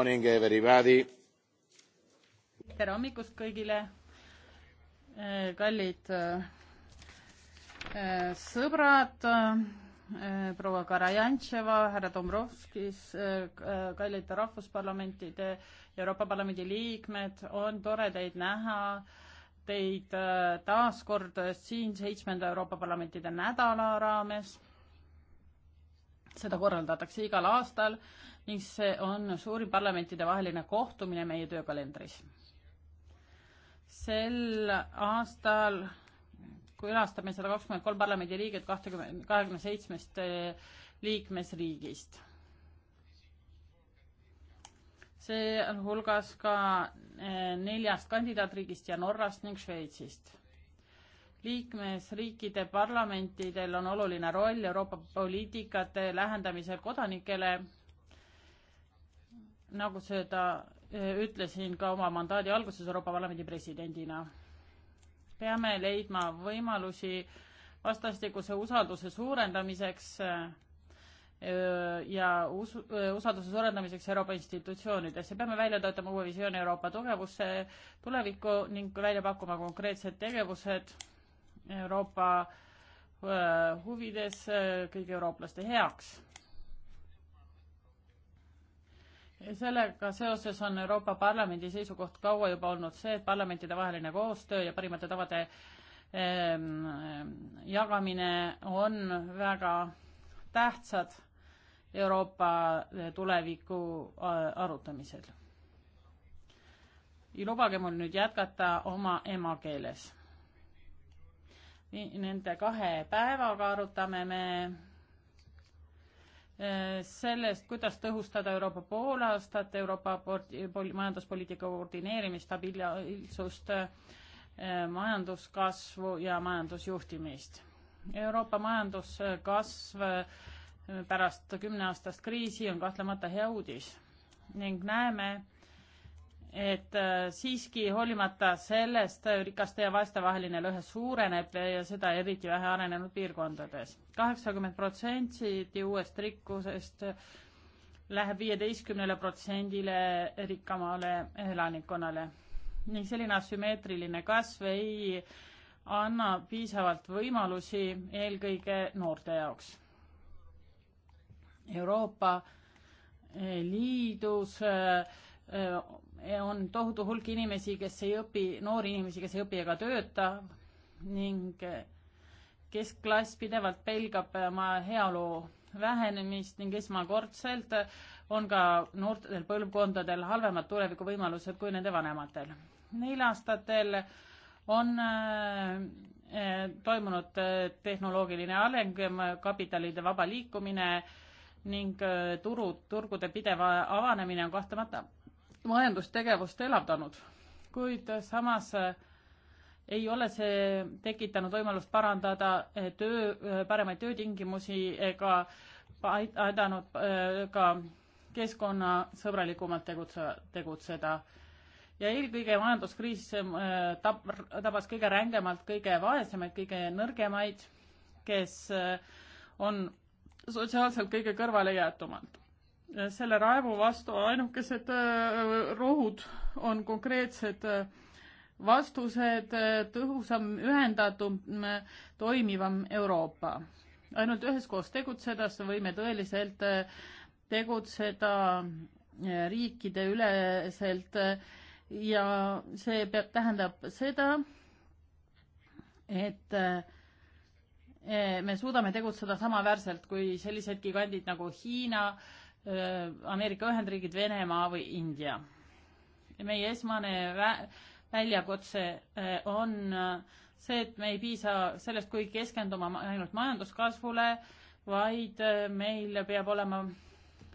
morning, everybody. tere hommikust kõigile, eh, kallid eh, eh, sõbrad, proua Karajantševa, härra Dombrovskis, kallid rahvusparlamentide, Euroopa Parlamendi liikmed, on tore teid näha, teid taas kord siin seitsmenda Euroopa Parlamentide nädala raames seda korraldatakse igal aastal ning see on suurim parlamentidevaheline kohtumine meie töökalendris. sel aastal külastame sada kakskümmend kolm parlamendiliiget kahtekümmend, kahekümne seitsmest eh, liikmesriigist. sealhulgas ka eh, neljast kandidaatriigist ja Norrast ning Šveitsist. liikmesriikide parlamentidel on oluline roll Euroopa poliitikate lähendamisel kodanikele nagu seda e, ütlesin ka oma mandaadi alguses Euroopa Parlamendi presidendina. peame leidma võimalusi vastastikuse usalduse suurendamiseks e, e, ja usu, usalduse suurendamiseks Euroopa institutsioonides ja peame välja töötama uue visiooni Euroopa tugevusse tulevikku ning välja pakkuma konkreetsed tegevused Euroopa huvides kõigi eurooplaste heaks sellega seoses on Euroopa Parlamendi seisukoht kaua juba olnud see, et parlamentidevaheline koostöö ja parimate tavade ähm, jagamine on väga tähtsad Euroopa tuleviku äh, arutamisel. lubage mul nüüd jätkata oma emakeeles. Nende kahe päevaga arutame me Äh, sellest, kuidas tõhustada Euroopa poolaastat, Euroopa pol, majanduspoliitika koordineerimist, stabiilsust, äh, majanduskasvu ja majandusjuhtimist. Euroopa majanduskasv äh, pärast kümneaastast kriisi on kahtlemata hea uudis ning näeme, et äh, siiski hoolimata sellest äh, rikaste ja vaeste vaheline lõhe suureneb ja seda eriti vähe arenenud piirkondades. kaheksakümmend protsenti uuest rikkusest äh, läheb viieteistkümnele protsendile rikkamale elanikkonnale ning selline asümmeetriline kasv ei anna piisavalt võimalusi eelkõige noorte jaoks. Euroopa Liidus Eh, on tohutu hulk inimesi, kes ei õpi, noori inimesi, kes ei õpi ega tööta ning eh, keskklass pidevalt pelgab eh, oma heaolu vähenemist ning esmakordselt on ka noortel põlvkondadel halvemad tulevikuvõimalused kui nende vanematel. Neil aastatel on toimunud tehnoloogiline areng, kapitalide vaba liikumine ning turud, turgude pidev avanemine on kahtlemata majandustegevust elavdanud, kuid samas eh, ei ole see tekitanud võimalust parandada eh, töö, eh, paremaid töötingimusi ega aidanud ka keskkonnasõbralikumalt tegutse, tegutseda. ja eelkõige majanduskriis tab-, tabas kõige rängemalt kõige vaesemaid, kõige nõrgemaid, kes on sotsiaalselt kõige kõrvalejäetumad selle raevu vastu ainukesed äh, rohud on konkreetsed äh, vastused, äh, tõhusam, ühendatum, toimivam Euroopa. ainult üheskoos tegutsedes võime tõeliselt tegutseda riikide üleselt ja see peab, tähendab seda, et me suudame tegutseda samaväärselt kui sellised gigandid nagu Hiina äh,, Äh, Ameerika Ühendriigid, Venemaa või India. meie esmane vä-, väljakutse äh, on äh, see, et me ei piisa sellest, kui keskenduma ainult majanduskasvule, vaid meil peab olema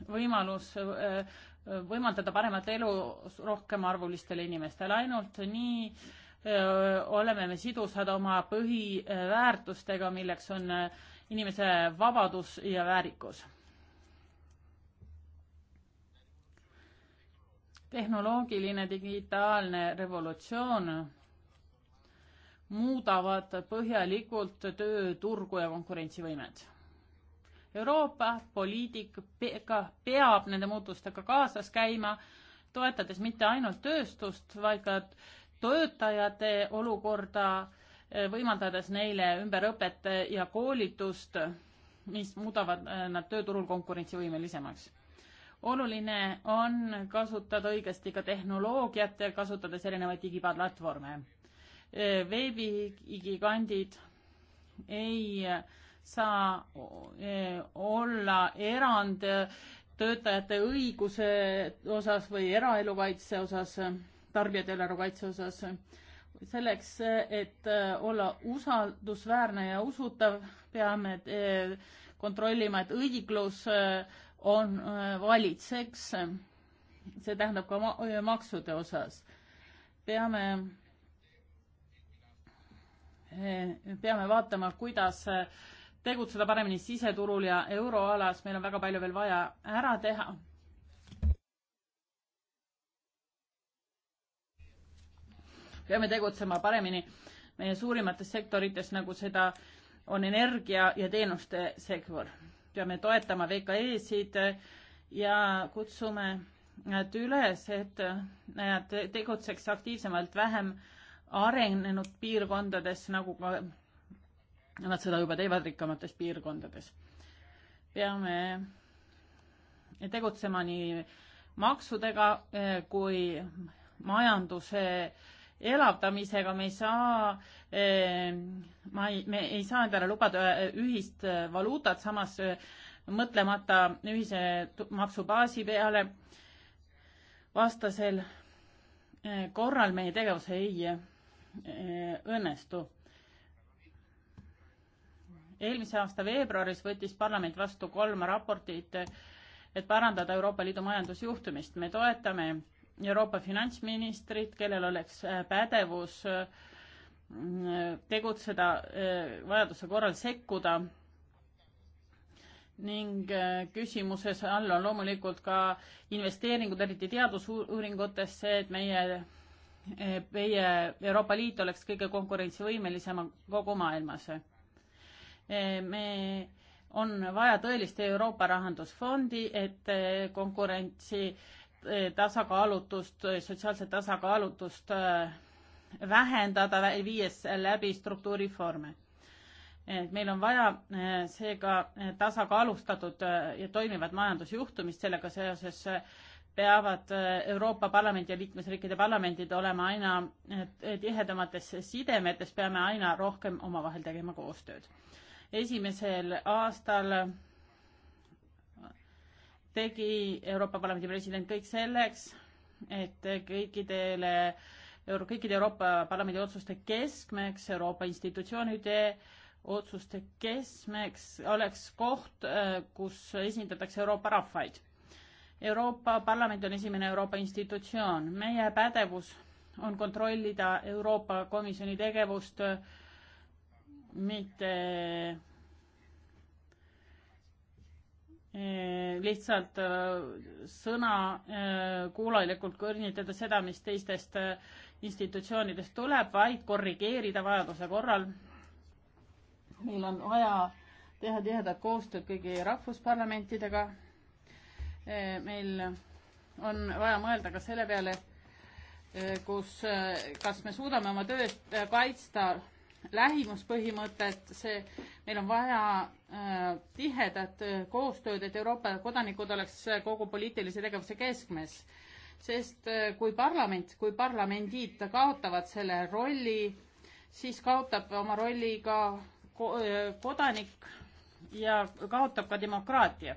võimalus võimaldada paremat elu rohkem arvulistele inimestele, ainult nii öö, oleme me sidusad oma põhiväärtustega, milleks on inimese vabadus ja väärikus tehnoloogiline digitaalne revolutsioon muudavad põhjalikult tööturgu ja konkurentsivõimet. Euroopa poliitik peab nende muutustega kaasas käima, toetades mitte ainult tööstust, vaid ka töötajate olukorda, eh, võimaldades neile ümberõpet ja koolitust, mis muudavad eh, nad tööturul konkurentsivõimelisemaks oluline on kasutada õigesti ka tehnoloogiat, kasutades erinevaid digiplatvorme. veebigigandid ei saa olla erand töötajate õiguse osas või eraelu kaitse osas, tarbijate eraelu kaitse osas. selleks, et olla usaldusväärne ja usutav, peame kontrollima, et õiglus äh, on äh, valitseks, see tähendab ka äh, maksude osas. peame, äh, peame vaatama, kuidas tegutseda paremini siseturul ja euroalas, meil on väga palju veel vaja ära teha. peame tegutsema paremini meie suurimates sektorites, nagu seda on energia ja teenuste sektor peame toetama VKE-sid ja kutsume nad üles, et nad tegutseks aktiivsemalt vähem arenenud piirkondades, nagu ka nad seda juba teevad rikkamates piirkondades. peame tegutsema nii maksudega eh, kui majanduse äh, elavdamisega, me ei saa, eh, ma ei, me ei saa endale lubada eh, ühist eh, valuutat, samas mõtlemata ühise maksubaasi peale. vastasel korral meie tegevus ei õnnestu. eelmise aasta veebruaris võttis parlament vastu kolm raportit, et parandada Euroopa Liidu majandusjuhtumist. me toetame Euroopa finantsministrit, kellel oleks äh, pädevus äh, tegutseda, äh, vajaduse korral sekkuda ning küsimuses all on loomulikult ka investeeringud, eriti teadusuuringutesse, et meie, meie Euroopa Liit oleks kõige konkurentsivõimelisema kogu maailmas. me, on vaja tõelist Euroopa rahandusfondi, et konkurentsi Eh, tasakaalutust, eh, sotsiaalset tasakaalutust eh, vähendada, viies läbi struktuurireforme. et meil on vaja seega tasakaalustatud ja toimivat majandusjuhtumist, sellega seoses peavad Euroopa Parlamendi ja liikmesriikide parlamendid olema aina tihedamates sidemetes, peame aina rohkem omavahel tegema koostööd. esimesel aastal tegi Euroopa Parlamendi president kõik selleks, et kõikidele, kõikide Euroopa Parlamendi otsuste keskmeks, Euroopa institutsioonide otsuste keskmeks oleks koht, äh, kus esindatakse Euroopa rahvaid. Euroopa Parlament on esimene Euroopa institutsioon, meie pädevus on kontrollida Euroopa Komisjoni tegevust mitte Äh, lihtsalt äh, sõna äh, kuulajalikult kõrnitada seda, mis teistest institutsioonidest tuleb, vaid korrigeerida vajaduse korral. meil on vaja teha tihedat koostööd kõigi rahvusparlamentidega. meil on vaja mõelda ka selle peale, kus, kas me suudame oma töö eest kaitsta lähimuspõhimõtet, see, meil on vaja äh, tihedat äh, koostööd, et Euroopa kodanikud oleks äh, kogu poliitilise tegevuse keskmes. sest äh, kui parlament, kui parlamendid kaotavad selle rolli, siis kaotab oma rolli ka ko äh, kodanik ja kaotab ka demokraatia.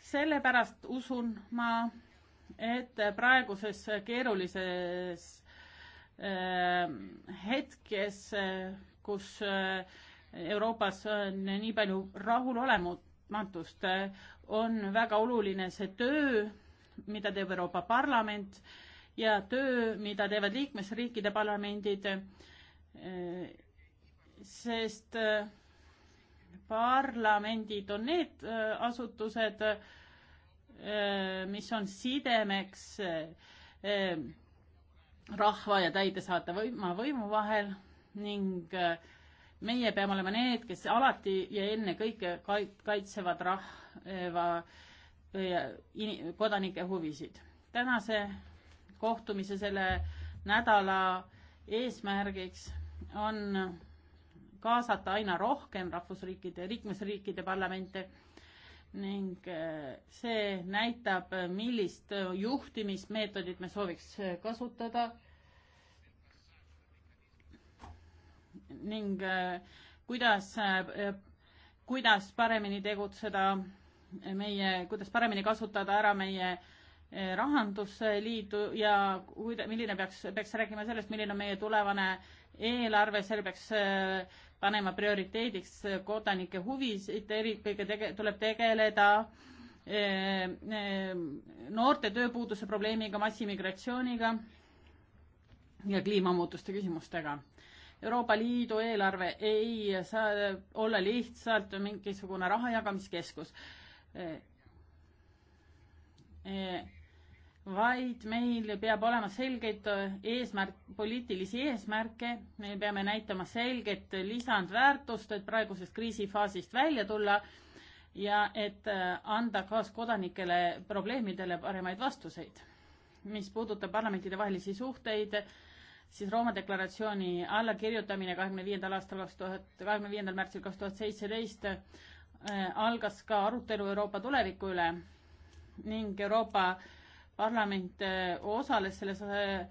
sellepärast usun ma, et praeguses keerulises Äh, hetkes, äh, kus äh, Euroopas on nii palju rahulolematust, on väga oluline see töö, mida teeb Euroopa Parlament ja töö, mida teevad liikmesriikide parlamendid, sest parlamendid on need asutused, mis on sidemeks rahva ja täidesaatva võima, võimu vahel ning äh, meie peame olema need, kes alati ja ennekõike kaitsevad rahva äh, kodanike huvisid. tänase kohtumise selle nädala eesmärgiks on kaasata aina rohkem rahvusriikide, liikmesriikide parlamente ning äh, see näitab, millist juhtimismeetodit me sooviks äh, kasutada. ning äh, kuidas, kuidas paremini tegutseda meie, kuidas paremini kasutada ära meie rahandusliidu ja kuida-, milline peaks, peaks rääkima sellest, milline on meie tulevane eelarve, seal peaks äh, panema prioriteediks kodanike huvisid, eelkõige tege-, tuleb tegeleda eh, eh, noorte tööpuuduse probleemiga, massimigratsiooniga ja kliimamuutuste küsimustega. Euroopa Liidu eelarve ei saa olla lihtsalt mingisugune rahajagamiskeskus eh, vaid meil peab olema selgeid eesmärk, poliitilisi eesmärke, me peame näitama selget lisandväärtust, et praegusest kriisifaasist välja tulla ja et äh, anda kaaskodanikele probleemidele paremaid vastuseid. mis puudutab parlamentidevahelisi suhteid, siis Rooma deklaratsiooni allakirjutamine kahekümne viiendal aastal kaks tuhat, kahekümne viiendal märtsil kaks tuhat seitseteist äh, algas ka arutelu Euroopa tuleviku üle ning Euroopa äh, parlament äh, osales selles äh,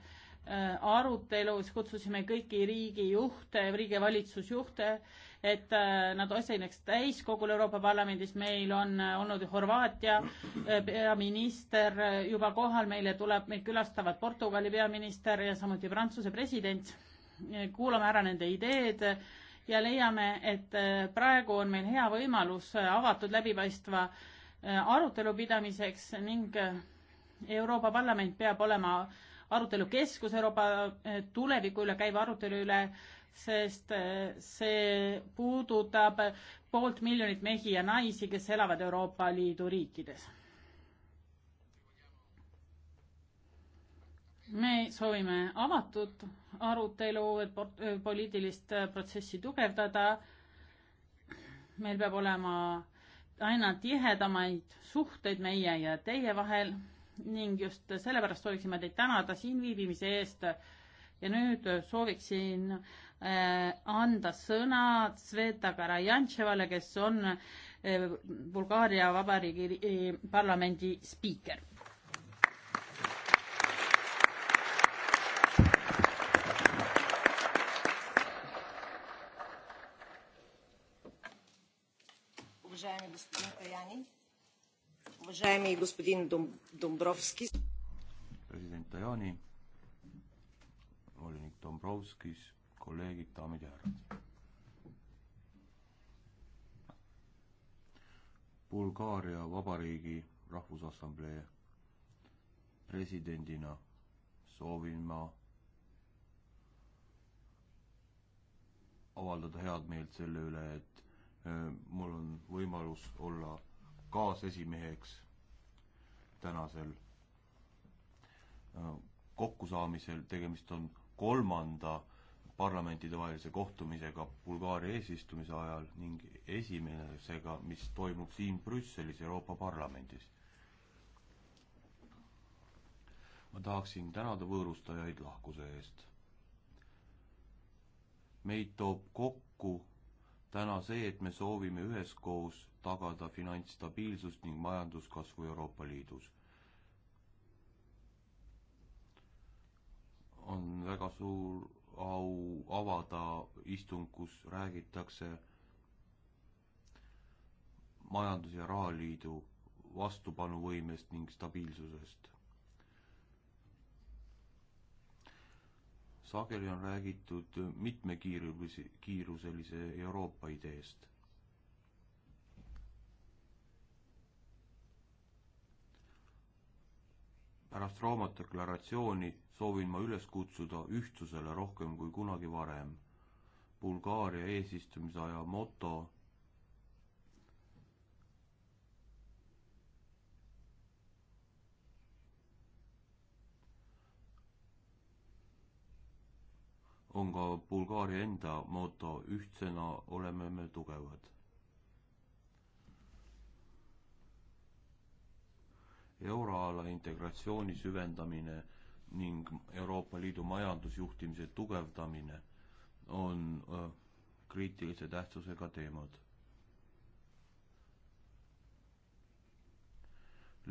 äh, arutelus, kutsusime kõiki riigijuhte, riigi valitsusjuhte, et nad osineks täiskogul Euroopa Parlamendis, meil on olnud Horvaatia peaminister juba kohal, meile tuleb, meid külastavad Portugali peaminister ja samuti Prantsuse president. kuulame ära nende ideed ja leiame, et praegu on meil hea võimalus avatud läbipaistva arutelu pidamiseks ning Euroopa Parlament peab olema arutelukeskus Euroopa eh, tuleviku üle käiva arutelu üle, sest eh, see puudutab poolt miljonit mehi ja naisi, kes elavad Euroopa Liidu riikides. me soovime avatud arutelu, et eh, poliitilist protsessi tugevdada. meil peab olema aina tihedamaid suhteid meie ja teie vahel ning just sellepärast sooviksime teid tänada siin viibimise eest ja nüüd sooviksin äh, anda sõna Sveta Karajantševale, kes on äh, Bulgaaria Vabariigi äh, parlamendi spiiker Уважаеми господин Домбровски. president Tajani, volinik Dombrovskis, kolleegid, daamid ja härrad. Bulgaaria Vabariigi Rahvusassamblee presidendina soovin ma avaldada head meelt selle üle, et äh, mul on võimalus olla kaasesimeheks tänasel äh, kokkusaamisel, tegemist on kolmanda parlamentidevahelise kohtumisega Bulgaaria eesistumise ajal ning esimesega, mis toimub siin Brüsselis Euroopa Parlamendis. ma tahaksin tänada võõrustajaid lahkuse eest. meid toob kokku täna see, et me soovime üheskoos tagada finantsstabiilsust ning majanduskasvu Euroopa Liidus. on väga suur au avada istung, kus räägitakse majandus- ja rahaliidu vastupanuvõimest ning stabiilsusest. sageli on räägitud mitmekiirus, kiiruselise Euroopa ideest pärast Rooma deklaratsiooni soovin ma üles kutsuda ühtsusele rohkem kui kunagi varem. Bulgaaria eesistumise aja moto on ka Bulgaaria enda moto, ühtsena oleme me tugevad euroala integratsiooni süvendamine ning Euroopa Liidu majandusjuhtimise tugevdamine on kriitilise tähtsusega teemad.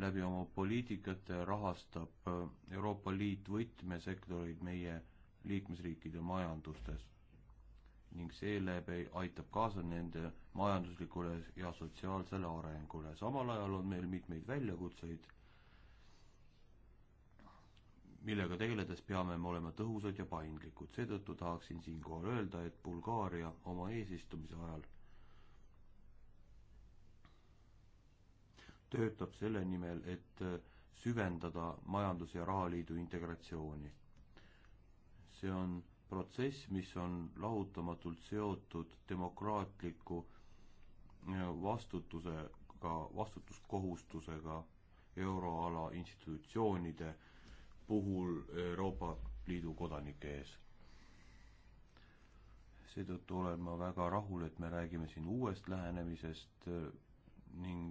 läbi oma poliitikate rahastab Euroopa Liit võtmesektoreid meie liikmesriikide majandustes ning seeläbi aitab kaasa nende majanduslikule ja sotsiaalsele arengule. samal ajal on meil mitmeid väljakutseid millega tegeledes peame me olema tõhusad ja paindlikud, seetõttu tahaksin siinkohal öelda, et Bulgaaria oma eesistumise ajal töötab selle nimel, et süvendada majandus- ja rahaliidu integratsiooni. see on protsess, mis on lahutamatult seotud demokraatliku äh, vastutusega, vastutuskohustusega euroala institutsioonide puhul Euroopa Liidu kodanike ees. seetõttu olen ma väga rahul, et me räägime siin uuest lähenemisest eh, ning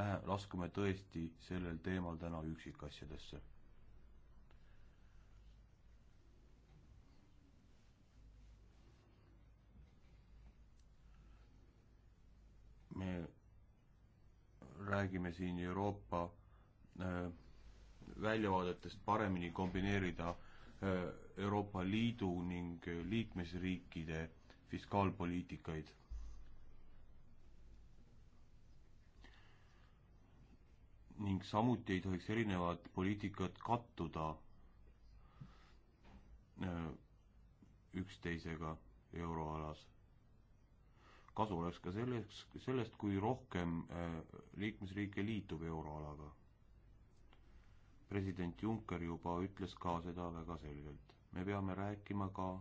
lähe-, laskume tõesti sellel teemal täna üksikasjadesse. me räägime siin Euroopa öö, eh, väljavaadetest paremini kombineerida äh, Euroopa Liidu ning äh, liikmesriikide fiskaalpoliitikaid. ning samuti ei tohiks erinevad poliitikad kattuda äh, üksteisega euroalas. kasu oleks ka selleks, sellest, kui rohkem liikmesriike liitub euroalaga president Juncker juba ütles ka seda väga selgelt. me peame rääkima ka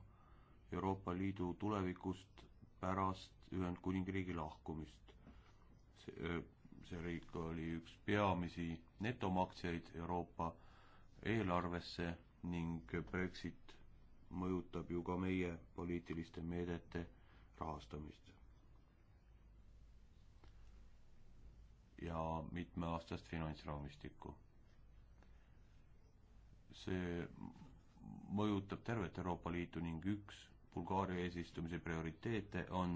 Euroopa Liidu tulevikust pärast Ühendkuningriigi lahkumist. see, see riik oli üks peamisi netomaksjaid Euroopa eelarvesse ning Brexit mõjutab ju ka meie poliitiliste meedete rahastamist. ja mitmeaastast finantsraamistikku see mõjutab tervet Euroopa Liitu ning üks Bulgaaria eesistumise prioriteete on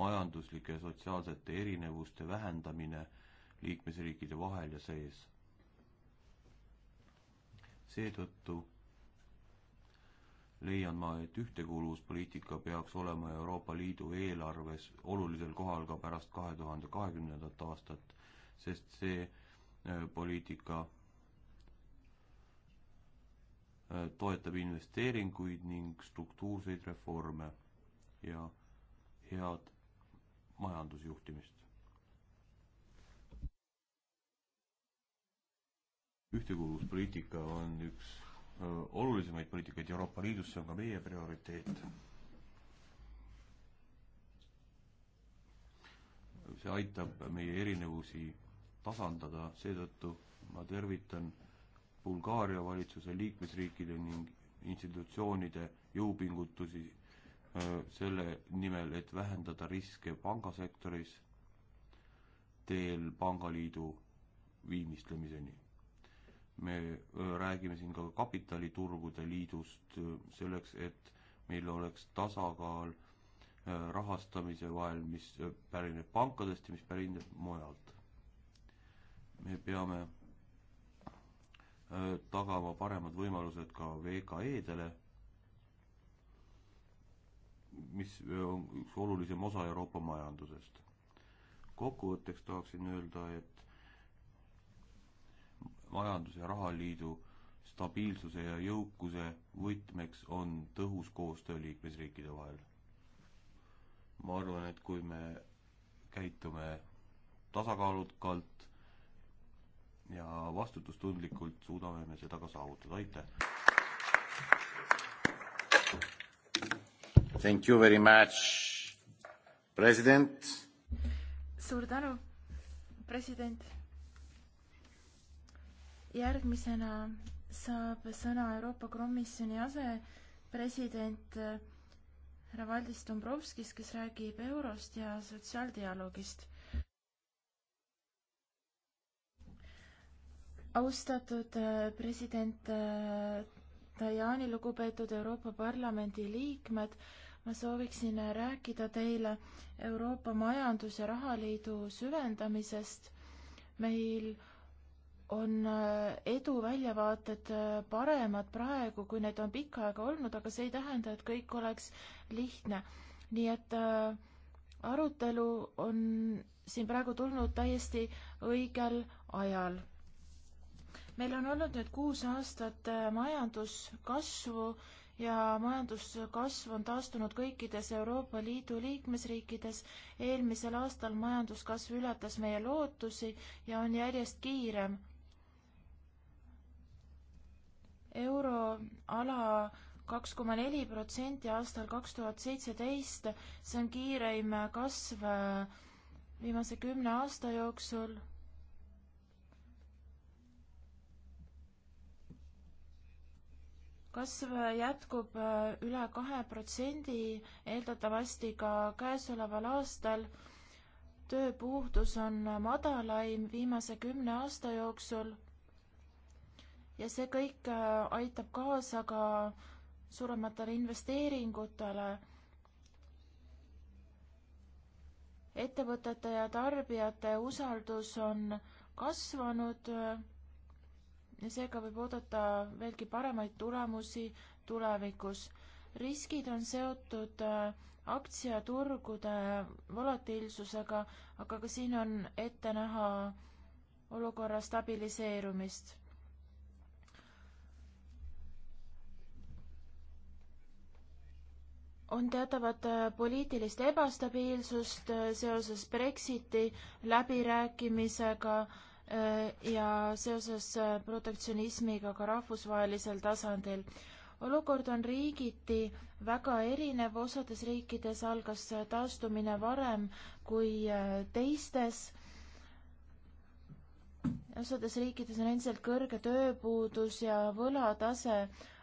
majanduslike ja sotsiaalsete erinevuste vähendamine liikmesriikide vahel ja sees. seetõttu leian ma, et ühtekuuluvuspoliitika peaks olema Euroopa Liidu eelarves olulisel kohal ka pärast kahe tuhande kahekümnendat aastat, sest see äh, poliitika Äh, toetab investeeringuid ning struktuurseid reforme ja head majandusjuhtimist. ühtekuuluvuspoliitika on üks äh, olulisemaid poliitikaid Euroopa Liidus, see on ka meie prioriteet. see aitab meie erinevusi tasandada, seetõttu ma tervitan Bulgaaria valitsuse liikmesriikide ning institutsioonide jõupingutusi äh, selle nimel, et vähendada riske pangasektoris teel pangaliidu viimistlemiseni. me äh, räägime siin ka kapitaliturgude liidust äh, selleks, et meil oleks tasakaal rahastamise vahel, mis pärineb pankadest ja mis pärineb mujalt. me peame Äh, tagama paremad võimalused ka VKE-dele, mis äh, on üks olulisem osa Euroopa majandusest. kokkuvõtteks tahaksin öelda, et majandus- ja rahaliidu stabiilsuse ja jõukuse võtmeks on tõhus koostöö liikmesriikide vahel. ma arvan, et kui me käitume tasakaalukalt, ja vastutustundlikult suudame me seda ka saavutada, aitäh! Thank you very much, president! suur tänu, president! järgmisena saab sõna Euroopa Komisjoni asepresident äh, härra Valdis Dombrovskis, kes räägib eurost ja sotsiaaldialoogist austatud äh, president äh, Tajani, lugupeetud Euroopa Parlamendi liikmed, ma sooviksin äh, rääkida teile Euroopa Majandus- ja Rahaliidu süvendamisest. meil on eduväljavaated paremad praegu, kui need on pikka aega olnud, aga see ei tähenda, et kõik oleks lihtne. nii et arutelu on siin praegu tulnud täiesti õigel ajal meil on olnud nüüd kuus aastat äh, majanduskasvu ja majanduskasv on taastunud kõikides Euroopa Liidu liikmesriikides. eelmisel aastal majanduskasv ületas meie lootusi ja on järjest kiirem. euroala kaks koma neli protsenti aastal kaks tuhat seitseteist, see on kiireim kasv äh, viimase kümne aasta jooksul kasv jätkub äh, üle kahe protsendi, eeldatavasti ka käesoleval aastal. tööpuudus on madalaim viimase kümne aasta jooksul. ja see kõik äh, aitab kaasa ka suurematele investeeringutele. ettevõtete ja tarbijate usaldus on kasvanud äh, ja seega võib oodata veelgi paremaid tulemusi tulevikus. riskid on seotud äh, aktsiaturgude volatiilsusega, aga ka siin on ette näha olukorra stabiliseerumist. on teatavat äh, poliitilist ebastabiilsust äh, seoses Brexiti läbirääkimisega äh, Äh, ja seoses äh, protektsionismiga ka rahvusvahelisel tasandil. olukord on riigiti väga erinev, osades riikides algas äh, taastumine varem kui teistes. osades riikides on endiselt kõrge tööpuudus ja võlatase,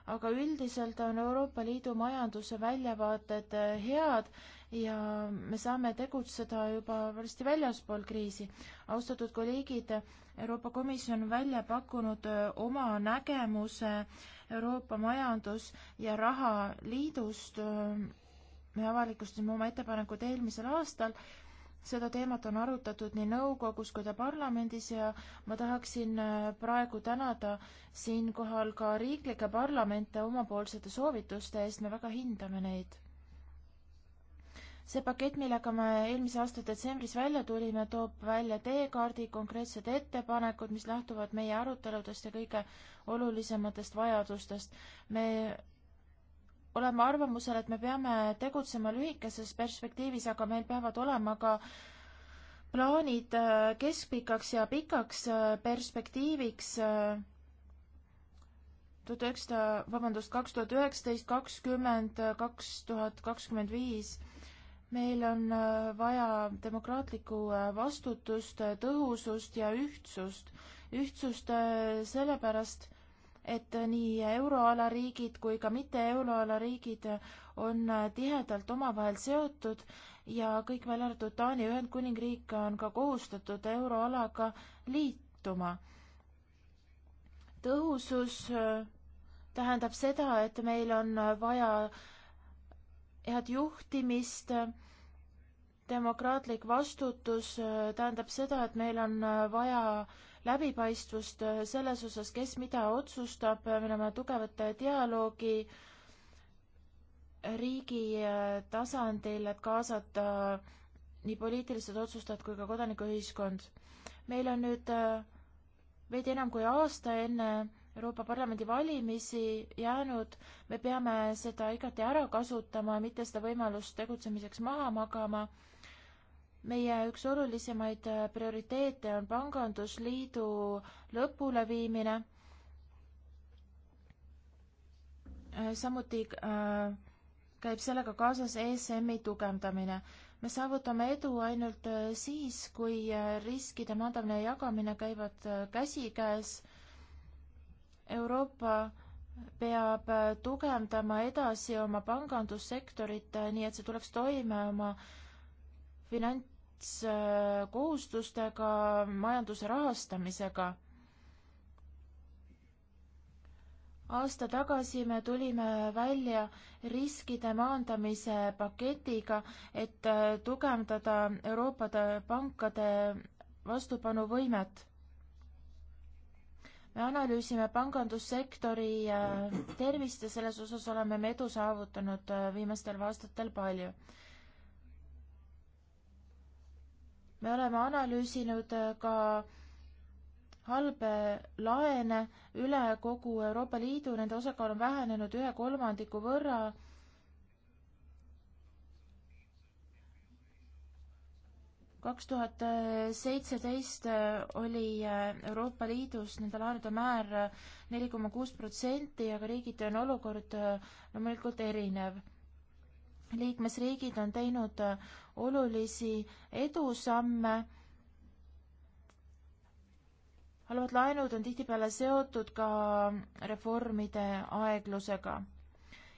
aga üldiselt on Euroopa Liidu majanduse väljavaated head ja me saame tegutseda juba varsti väljaspool kriisi. austatud kolleegid, Euroopa Komisjon on välja pakkunud oma nägemuse Euroopa Majandus- ja Rahaliidust. me avalikustasime oma ettepanekud eelmisel aastal seda teemat on arutatud nii nõukogus kui ka parlamendis ja ma tahaksin praegu tänada siinkohal ka riiklikke parlamente omapoolsete soovituste eest, me väga hindame neid see pakett, millega me eelmise aasta detsembris välja tulime, toob välja teekaardi konkreetsed ettepanekud, mis lähtuvad meie aruteludest ja kõige olulisematest vajadustest. me oleme arvamusel, et me peame tegutsema lühikeses perspektiivis, aga meil peavad olema ka plaanid äh, keskpikaks ja pikaks äh, perspektiiviks äh, tuhat üheksasada, vabandust, kaks tuhat üheksateist, kakskümmend, kaks tuhat kakskümmend viis meil on äh, vaja demokraatlikku äh, vastutust, äh, tõhusust ja ühtsust. ühtsust sellepärast, et nii euroala riigid kui ka mitte euroala riigid on tihedalt omavahel seotud ja kõik välja arvatud Taani Ühendkuningriik on ka kohustatud euroalaga liituma. tõhusus tähendab seda, et meil on vaja äh, head juhtimist. demokraatlik vastutus äh, tähendab seda, et meil on äh, vaja läbipaistvust äh, selles osas, kes mida otsustab, meil on vaja tugevat dialoogi riigi tasandil, et kaasata nii poliitilised otsustajad kui ka kodanikuühiskond. meil on nüüd veidi enam kui aasta enne Euroopa Parlamendi valimisi jäänud, me peame seda igati ära kasutama, mitte seda võimalust tegutsemiseks maha magama. meie üks olulisemaid äh, prioriteete on Pangandusliidu lõpuleviimine, äh, samuti äh, käib sellega kaasas ESM-i tugevdamine. me saavutame edu ainult äh, siis, kui riskide maandamine ja jagamine käivad käsikäes äh, Euroopa peab tugevdama edasi oma pangandussektorit, nii et see tuleks toime oma finantskohustustega, majanduse rahastamisega. aasta tagasi me tulime välja riskide maandamise paketiga, et tugevdada Euroopa pankade vastupanuvõimet me analüüsime pangandussektori äh, tervist ja selles osas oleme me edu saavutanud äh, viimastel aastatel palju. me oleme analüüsinud äh, ka halbe laene üle kogu Euroopa Liidu, nende osakaal on vähenenud ühe kolmandiku võrra kaks tuhat seitseteist äh, oli äh, Euroopa Liidus nende laenude määr äh, neli koma kuus protsenti, aga riigiti on olukord loomulikult erinev. liikmesriigid on teinud olulisi edusamme. halvad laenud on tihtipeale seotud ka reformide aeglusega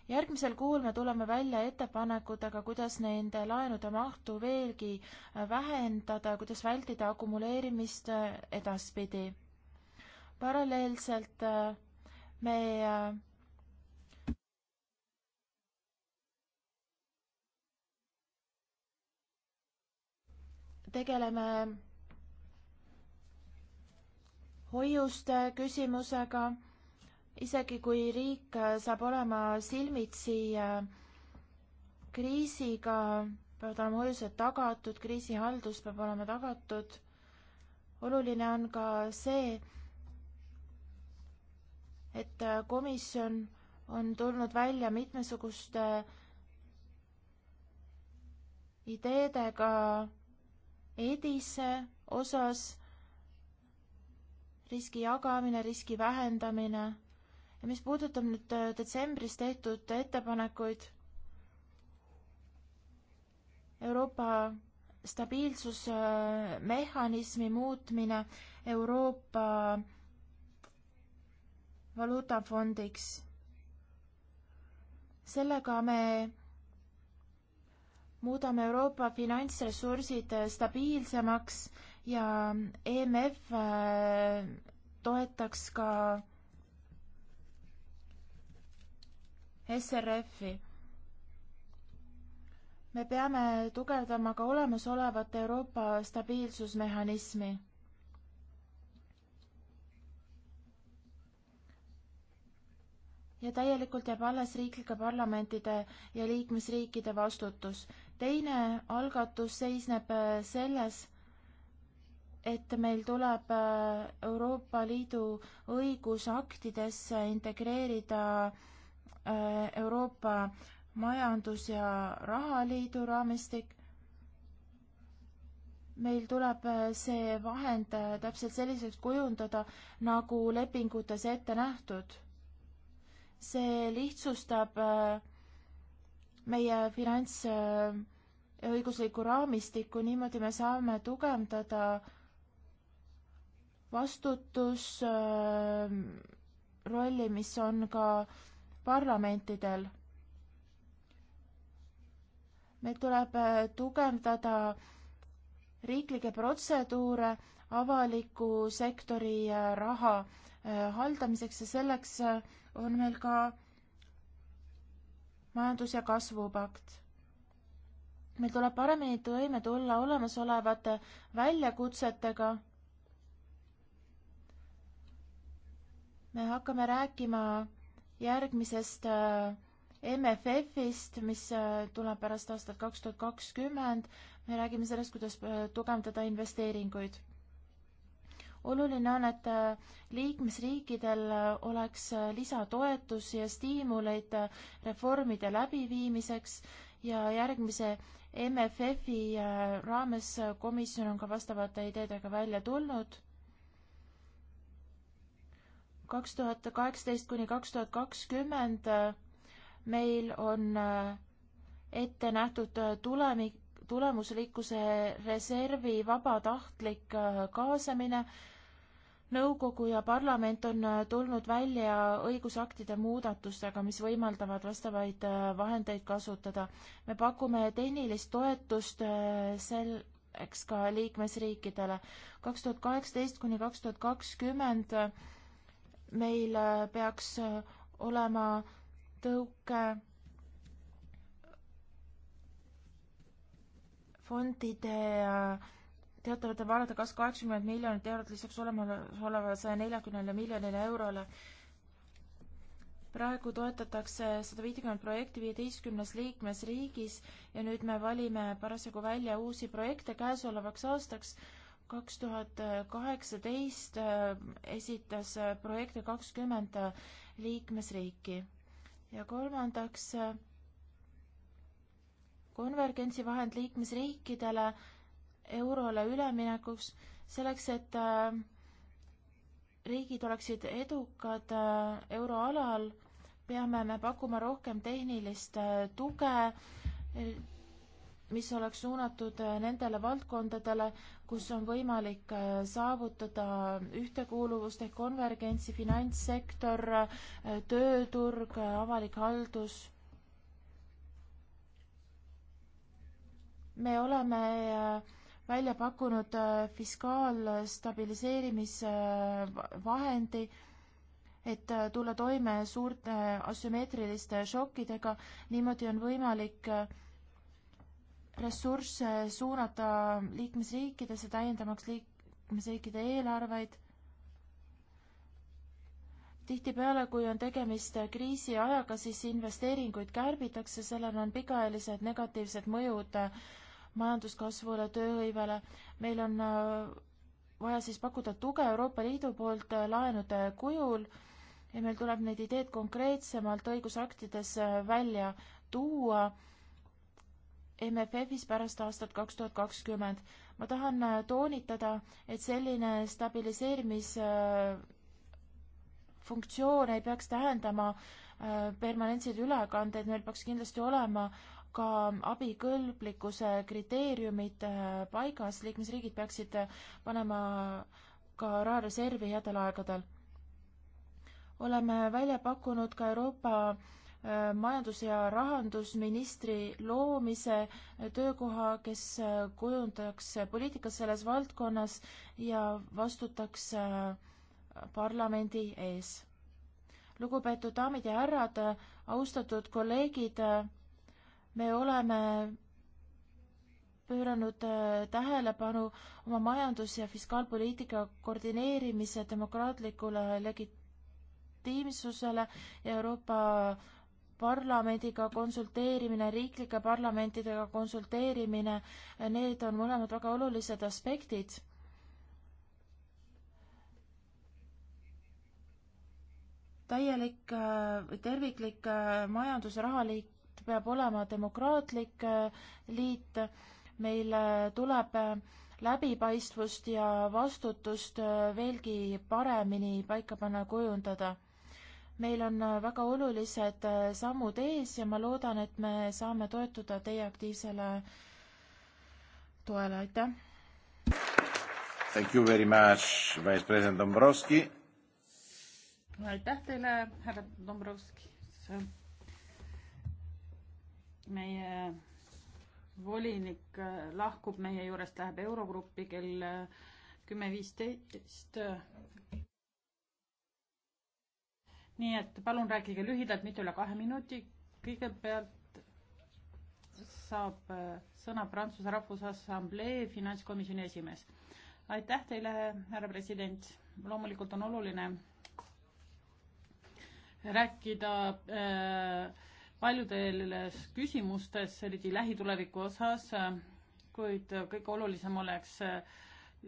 järgmisel kuul me tuleme välja ettepanekutega, kuidas nende laenude mahtu veelgi äh, vähendada, kuidas vältida akumuleerimist äh, edaspidi. paralleelselt äh, me tegeleme hoiuste küsimusega isegi kui riik saab olema silmitsi äh, kriisiga, peavad olema hoiused tagatud, kriisihaldus peab olema tagatud. oluline on ka see, et äh, komisjon on tulnud välja mitmesuguste ideedega edise osas, riski jagamine, riski vähendamine ja mis puudutab nüüd äh, detsembris tehtud ettepanekuid Euroopa stabiilsusmehhanismi muutmine Euroopa valuutafondiks. sellega me muudame Euroopa finantsressursid äh, stabiilsemaks ja EMF äh, toetaks ka SRF-i. me peame tugevdama ka olemasolevat Euroopa stabiilsusmehhanismi ja täielikult jääb alles riiklike parlamentide ja liikmesriikide vastutus. teine algatus seisneb äh, selles, et meil tuleb äh, Euroopa Liidu õigusaktidesse integreerida Äh, Euroopa Majandus- ja Rahaliidu raamistik. meil tuleb äh, see vahend äh, täpselt selliseks kujundada, nagu lepingutes ette nähtud. see lihtsustab meie finants õiguslikku raamistikku, niimoodi me saame tugevdada vastutus äh, rolli, mis on ka äh, parlamentidel. meil tuleb äh, tugevdada riiklikke protseduure avaliku sektori äh, raha äh, haldamiseks ja selleks on meil ka majandus- ja kasvupakt meil tuleb paremini toime tulla olemasolevate väljakutsetega. me hakkame rääkima järgmisest äh, MFF-ist, mis äh, tuleb pärast aastat kaks tuhat kakskümmend, me räägime sellest, kuidas äh, tugevdada investeeringuid. oluline on, et liikmesriikidel oleks lisatoetusi ja stiimuleid reformide läbiviimiseks ja järgmise MFF-i raames komisjon on ka vastavate ideedega välja tulnud kaks tuhat kaheksateist kuni kaks tuhat kakskümmend äh, meil on äh, ette nähtud äh, tulemi-, tulemuslikkuse reservi vabatahtlik kaasamine. nõukogu ja parlament on tulnud välja õigusaktide muudatustega, mis võimaldavad vastavaid vahendeid kasutada. me pakume tehnilist toetust sel-, eks ka liikmesriikidele. kaks tuhat kaheksateist kuni kaks tuhat kakskümmend meil äh, peaks äh, olema tõuke fondide äh, teatavate varade kasv kaheksakümmend miljonit eurot lisaks olemasolevale saja neljakümnele miljonile eurole. praegu toetatakse sada viitekümmet projekti viieteistkümnes liikmesriigis ja nüüd me valime parasjagu välja uusi projekte käesolevaks aastaks kaks tuhat kaheksateist äh, esitas äh, projekte kakskümmend äh, liikmesriiki ja kolmandaks konvergentsi vahend liikmesriikidele eurole üleminekuks selleks, et riigid oleksid edukad euroalal, peame me pakkuma rohkem tehnilist tuge mis oleks suunatud äh, nendele valdkondadele, kus on võimalik äh, saavutada ühtekuuluvust ehk konvergentsi, finantssektor, äh, tööturg, avalik haldus. me oleme välja pakkunud fiskaalstabiliseerimisvahendi et tulla toime suurte asümmeetriliste šokkidega, niimoodi on võimalik äh, ressursse suunata liikmesriikidesse, täiendamaks liikmesriikide eelarveid. tihtipeale, kui on tegemist kriisiajaga, siis investeeringuid kärbitakse, sellel on pikaajalised negatiivsed mõjud majanduskasvule, tööhõivele. meil on äh, vaja siis pakkuda tuge Euroopa Liidu poolt äh, laenude kujul ja meil tuleb need ideed konkreetsemalt õigusaktides välja tuua MFF-is pärast aastat kaks tuhat kakskümmend. ma tahan äh, toonitada, et selline stabiliseerimisfunktsioon äh, ei peaks tähendama äh, permanentseid ülekandeid, meil peaks kindlasti olema ka abikõlblikkuse kriteeriumid paigas, liikmesriigid peaksid panema ka rahareservi headel aegadel. oleme välja pakkunud ka Euroopa majandus- ja rahandusministri loomise töökoha, kes äh, kujundaks äh, poliitikat selles valdkonnas ja vastutaks äh, parlamendi ees. lugupeetud daamid ja härrad, austatud kolleegid, me oleme pööranud tähelepanu oma majandus- ja fiskaalpoliitika koordineerimise demokraatlikule legitiimsusele ja Euroopa parlamendiga konsulteerimine, riiklike parlamentidega konsulteerimine, need on mõlemad väga olulised aspektid. täielik või äh, terviklik äh, majandus- ja rahaliit peab olema demokraatlik äh, liit, meil tuleb läbipaistvust ja vastutust veelgi paremini paika panna ja kujundada meil on äh, väga olulised äh, sammud ees ja ma loodan, et me saame toetuda teie aktiivsele toele, aitäh! Thank you very much, Vice President Dombrovski. aitäh teile, härra Dombrovski. meie volinik äh, lahkub meie juurest, läheb Eurogruppi kell kümme viisteist nii et palun rääkige lühidalt, mitte üle kahe minuti. kõigepealt saab äh, sõna Prantsuse Rahvusassamblee finantskomisjoni esimees. aitäh teile, härra president. loomulikult on oluline rääkida äh, paljudes küsimustes, eriti lähituleviku osas, kuid kõige olulisem oleks äh,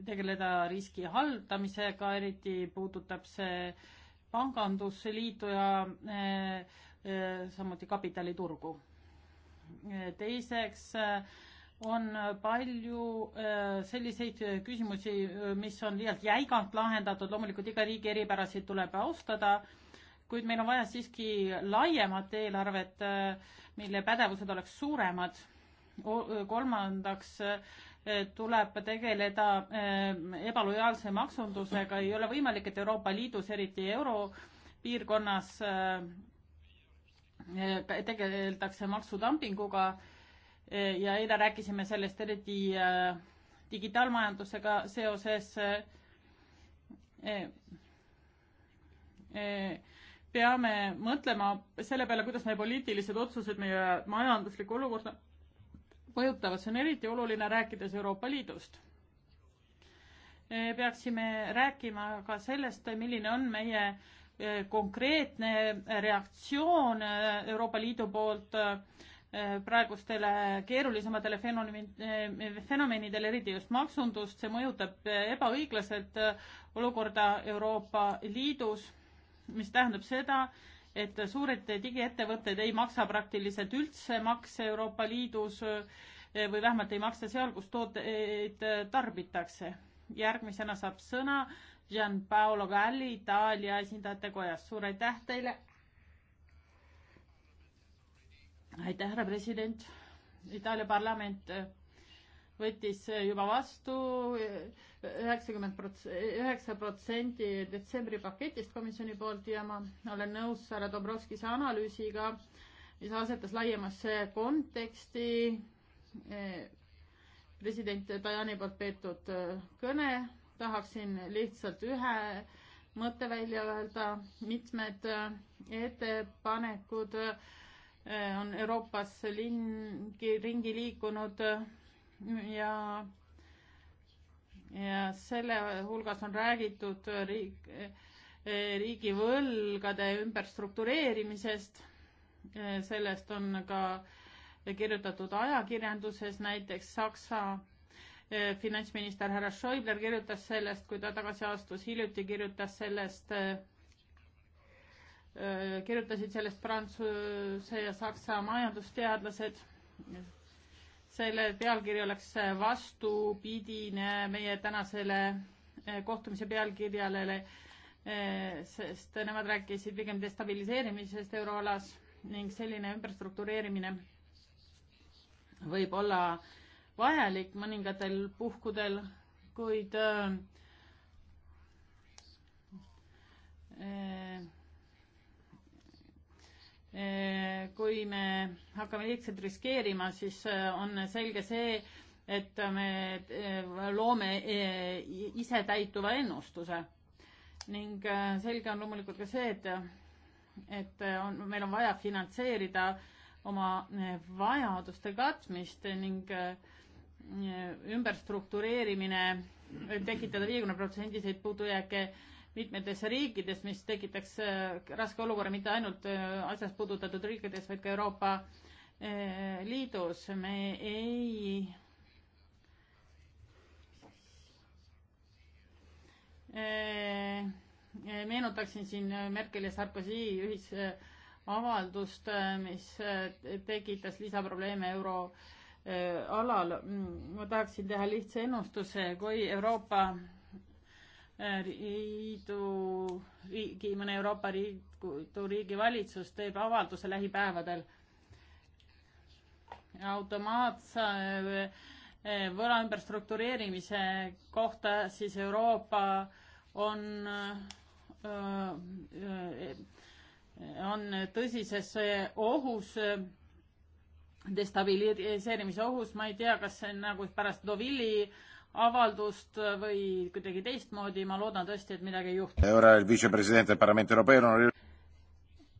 tegeleda riski haldamisega, eriti puudutab see äh, pangandusliitu ja eh, eh, samuti kapitaliturgu. Eh, teiseks on palju selliseid küsimusi, mis on liialt jäigalt lahendatud, loomulikult iga riigi eripärasid tuleb austada, kuid meil on vaja siiski laiemat eelarvet, mille pädevused oleks suuremad. kolmandaks tuleb tegeleda eh, ebalojaalse maksundusega, ei ole võimalik, et Euroopa Liidus, eriti europiirkonnas eh, tegeldakse maksudumpinguga eh, ja eile rääkisime sellest eriti digitaalmajandusega seoses peame mõtlema selle peale, kuidas meie poliitilised otsused meie majanduslikku olukorda mõjutavad, see on eriti oluline rääkides Euroopa Liidust. E, peaksime rääkima ka sellest, milline on meie e, konkreetne reaktsioon e, Euroopa Liidu poolt praegustele keerulisematele fenomenidele, eriti just maksundust, see mõjutab ebaõiglaselt olukorda Euroopa Liidus, mis tähendab seda, et suured digiettevõtted ei maksa praktiliselt üldse makse Euroopa Liidus eh, või vähemalt ei maksta seal, kus tooteid eh, tarbitakse. järgmisena saab sõna Gian Paolo Galli Itaalia esindajate kojast. suur aitäh teile. aitäh, härra president. Itaalia parlament eh, võttis juba vastu üheksakümmend prots-, üheksa protsendi detsembri paketist komisjoni poolt ja ma olen nõus härra Dombrovskise analüüsiga, mis asetas laiemasse konteksti eh, president Tajani poolt peetud eh, kõne. tahaksin lihtsalt ühe mõtte välja öelda, mitmed eh, ettepanekud on Euroopas linn, ringi liikunud ja ja selle hulgas on räägitud riik, riigivõlgade ümberstruktureerimisest, sellest on ka kirjutatud ajakirjanduses, näiteks Saksa e, finantsminister härra Schäuble kirjutas sellest, kui ta tagasi astus, hiljuti kirjutas sellest, e, e, kirjutasid sellest prantsuse ja saksa majandusteadlased selle pealkiri oleks vastupidine meie tänasele eh, kohtumise pealkirjale, eh, sest nemad rääkisid pigem destabiliseerimisest euroalas ning selline ümberstruktureerimine võib olla vajalik mõningatel puhkudel, kuid äh, äh, Eh, kui me hakkame liigselt riskeerima, siis eh, on selge see, et me eh, loome isetäituva ennustuse. ning selge on loomulikult ka see, et, et on, meil on vaja finantseerida oma vajaduste katmist ning ümberstruktureerimine võib tekitada viiekümne protsendiseid puudujääke mitmetes riikides, mis tekitaks äh, raske olukorra mitte ainult äh, asjast puudutatud riikides, vaid ka Euroopa äh, Liidus. me ei meenutaksin siin Merkel ja Sarkozy ühisavaldust, mis tekitas lisaprobleeme euro alal. ma tahaksin teha lihtsa ennustuse, kui Euroopa liidu riigi, mõne Euroopa Liidu riigi valitsus teeb avalduse lähipäevadel automaatse eh, eh, võla ümberstruktureerimise kohta, siis Euroopa on, eh, on tõsises ohus, destabiliseerimise ohus, ma ei tea, kas see on nagu pärast Deauville'i avaldust või kuidagi teistmoodi, ma loodan tõesti, et midagi ei juhtu.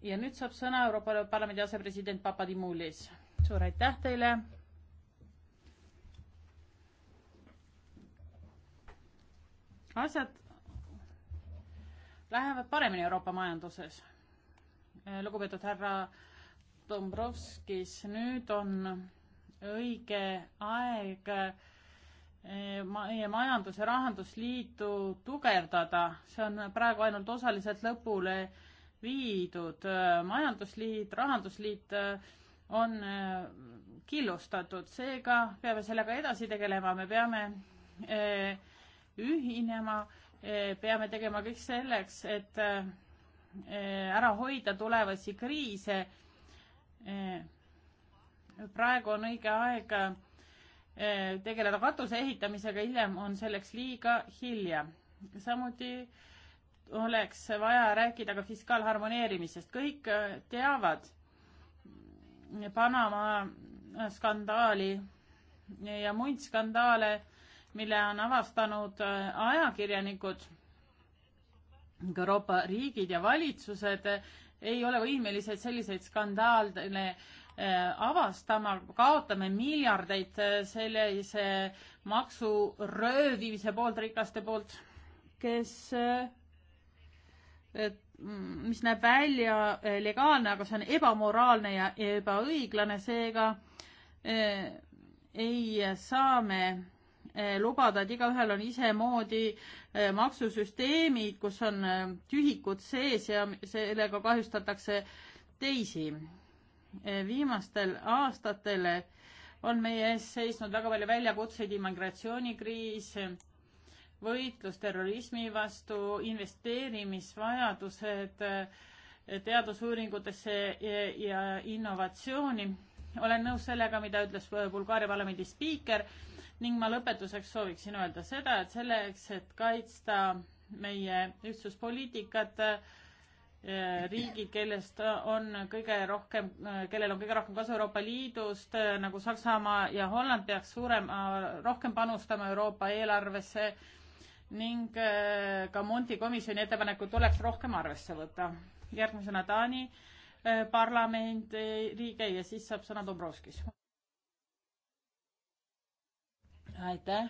ja nüüd saab sõna Euroopa Parlamendi asepresident Papadimulis. suur aitäh teile. asjad lähevad paremini Euroopa majanduses. lugupeetud härra Dombrovskis, nüüd on õige aeg Eh, meie majandus- ja rahandusliitu tugevdada, see on praegu ainult osaliselt lõpule viidud. Eh, majandusliit, rahandusliit eh, on killustatud, seega peame sellega edasi tegelema, me peame ühinema, peame tegema kõik selleks, et ära hoida tulevasi kriise. praegu on õige aeg Äh, tegeleda katuse ehitamisega, hiljem on selleks liiga hilja. samuti oleks vaja rääkida ka fiskaalharmoneerimisest, kõik äh, teavad Panama skandaali ja muid skandaale, mille on avastanud äh, ajakirjanikud. Euroopa riigid ja valitsused ei ole võimelised selliseid skandaale Äh, avastama, kaotame miljardeid äh, sellise maksuröövimise poolt, rikaste poolt, kes, äh, mm, mis näeb välja legaalne, aga see on ebamoraalne ja ebaõiglane, seega ei saa me lubada, et igaühel on isemoodi maksusüsteemid, kus on tühikud sees ja sellega kahjustatakse teisi viimastel aastatel on meie ees seisnud väga palju väljakutseid, immigratsioonikriis, võitlus terrorismi vastu, investeerimisvajadused teadusuuringutesse ja, ja innovatsiooni. olen nõus sellega, mida ütles Bulgaaria parlamendi spiiker ning ma lõpetuseks sooviksin öelda seda, et selleks, et kaitsta meie ühtsuspoliitikat, Eh, riigid, kellest on kõige rohkem, eh, kellel on kõige rohkem kasu Euroopa Liidust, eh, nagu Saksamaa ja Holland, peaks suurema, rohkem panustama Euroopa eelarvesse ning ka Monti komisjoni ettepanekut tuleks rohkem arvesse võtta. järgmisena Taani parlamendi liige ja siis saab sõna Dombrovskis. aitäh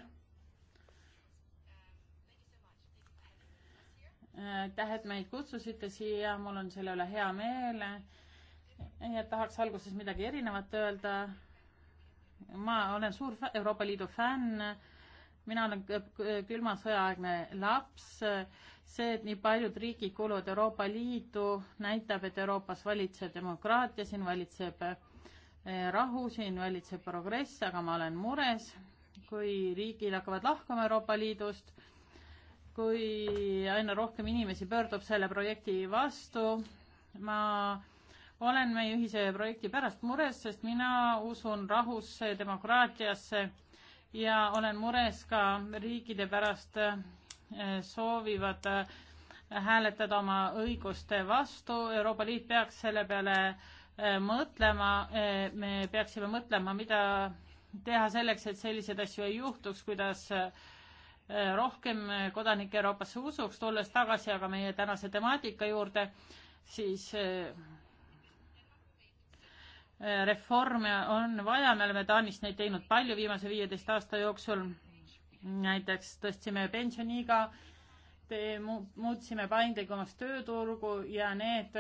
aitäh, äh, et meid kutsusite siia, mul on selle üle hea meel. ja tahaks alguses midagi erinevat öelda. ma olen suur Euroopa Liidu fänn. mina olen külma sõjaaegne laps. see, et nii paljud riigid kuuluvad Euroopa Liitu, näitab, et Euroopas valitseb demokraatia, siin valitseb äh, rahu, siin valitseb progress, aga ma olen mures, kui riigid hakkavad lahkuma Euroopa Liidust kui aina rohkem inimesi pöördub selle projekti vastu. ma olen meie ühise projekti pärast mures, sest mina usun rahusse, demokraatiasse ja olen mures ka riikide pärast eh, soovivad eh, hääletada oma õiguste vastu. Euroopa Liit peaks selle peale eh, mõtlema, me peaksime mõtlema, mida teha selleks, et selliseid asju ei juhtuks, kuidas äh, Äh, rohkem äh, kodanikke Euroopasse usuks, tulles tagasi aga meie tänase temaatika juurde, siis äh, reforme on vaja, me oleme Taanis neid teinud palju viimase viieteist aasta jooksul. näiteks tõstsime pensioniiga, muutsime paindlikumaks tööturgu ja need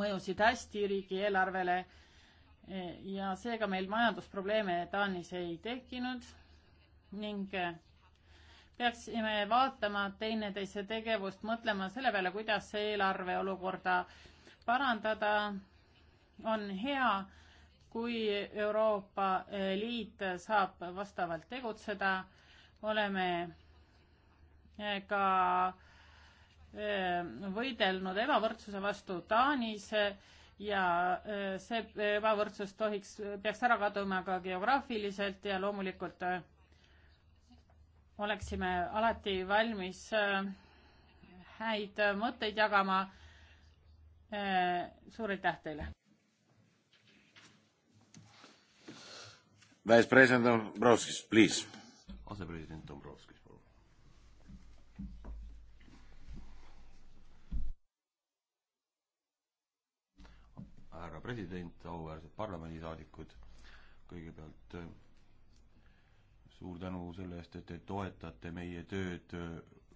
mõjusid hästi riigieelarvele. ja seega meil majandusprobleeme Taanis ei tekkinud ning peaksime vaatama teineteise tegevust, mõtlema selle peale, kuidas eelarve olukorda parandada. on hea, kui Euroopa Liit saab vastavalt tegutseda. oleme eh, ka eh, võidelnud ebavõrdsuse vastu Taanis eh, ja see ebavõrdsus tohiks, peaks ära kaduma ka geograafiliselt ja loomulikult oleksime alati valmis äh, häid äh, mõtteid jagama. Äh, suur aitäh teile. Vice-president Dombrovskis, please. asepresident Dombrovskis, palun. härra president, auväärsed parlamendisaadikud, kõigepealt suur tänu selle eest, et te toetate meie tööd äh,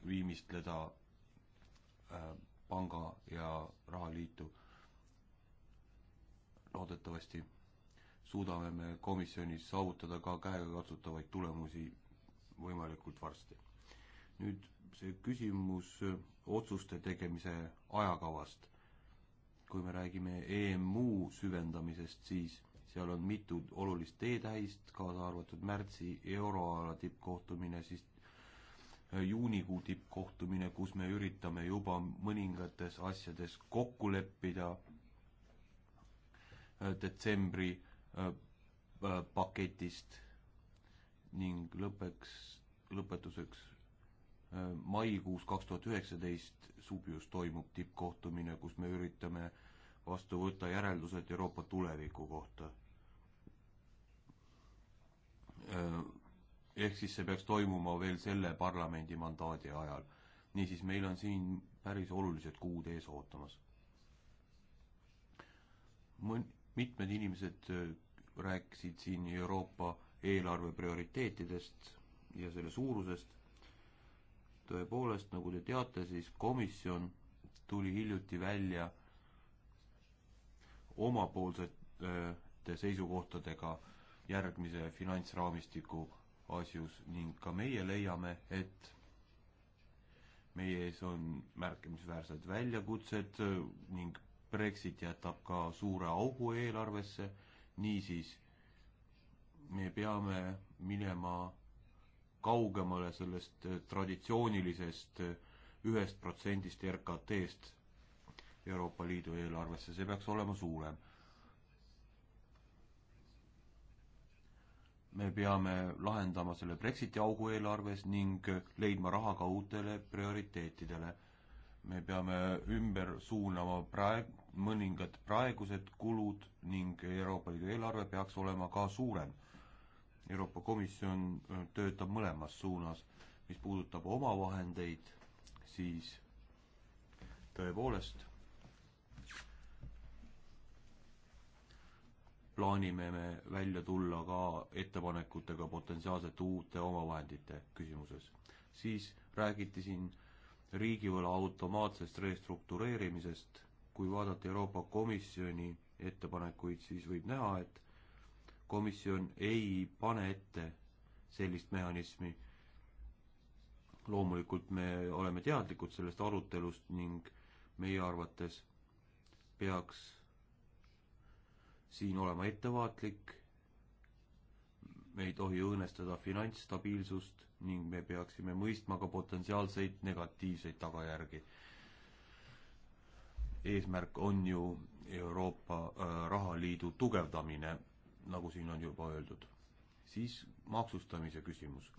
viimistleda äh, panga ja rahaliitu. loodetavasti suudame me komisjonis saavutada ka käegakatsutavaid tulemusi võimalikult varsti. nüüd see küsimus äh, otsuste tegemise ajakavast. kui me räägime EMU süvendamisest, siis seal on mitu olulist teetähist, kaasa arvatud märtsi euroala tippkohtumine, siis äh, juunikuu tippkohtumine, kus me üritame juba mõningates asjades kokku leppida äh, detsembri äh, paketist ning lõpeks, lõpetuseks maikuus kaks tuhat üheksateist Subjus toimub tippkohtumine, kus me üritame vastu võtta järeldused Euroopa tuleviku kohta Äh, ehk siis see peaks toimuma veel selle parlamendi mandaadi ajal. niisiis, meil on siin päris olulised kuud ees ootamas. mõn-, mitmed inimesed äh, rääkisid siin Euroopa eelarve prioriteetidest ja selle suurusest. tõepoolest, nagu te teate, siis komisjon tuli hiljuti välja omapoolsete äh, seisukohtadega järgmise finantsraamistiku asjus ning ka meie leiame, et meie ees on märkimisväärsed väljakutsed ning Brexit jätab ka suure augu eelarvesse, niisiis me peame minema kaugemale sellest traditsioonilisest ühest protsendist RKT-st Euroopa Liidu eelarvesse, see peaks olema suurem me peame lahendama selle Brexiti augu eelarves ning leidma raha ka uutele prioriteetidele. me peame ümber suunama praegu, mõningad praegused kulud ning Euroopa Liidu eelarve peaks olema ka suurem. Euroopa Komisjon äh, töötab mõlemas suunas. mis puudutab omavahendeid, siis tõepoolest plaanime me välja tulla ka ettepanekutega potentsiaalsete uute omavahendite küsimuses. siis räägiti siin riigivõla automaatsest restruktureerimisest, kui vaadata Euroopa Komisjoni ettepanekuid, siis võib näha, et komisjon ei pane ette sellist mehhanismi. loomulikult me oleme teadlikud sellest arutelust ning meie arvates peaks siin olema ettevaatlik, me ei tohi õõnestada finantsstabiilsust ning me peaksime mõistma ka potentsiaalseid negatiivseid tagajärgi. eesmärk on ju Euroopa äh, Rahaliidu tugevdamine, nagu siin on juba öeldud. siis maksustamise küsimus,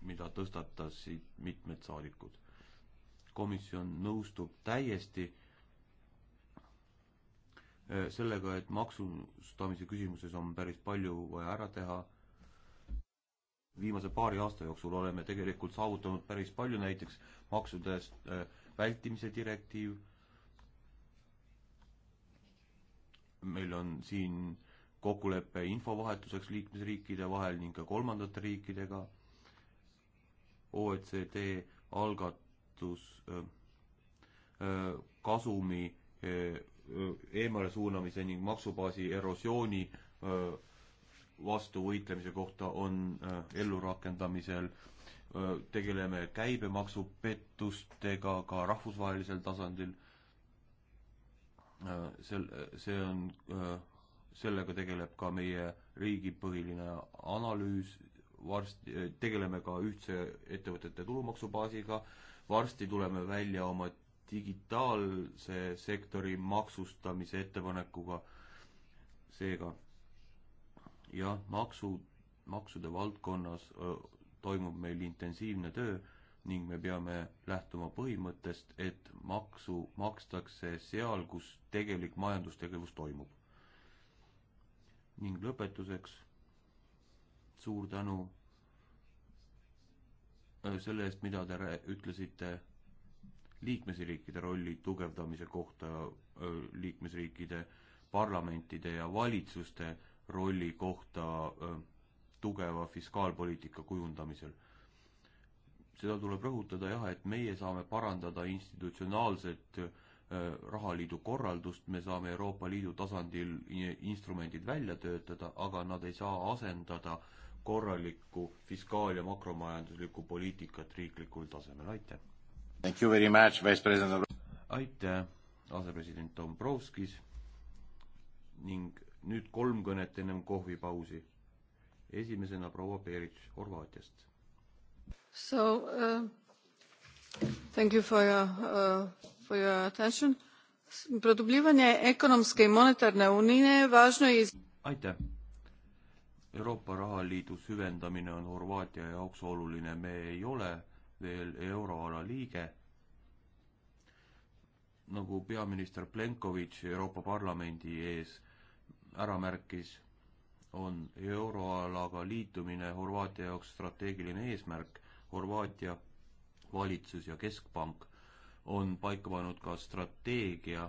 mida tõstatasid mitmed saadikud. komisjon nõustub täiesti Äh, sellega, et maksustamise küsimuses on päris palju vaja ära teha. viimase paari aasta jooksul oleme tegelikult saavutanud päris palju, näiteks maksudest äh, vältimise direktiiv. meil on siin kokkulepe infovahetuseks liikmesriikide vahel ning ka kolmandate riikidega. OECD algatus öö, äh, öö, kasumi öö, eemalesuunamise ning maksubaasi erosiooni vastu võitlemise kohta on ellurakendamisel. tegeleme käibemaksupettustega ka rahvusvahelisel tasandil. sel, see on, sellega tegeleb ka meie riigi põhiline analüüs, varsti tegeleme ka ühtse ettevõtete tulumaksubaasiga, varsti tuleme välja oma digitaalse sektori maksustamise ettepanekuga. seega jah, maksu, maksude valdkonnas öö, toimub meil intensiivne töö ning me peame lähtuma põhimõttest, et maksu makstakse seal, kus tegelik majandustegevus toimub. ning lõpetuseks suur tänu selle eest, mida te ütlesite liikmesriikide rolli tugevdamise kohta, liikmesriikide parlamentide ja valitsuste rolli kohta tugeva fiskaalpoliitika kujundamisel. seda tuleb rõhutada jah, et meie saame parandada institutsionaalset rahaliidu korraldust, me saame Euroopa Liidu tasandil instrumendid välja töötada, aga nad ei saa asendada korralikku fiskaal- ja makromajanduslikku poliitikat riiklikul tasemel, aitäh! aitäh, asepresident Dombrovskis ning nüüd kolm kõnet ennem kohvipausi. esimesena proua Perits Horvaatiast. So uh, thank you for your uh, for your attention. Produbljivanje ekonomske i monetarne unije važno je iz... aitäh. Euroopa Rahaliidu süvendamine on Horvaatia jaoks oluline, me ei ole veel euroala liige, nagu peaminister Plenkovitš Euroopa Parlamendi ees ära märkis, on euroalaga liitumine Horvaatia jaoks strateegiline eesmärk. Horvaatia valitsus ja keskpank on paika pannud ka strateegia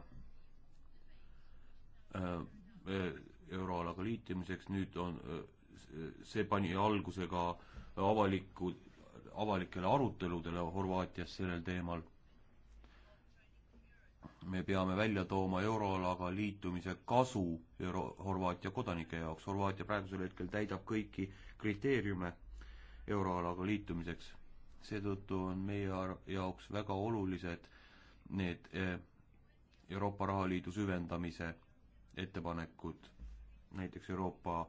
äh, äh, euroalaga liitumiseks, nüüd on, äh, see pani alguse ka avaliku avalikele aruteludele Horvaatias sellel teemal. me peame välja tooma euroalaga liitumise kasu euro-, Horvaatia kodanike jaoks, Horvaatia praegusel hetkel täidab kõiki kriteeriume euroalaga liitumiseks. seetõttu on meie jaoks väga olulised need eh, Euroopa Rahaliidu süvendamise ettepanekud, näiteks Euroopa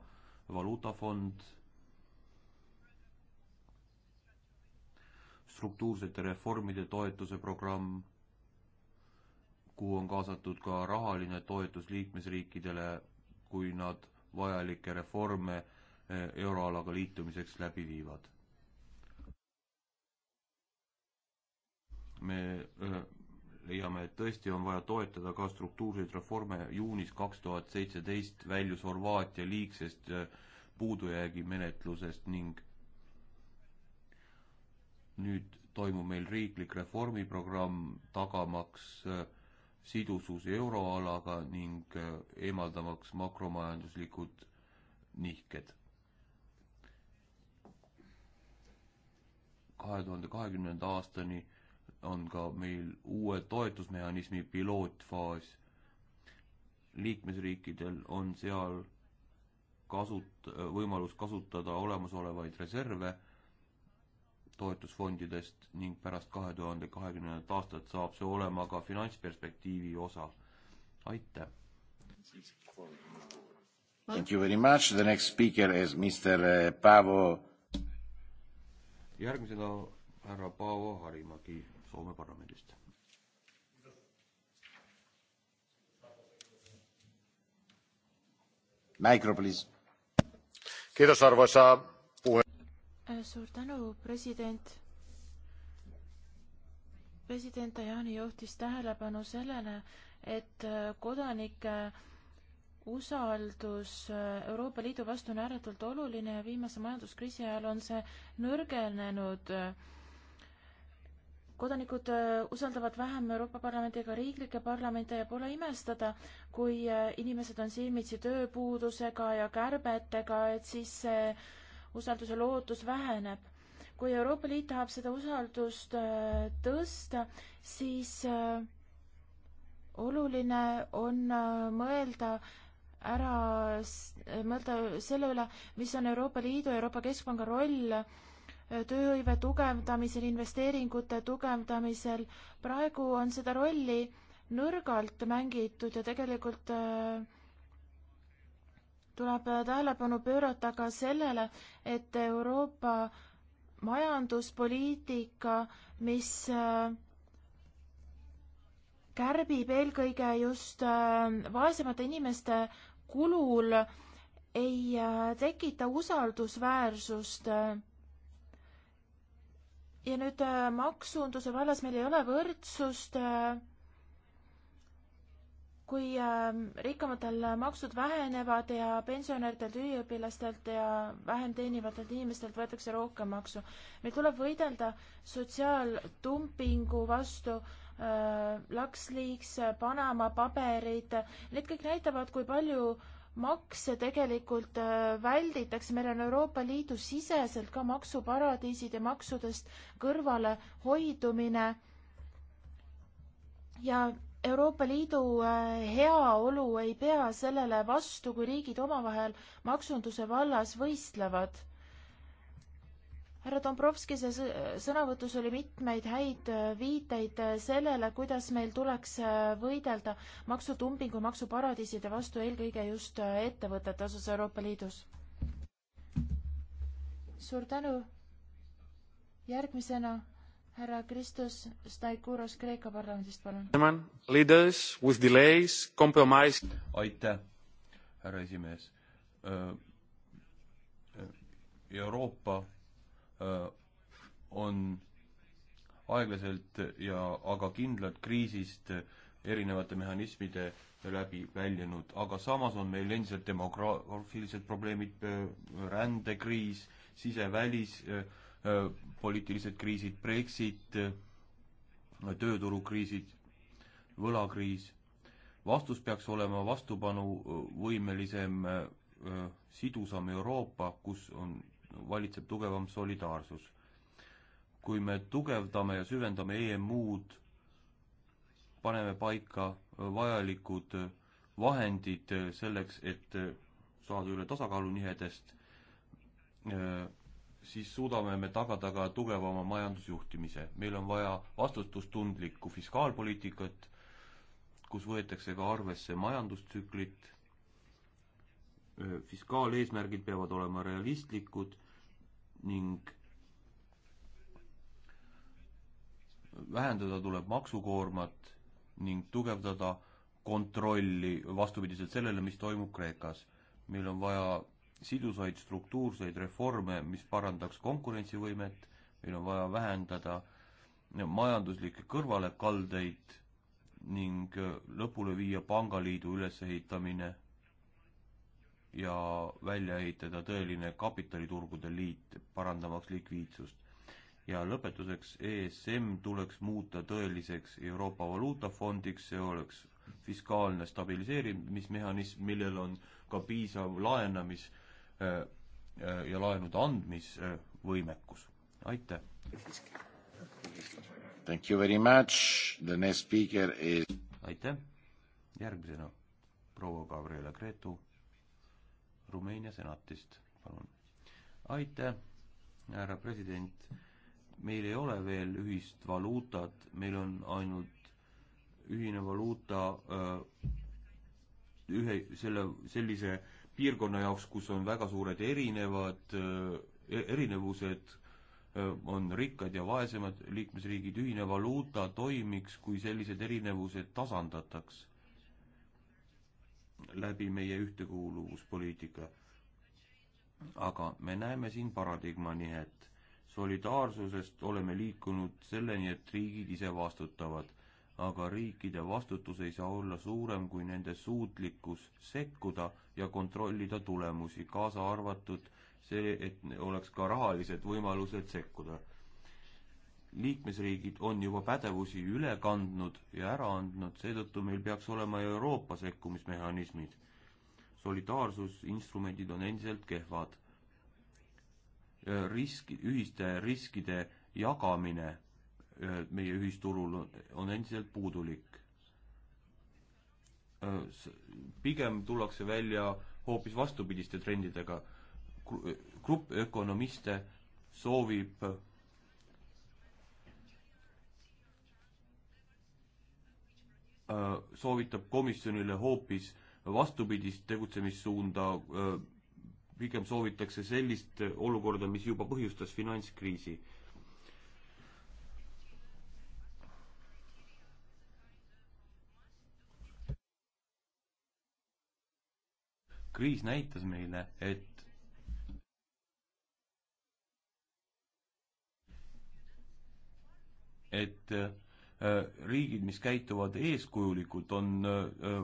Valuutafond, struktuursete reformide toetuse programm, kuhu on kaasatud ka rahaline toetus liikmesriikidele, kui nad vajalikke reforme eh, euroalaga liitumiseks läbi viivad. me eh, leiame, et tõesti on vaja toetada ka struktuurseid reforme. juunis kaks tuhat seitseteist väljus Horvaatia liigsest eh, puudujäägi menetlusest ning nüüd toimub meil riiklik reformiprogramm, tagamaks äh, sidusus euroalaga ning äh, eemaldamaks makromajanduslikud nihked. kahe tuhande kahekümnenda aastani on ka meil uue toetusmehhanismi pilootfaas. liikmesriikidel on seal kasut-, võimalus kasutada olemasolevaid reserve toetusfondidest ning pärast kahe tuhande kahekümnendat aastat saab see olema ka finantsperspektiivi osa. aitäh! Thank you very much, the next speaker is Mr eh, Paavo. järgmisena härra Paavo Harimägi Soome parlamendist. Micro please. kiitos arvoisa Äh, suur tänu, president. president Tajani juhtis tähelepanu sellele, et äh, kodanike usaldus äh, Euroopa Liidu vastu on ääretult oluline ja viimase majanduskriisi ajal on see nõrgenenud. kodanikud usaldavad vähem Euroopa Parlamenti ega riiklikke parlamente ja pole imestada, kui inimesed on silmitsi tööpuudusega ja kärbetega, et siis see usalduse lootus väheneb. kui Euroopa Liit tahab seda usaldust äh, tõsta, siis äh, oluline on äh, mõelda ära, mõelda selle üle, mis on Euroopa Liidu ja Euroopa Keskpanga roll tööhõive tugevdamisel, investeeringute tugevdamisel. praegu on seda rolli nõrgalt mängitud ja tegelikult äh, tuleb tähelepanu pöörata ka sellele, et Euroopa majanduspoliitika, mis äh, kärbib eelkõige just äh, vaesemate inimeste kulul, ei äh, tekita usaldusväärsust. ja nüüd maksunduse vallas meil ei ole võrdsust kui ähm, rikkamatel maksud vähenevad ja pensionäridelt, üliõpilastelt ja vähem teenivatelt inimestelt võetakse rohkem maksu. meil tuleb võidelda sotsiaaltumpingu vastu äh,, LuxLeaks, Panama paberid, need kõik näitavad, kui palju makse tegelikult äh, välditakse, meil on Euroopa Liidu siseselt ka maksuparadiisid ja maksudest kõrvalehoidumine ja Euroopa Liidu äh, heaolu ei pea sellele vastu, kui riigid omavahel maksunduse vallas võistlevad. härra Dombrovski sõnavõtus oli mitmeid häid äh, viiteid äh, sellele, kuidas meil tuleks võidelda maksutumpingu, maksuparadiiside vastu, eelkõige just ettevõtete osas Euroopa Liidus. suur tänu. järgmisena härra Kristus Staikouros Kreeka parlamendist, palun. Leaders with delays, compromise. aitäh, härra esimees. Euroopa on aeglaselt ja aga kindlalt kriisist erinevate mehhanismide läbi väljunud, aga samas on meil endiselt demograafilised probleemid, rändekriis, sise-välis äh, Äh, poliitilised kriisid, Brexit, äh, tööturukriisid, võlakriis. vastus peaks olema vastupanuvõimelisem, äh, sidusam Euroopa, kus on, valitseb tugevam solidaarsus. kui me tugevdame ja süvendame EMU-d, paneme paika vajalikud vahendid selleks, et saada üle tasakaalunihedest, siis suudame me tagada ka tugevama majandusjuhtimise. meil on vaja vastutustundlikku fiskaalpoliitikat, kus võetakse ka arvesse majandustsüklit, fiskaaleesmärgid peavad olema realistlikud ning vähendada tuleb maksukoormat ning tugevdada kontrolli, vastupidiselt sellele, mis toimub Kreekas. meil on vaja sidusaid struktuurseid reforme, mis parandaks konkurentsivõimet, meil on vaja vähendada majanduslikke kõrvalekaldeid ning lõpule viia pangaliidu ülesehitamine ja välja ehitada tõeline kapitaliturgude liit, parandamaks likviidsust. ja lõpetuseks, ESM tuleks muuta tõeliseks Euroopa Valuutafondiks, see oleks fiskaalne stabiliseerimismehhanism, millel on ka piisav laenamis- Äh, äh, ja laenude andmisvõimekus. aitäh! Thank you very much, the next speaker is aitäh, järgmisena proua Gabriela Gretu Rumeenia senatist, palun. aitäh, härra president, meil ei ole veel ühist valuutat, meil on ainult ühine valuuta öö, äh, ühe, selle, sellise piirkonna jaoks, kus on väga suured erinevad, e-, erinevused, on rikkad ja vaesemad liikmesriigid, ühine valuuta toimiks, kui sellised erinevused tasandataks läbi meie ühtekuuluvuspoliitika. aga me näeme siin paradigma nihet. solidaarsusest oleme liikunud selleni, et riigid ise vastutavad aga riikide vastutus ei saa olla suurem kui nende suutlikkus sekkuda ja kontrollida tulemusi, kaasa arvatud see, et oleks ka rahalised võimalused sekkuda. liikmesriigid on juba pädevusi üle kandnud ja ära andnud, seetõttu meil peaks olema Euroopa sekkumismehhanismid. solidaarsusinstrumendid on endiselt kehvad. risk, ühiste riskide jagamine Äh, meie ühisturul on, on endiselt puudulik. Äh, pigem tullakse välja hoopis vastupidiste trendidega. Äh, grupp ökonomiste soovib soovitab komisjonile hoopis vastupidist tegutsemissuunda, pigem soovitakse sellist olukorda, mis juba põhjustas finantskriisi kriis näitas meile, et et äh, riigid, mis käituvad eeskujulikult, on äh,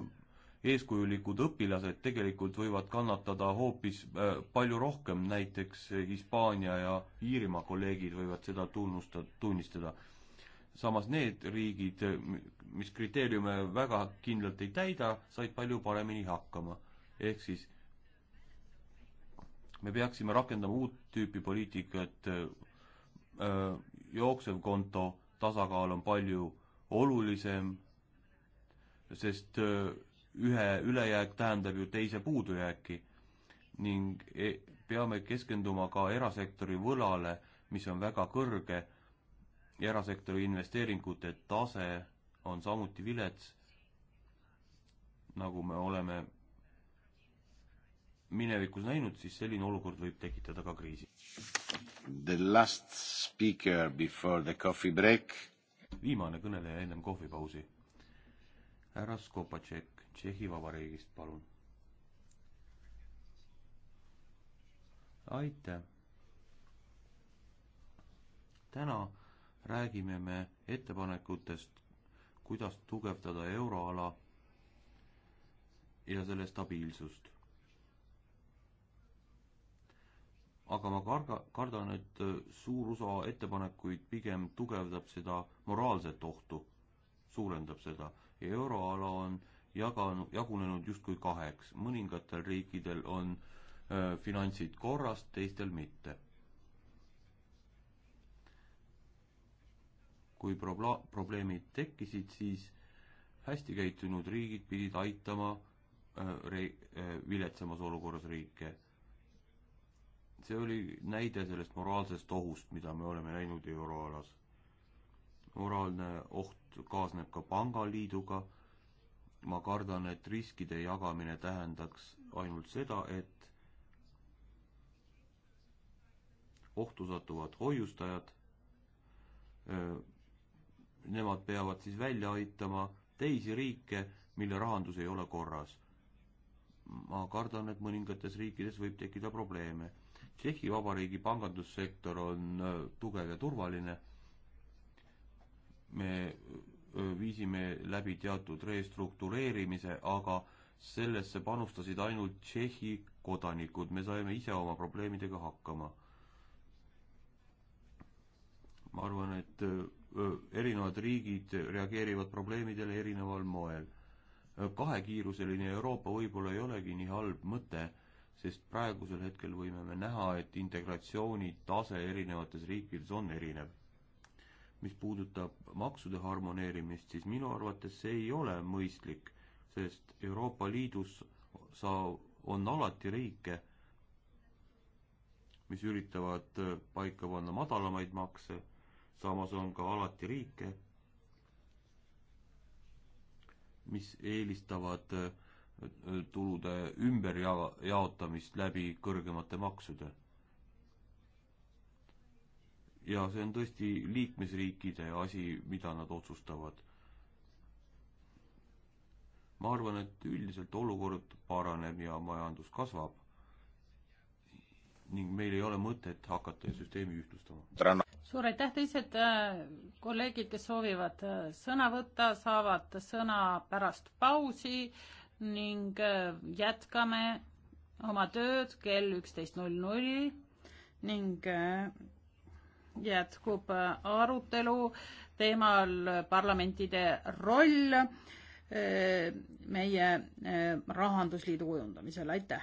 eeskujulikud õpilased tegelikult võivad kannatada hoopis äh, palju rohkem, näiteks Hispaania ja Iirimaa kolleegid võivad seda tunnusta, tunnistada. samas need riigid, mis kriteeriume väga kindlalt ei täida, said palju paremini hakkama ehk siis me peaksime rakendama uut tüüpi poliitikat, äh, jooksev konto tasakaal on palju olulisem, sest äh, ühe ülejääk tähendab ju teise puudujääki ning e, peame keskenduma ka erasektori võlale, mis on väga kõrge, erasektori investeeringute tase on samuti vilets, nagu me oleme minevikus näinud, siis selline olukord võib tekitada ka kriisi. The last speaker before the coffee break. viimane kõneleja ennem kohvipausi. härra Skopatšek Tšehhi Vabariigist, palun. aitäh. täna räägime me ettepanekutest, kuidas tugevdada euroala ja selle stabiilsust. aga ma karga, kardan, et äh, suur osa ettepanekuid pigem tugevdab seda moraalset ohtu, suurendab seda. ja euroala on jaganud, jagunenud justkui kaheks, mõningatel riikidel on äh, finantsid korras, teistel mitte. kui probla-, probleemid tekkisid, siis hästi käitunud riigid pidid aitama äh, re- äh,, viletsamas olukorras riike see oli näide sellest moraalsest ohust, mida me oleme näinud euroalas. moraalne oht kaasneb ka pangaliiduga, ma kardan, et riskide jagamine tähendaks ainult seda, et ohtu satuvad hoiustajad, nemad peavad siis välja aitama teisi riike, mille rahandus ei ole korras. ma kardan, et mõningates riikides võib tekkida probleeme Tšehhi Vabariigi pangandussektor on äh, tugev ja turvaline. me äh, viisime läbi teatud restruktureerimise, aga sellesse panustasid ainult Tšehhi kodanikud, me saime ise oma probleemidega hakkama. ma arvan, et äh, erinevad riigid reageerivad probleemidele erineval moel. kahekiiruseline Euroopa võib-olla ei olegi nii halb mõte sest praegusel hetkel võime me näha, et integratsiooni tase erinevates riikides on erinev. mis puudutab maksude harmoneerimist, siis minu arvates see ei ole mõistlik, sest Euroopa Liidus sa-, on alati riike, mis üritavad paika panna madalamaid makse, samas on ka alati riike, mis eelistavad äh, tulude ümberjaotamist läbi kõrgemate maksude. ja see on tõesti liikmesriikide asi, mida nad otsustavad. ma arvan, et üldiselt olukord paraneb ja majandus kasvab ning meil ei ole mõtet hakata süsteemi ühtlustama. suur aitäh, teised äh, kolleegid, kes soovivad äh, sõna võtta, saavad sõna pärast pausi ning äh, jätkame oma tööd kell üksteist null null ning äh, jätkub äh, arutelu teemal parlamentide roll meie rahandusliidu kujundamisel, aitäh!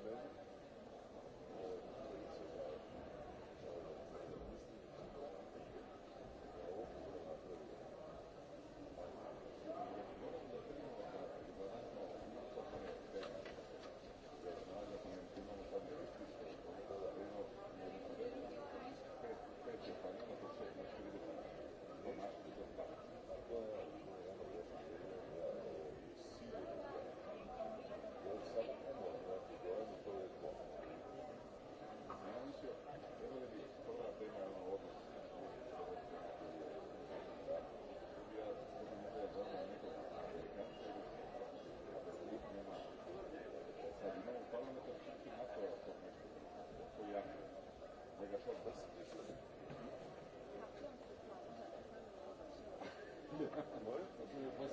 Amen. was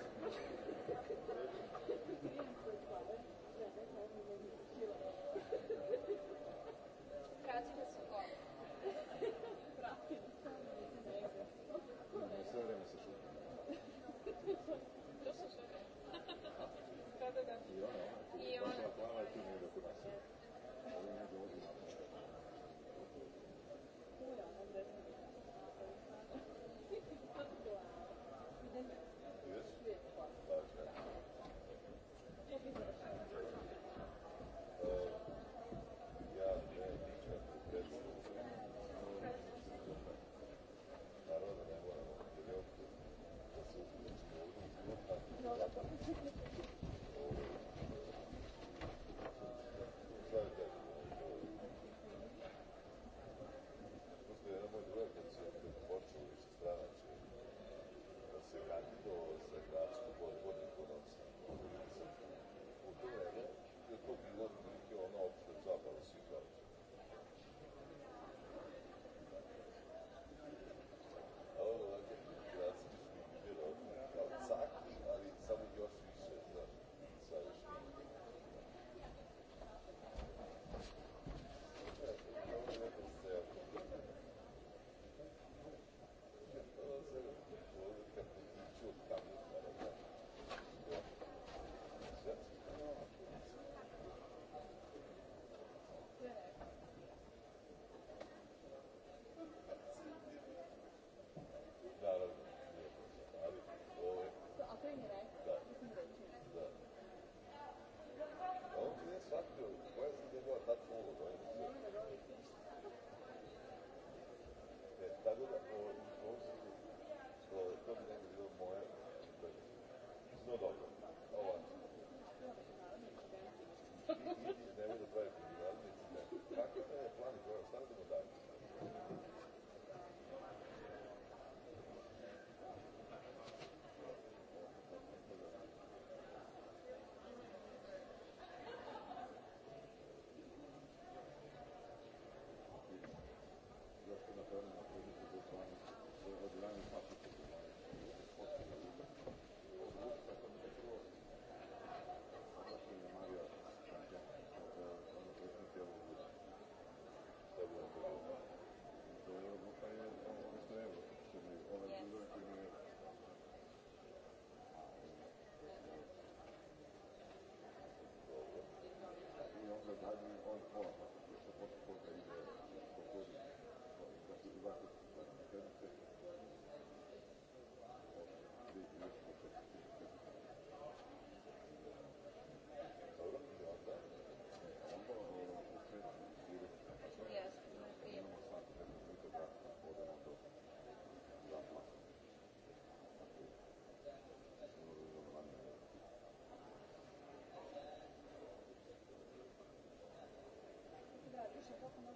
recimo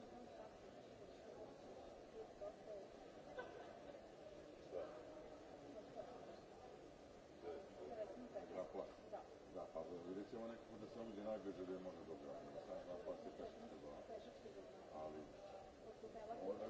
nekako da se omili najbliže gdje može do grada. Sam na pas je pešnice ali ona je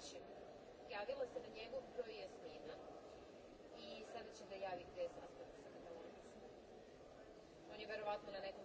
Vučićem. Javila se na njegov broj Jasmina i sada će da javi gde je sastanak sa kataloncima. On je verovatno na nekom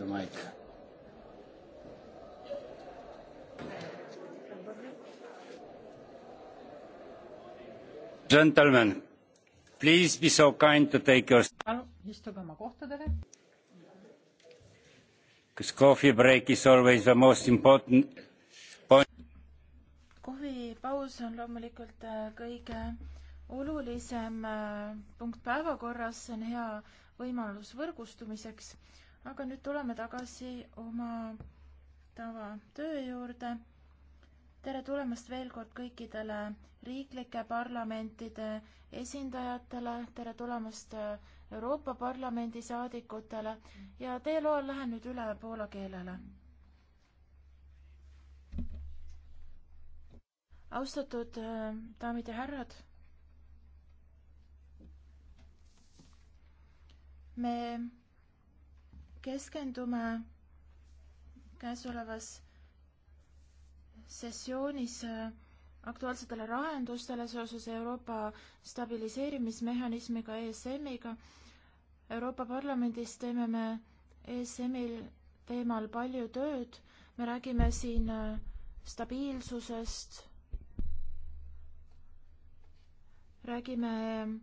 off the mic. Gentlemen, please be so kind to take your... palun istuge oma kohtadele. Because coffee break is always the most important point. kohvipaus on loomulikult äh, kõige olulisem äh, punkt päevakorras, see on hea võimalus võrgustumiseks aga nüüd tuleme tagasi oma tavatöö juurde. tere tulemast veel kord kõikidele riiklike parlamentide esindajatele, tere tulemast Euroopa Parlamendi saadikutele ja teie loal lähen nüüd üle poola keelele. austatud äh, daamid ja härrad me keskendume käesolevas sessioonis äh, aktuaalsetele lahendustele seoses Euroopa stabiliseerimismehhanismiga ESM-iga. Euroopa Parlamendis teeme me ESM-il teemal palju tööd, me räägime siin äh, stabiilsusest, räägime äh,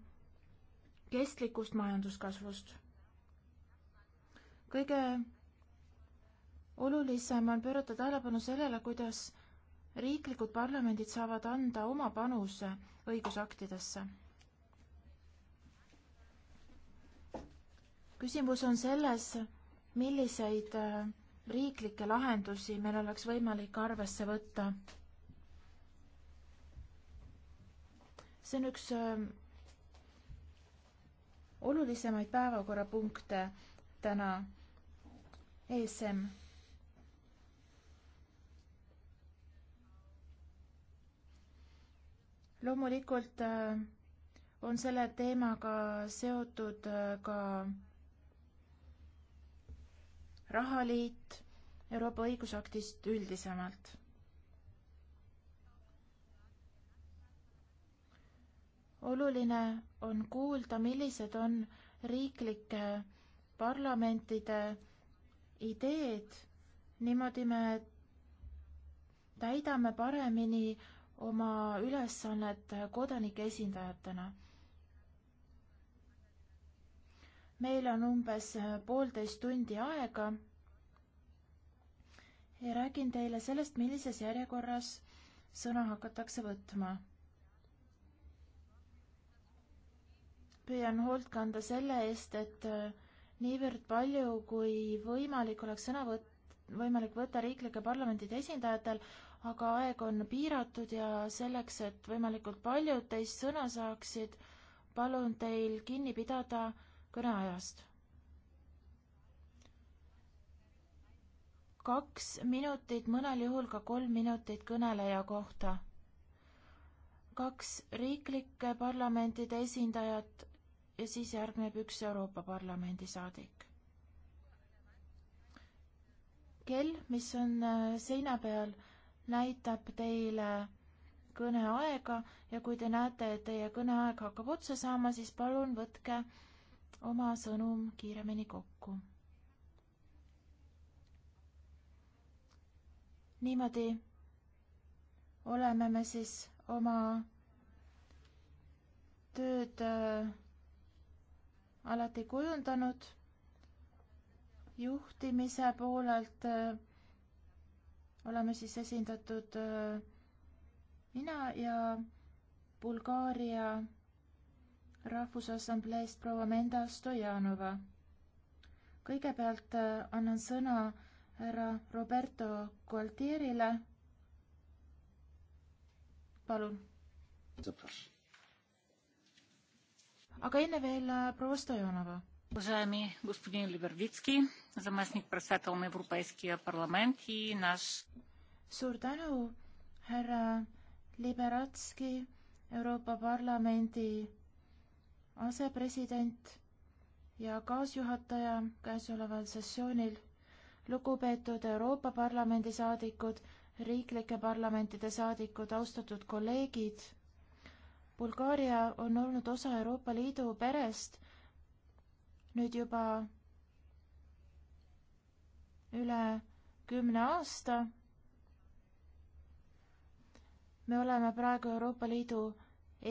kestlikust majanduskasvust kõige olulisem on pöörata tähelepanu sellele, kuidas riiklikud parlamendid saavad anda oma panuse õigusaktidesse. küsimus on selles, milliseid äh, riiklikke lahendusi meil oleks võimalik arvesse võtta. see on üks äh, olulisemaid päevakorrapunkte täna ESM. loomulikult äh, on selle teemaga seotud äh, ka rahaliit Euroopa õigusaktist üldisemalt. oluline on kuulda, millised on riiklike parlamentide ideed, niimoodi me täidame paremini oma ülesannet kodanike esindajatena. meil on umbes poolteist tundi aega ja räägin teile sellest, millises järjekorras sõna hakatakse võtma. püüan hoolt kanda selle eest, et niivõrd palju kui võimalik oleks sõna võt-, võimalik võtta riiklike parlamentide esindajatel, aga aeg on piiratud ja selleks, et võimalikult paljud teist sõna saaksid, palun teil kinni pidada kõneajast. kaks minutit, mõnel juhul ka kolm minutit kõneleja kohta. kaks riiklike parlamentide esindajat ja siis järgneb üks Euroopa Parlamendi saadik. kell, mis on äh, seina peal, näitab teile kõneaega ja kui te näete, et teie kõneaeg hakkab otsa saama, siis palun võtke oma sõnum kiiremini kokku. niimoodi oleme me siis oma tööd äh, alati kujundanud juhtimise poolelt äh, oleme siis esindatud äh, mina ja Bulgaaria Rahvusassambleest proua Menda Stojanova. kõigepealt äh, annan sõna härra Roberto Gualtierile. palun aga enne veel äh, proua Stojanova. Уважаеми господин Либервицки, заместник председател на Европейския парламент и наш... Suur tänu, härra Liberatski, Euroopa Parlamendi asepresident ja kaasjuhataja käesoleval sessioonil. lugupeetud Euroopa Parlamendi saadikud, riiklike parlamentide saadikud, austatud kolleegid Bulgaaria on olnud osa Euroopa Liidu perest nüüd juba üle kümne aasta. me oleme praegu Euroopa Liidu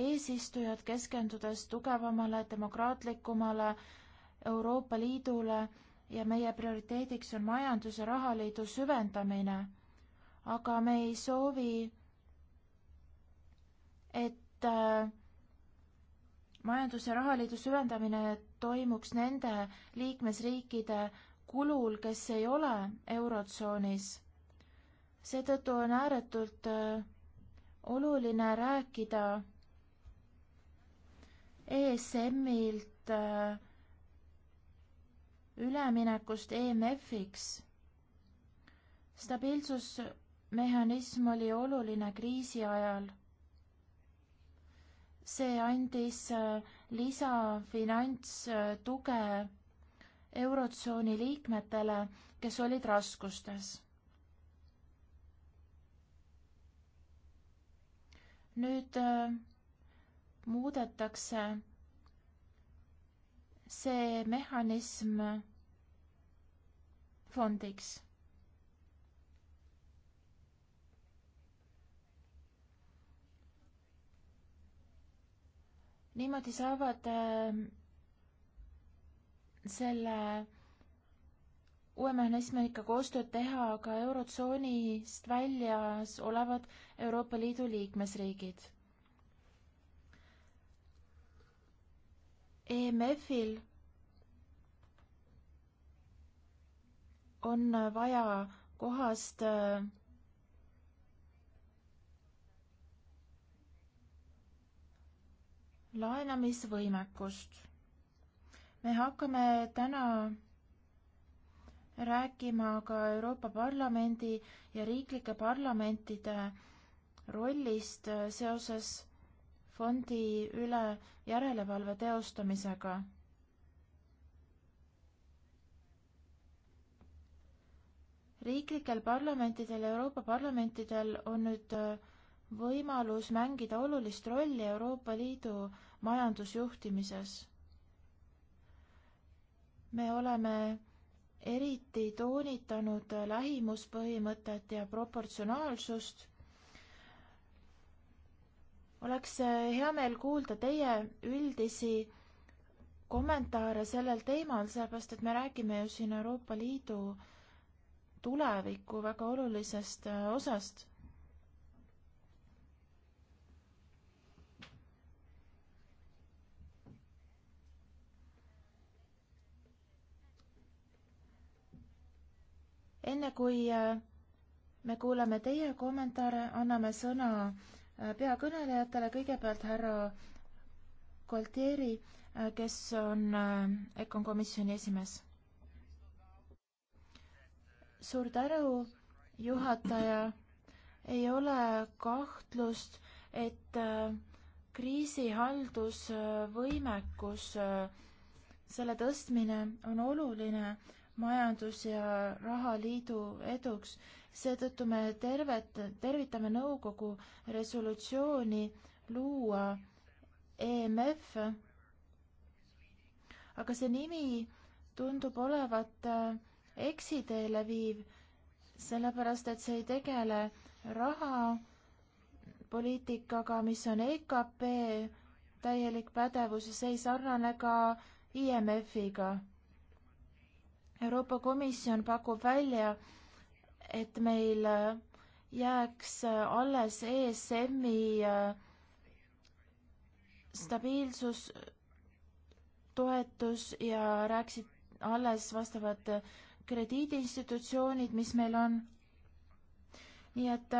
eesistujad, keskendudes tugevamale, demokraatlikumale Euroopa Liidule ja meie prioriteediks on majandus- ja rahaliidu süvendamine. aga me ei soovi, et et äh, majandus- ja rahaliidu süvendamine toimuks nende liikmesriikide kulul, kes ei ole Eurotsoonis. seetõttu on ääretult äh, oluline rääkida ESM-ilt äh, üleminekust EMF-iks. stabiilsusmehhanism oli oluline kriisi ajal see andis äh, lisafinantstuge Eurotsooni liikmetele, kes olid raskustes. nüüd äh, muudetakse see mehhanism fondiks niimoodi saavad äh, selle uue mehhanismiga koostööd teha ka Eurotsoonist väljas olevad Euroopa Liidu liikmesriigid. EMF-il on vaja kohast äh, laenamisvõimekust. me hakkame täna rääkima ka Euroopa Parlamendi ja riiklike parlamentide rollist seoses fondi üle järelevalve teostamisega. riiklikel parlamentidel ja Euroopa parlamentidel on nüüd äh, võimalus mängida olulist rolli Euroopa Liidu majandusjuhtimises. me oleme eriti toonitanud lähimuspõhimõtet ja proportsionaalsust. oleks hea meel kuulda teie üldisi kommentaare sellel teemal, sellepärast et me räägime ju siin Euroopa Liidu tuleviku väga olulisest äh, osast enne kui äh, me kuulame teie kommentaare, anname sõna äh, peakõnelejatele, kõigepealt härra Gualtieri, äh, kes on EKOn komisjoni esimees. suur tänu, juhataja. ei ole kahtlust, et kriisihaldusvõimekus, selle tõstmine on oluline majandus- ja rahaliidu eduks. seetõttu me tervet, tervitame nõukogu resolutsiooni luua EMF, aga see nimi tundub olevat äh, eksiteele viiv, sellepärast et see ei tegele rahapoliitikaga, mis on EKP täielik pädevus ja see ei sarnane ka IMF-iga Euroopa Komisjon pakub välja, et meil äh, jääks äh, alles ESM-i äh, stabiilsustoetus ja rääkisid alles vastavad krediidiinstitutsioonid, mis meil on. nii et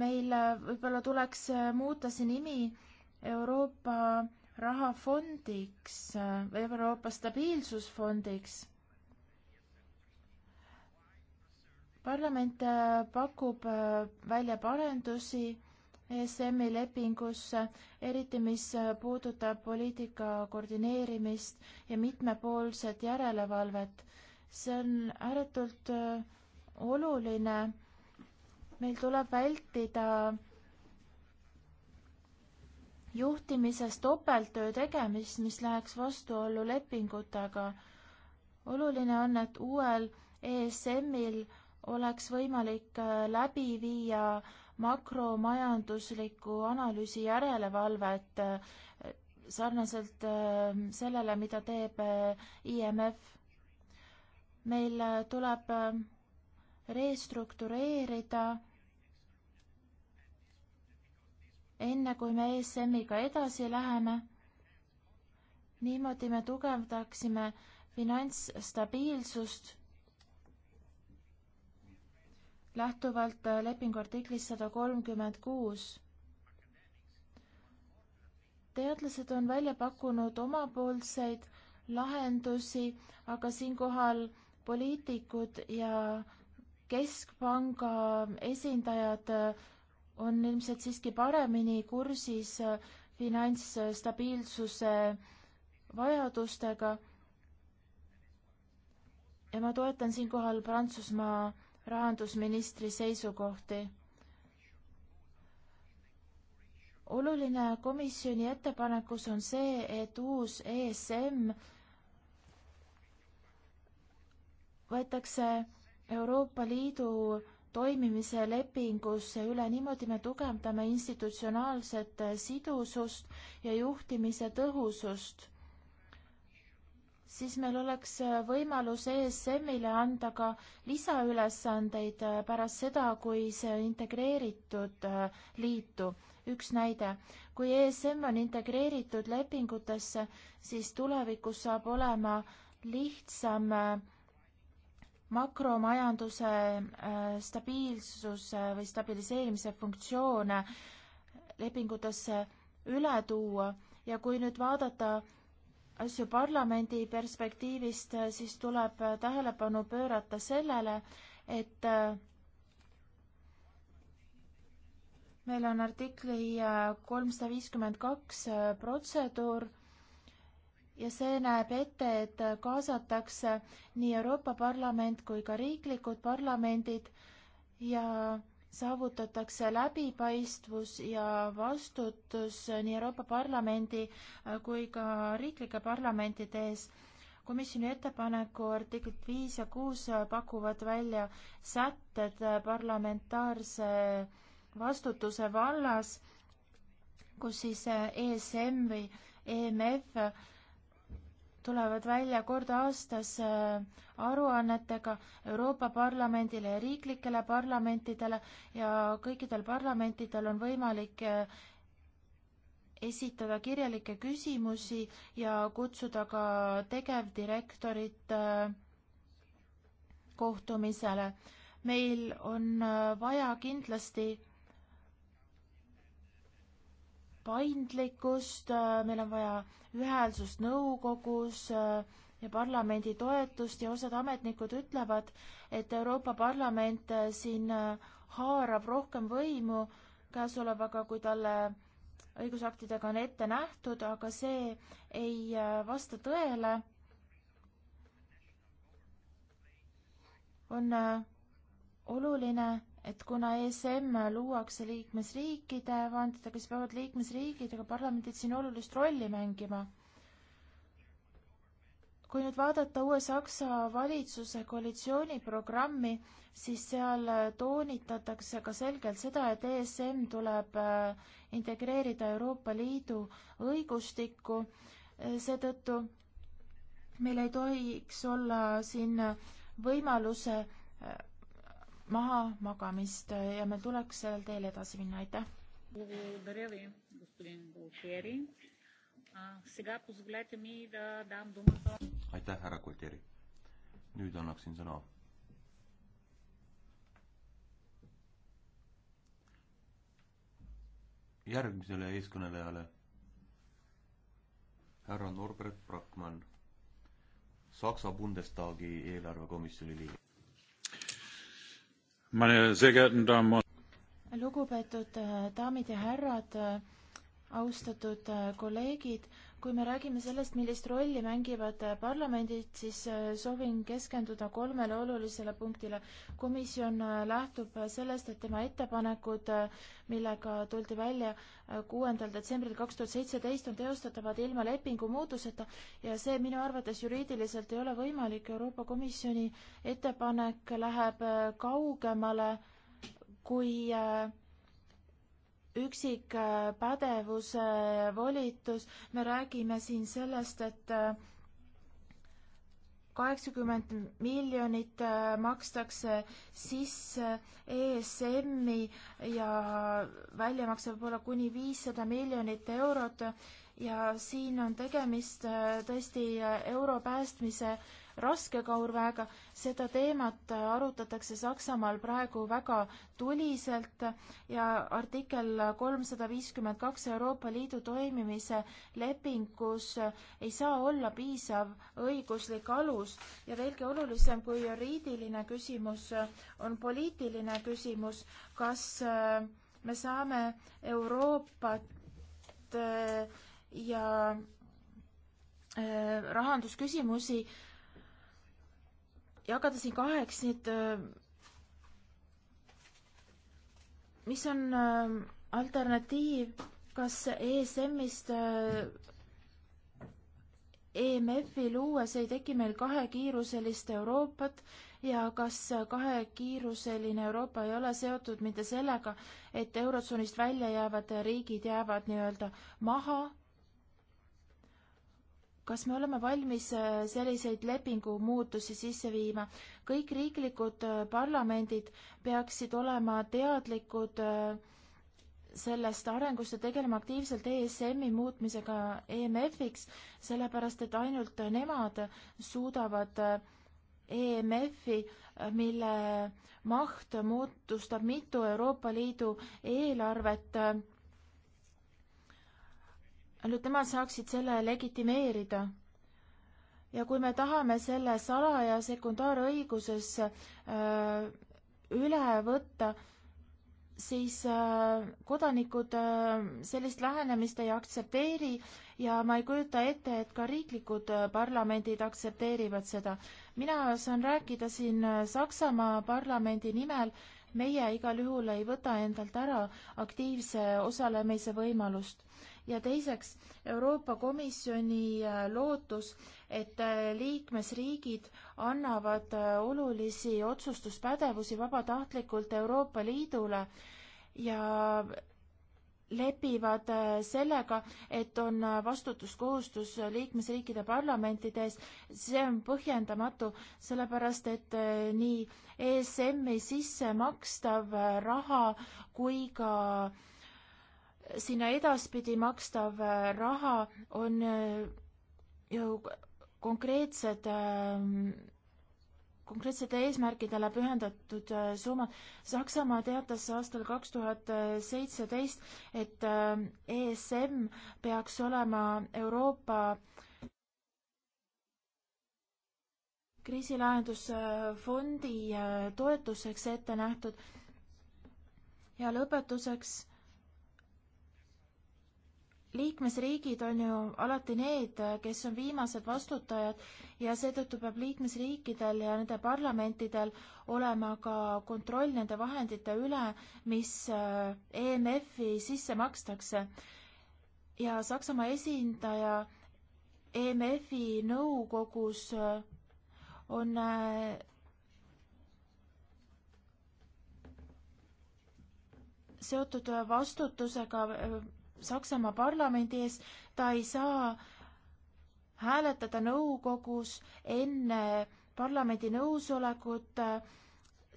meil võib-olla tuleks muuta see nimi Euroopa rahafondiks või Euroopa stabiilsusfondiks. parlament äh, pakub äh, välja parendusi ESM-i lepingusse, eriti mis äh, puudutab poliitika koordineerimist ja mitmepoolset järelevalvet. see on ääretult oluline. meil tuleb vältida juhtimises topelttöö tegemist, mis läheks vastuollu lepingutega. oluline on, et uuel ESM-il oleks võimalik äh, läbi viia makromajandusliku analüüsi järelevalvet äh, sarnaselt äh, sellele, mida teeb IMF. meil tuleb restruktureerida enne kui me ESM-iga edasi läheme. niimoodi me tugevdaksime finantsstabiilsust lähtuvalt äh, lepingu artiklist sada kolmkümmend kuus. teadlased on välja pakkunud omapoolseid lahendusi, aga siinkohal poliitikud ja keskpanga esindajad äh, on ilmselt siiski paremini kursis äh, finantsstabiilsuse äh, vajadustega. ja ma toetan siinkohal Prantsusmaa rahandusministri seisukohti. oluline komisjoni ettepanekus on see, et uus ESM võetakse Euroopa Liidu toimimise lepingusse üle, niimoodi me tugevdame institutsionaalset sidusust ja juhtimise tõhusust. siis meil oleks võimalus ESM-ile anda ka lisaülesandeid pärast seda, kui see integreeritud äh, liitu. üks näide, kui ESM on integreeritud lepingutesse, siis tulevikus saab olema lihtsam äh, makromajanduse äh, stabiilsuse või stabiliseerimise funktsioone lepingutesse üle tuua ja kui nüüd vaadata asju parlamendi perspektiivist, siis tuleb tähelepanu pöörata sellele, et äh, meil on artikli äh, kolmsada viiskümmend kaks protseduur ja see näeb ette, et kaasatakse nii Euroopa Parlament kui ka riiklikud parlamendid ja saavutatakse läbipaistvus ja vastutus nii Euroopa Parlamendi äh, kui ka riiklike parlamentide ees. komisjoni ettepaneku artiklid viis ja kuus äh, pakuvad välja sätted äh, parlamentaarse vastutuse vallas, kus siis ESM või EMF tulevad välja kord aastas äh, aruannetega Euroopa Parlamendile ja riiklikele parlamentidele ja kõikidel parlamentidel on võimalik äh, esitada kirjalikke küsimusi ja kutsuda ka tegevdirektorit äh, kohtumisele. meil on vaja kindlasti paindlikkust, äh, meil on vaja ühelsust nõukogus äh, ja parlamendi toetust ja osad ametnikud ütlevad, et Euroopa Parlament äh, siin haarab rohkem võimu käesolevaga, kui talle õigusaktidega on ette nähtud, aga see ei vasta tõele. on oluline et kuna ESM luuakse liikmesriikide vahenditega, siis peavad liikmesriigid ega parlamendid siin olulist rolli mängima. kui nüüd vaadata uue Saksa valitsuse koalitsiooniprogrammi, siis seal toonitatakse ka selgelt seda, et ESM tuleb äh, integreerida Euroopa Liidu õigustikku, äh, seetõttu meil ei tohiks olla siin äh, võimaluse maha magamist ja meil tuleks sellel teel edasi minna, aitäh. aitäh, härra Kulteri. nüüd annaksin sõna. järgmisele eeskõnelejale, härra Norbert Brackmann, Saksa Bundestagi eelarvekomisjoni liige lugupeetud äh, daamid ja härrad, äh, austatud äh, kolleegid, kui me räägime sellest, millist rolli mängivad parlamendid, siis äh, soovin keskenduda kolmele olulisele punktile. komisjon äh, lähtub sellest, et tema ettepanekud, äh, millega tuldi välja kuuendal detsembril kaks tuhat seitseteist, on teostatavad ilma lepingu muutuseta ja see minu arvates juriidiliselt ei ole võimalik. Euroopa Komisjoni ettepanek läheb kaugemale kui äh, üksikpädevuse volitus, me räägime siin sellest, et äh, kaheksakümmend miljonit äh, makstakse sisse ESM-i ja väljamakse võib olla kuni viissada miljonit eurot ja siin on tegemist äh, tõesti euro päästmise raske kaurväega. seda teemat arutatakse Saksamaal praegu väga tuliselt ja artikkel kolmsada viiskümmend kaks Euroopa Liidu toimimise lepingus ei saa olla piisav õiguslik alus ja veelgi olulisem kui juriidiline küsimus on poliitiline küsimus, kas äh, me saame Euroopat äh, ja äh, rahandusküsimusi jagada siin kaheks, nii et äh, mis on äh, alternatiiv, kas ESM-ist äh, EMF-i luues ei teki meil kahekiiruselist Euroopat ja kas kahekiiruseline Euroopa ei ole seotud mitte sellega, et Eurotsoonist välja jäävad riigid jäävad nii-öelda maha kas me oleme valmis äh, selliseid lepingumuutusi sisse viima? kõik riiklikud äh, parlamendid peaksid olema teadlikud äh, sellest arengust ja tegelema aktiivselt ESM-i muutmisega EMF-iks, sellepärast et ainult nemad suudavad EMF-i, mille maht mootustab mitu Euroopa Liidu eelarvet ainult nemad saaksid selle legitimeerida. ja kui me tahame selle salaja sekundaarõiguses äh, üle võtta, siis äh, kodanikud äh, sellist lähenemist ei aktsepteeri ja ma ei kujuta ette, et ka riiklikud äh, parlamendid aktsepteerivad seda. mina saan rääkida siin äh, Saksamaa parlamendi nimel, meie igal juhul ei võta endalt ära aktiivse osalemise võimalust ja teiseks Euroopa Komisjoni äh, lootus, et äh, liikmesriigid annavad äh, olulisi otsustuspädevusi vabatahtlikult Euroopa Liidule ja lepivad sellega, et on vastutuskohustus liikmesriikide parlamentide ees, see on põhjendamatu, sellepärast et nii ESM-i sisse makstav raha kui ka äh, sinna edaspidi makstav äh, raha on äh, ju konkreetsed, ähm, konkreetsetele eesmärkidele pühendatud äh, summad. Saksamaa teatas aastal kaks tuhat seitseteist, et ESM ähm, e peaks olema Euroopa kriisilahendusfondi toetuseks ette nähtud. ja lõpetuseks liikmesriigid on ju alati need, kes on viimased vastutajad ja seetõttu peab liikmesriikidel ja nende parlamentidel olema ka kontroll nende vahendite üle, mis äh, EMF-i sisse makstakse. ja Saksamaa esindaja EMF-i nõukogus äh, on äh, seotud vastutusega Saksamaa parlamendi ees, ta ei saa hääletada nõukogus enne parlamendi nõusolekut.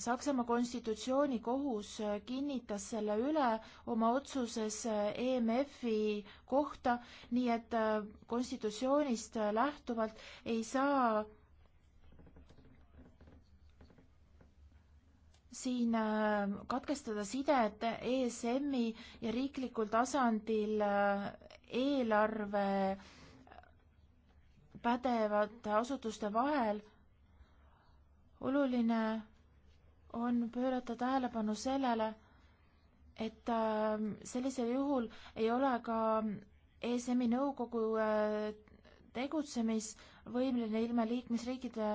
Saksamaa konstitutsioonikohus kinnitas selle üle oma otsuses EMF-i kohta, nii et konstitutsioonist lähtuvalt ei saa siin äh, katkestada sidet ESM-i ja riiklikul tasandil äh, eelarve pädevate asutuste vahel. oluline on pöörata tähelepanu sellele, et äh, sellisel juhul ei ole ka ESM-i nõukogu tegutsemisvõimeline ilma liikmesriikide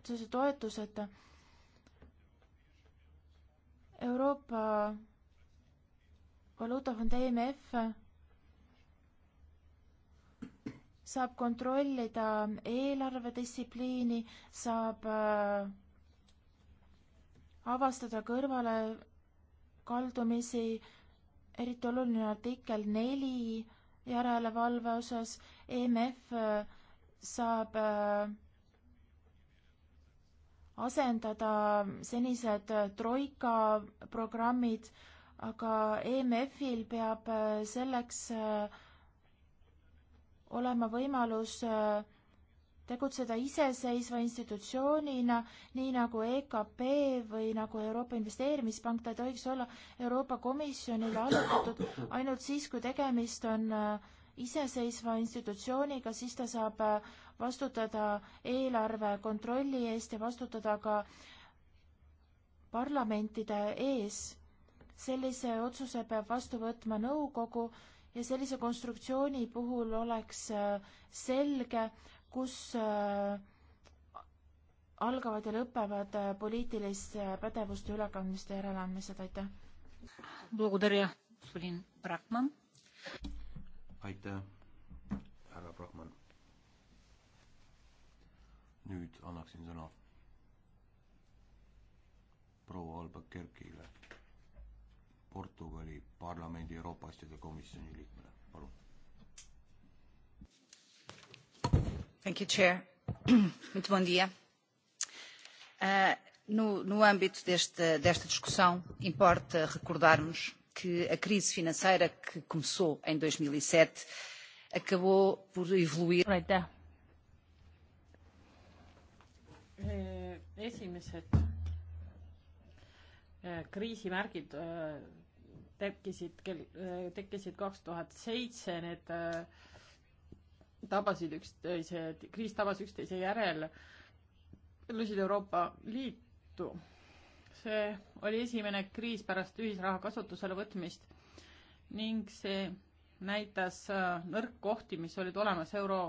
otsese toetuseta Euroopa Valuutafond EMF saab kontrollida eelarvedistsipliini, saab äh, avastada kõrvalekaldumisi, eriti oluline artikkel neli järelevalve osas, EMF äh, saab äh, asendada senised troika programmid, aga EMF-il peab äh, selleks äh, olema võimalus äh, tegutseda iseseisva institutsioonina, nii nagu EKP või nagu Euroopa Investeerimispank, ta ei tohiks olla Euroopa Komisjonile allutatud ainult siis, kui tegemist on äh, iseseisva institutsiooniga, siis ta saab äh, vastutada eelarve kontrolli eest ja vastutada ka parlamentide ees. sellise otsuse peab vastu võtma nõukogu ja sellise konstruktsiooni puhul oleks äh, selge, kus äh, algavad ja lõpevad poliitiliste pädevuste ülekandmiste järeleandmised, aitäh! aitäh, härra Brahman. nüüd annaksin sõna proua Alba Kerkile, Portugali parlamendi Euroopa asjade komisjoni liikmele, palun. Thank you, chair. Muito bom dia. Uh, no, no âmbito deste, desta discussão, importa recordarmos que a crise financeira que começou em 2007 e acabou por evoluir. aitäh. Eh, esimesed eh, kriisimärgid eh, tekkisid, tekkisid kaks tuhat seitse, need tabasid üksteise, kriis tabas üksteise järel, lõsid Euroopa Liitu see oli esimene kriis pärast ühisraha kasutusele võtmist ning see näitas äh, nõrkkohti, mis olid olemas euro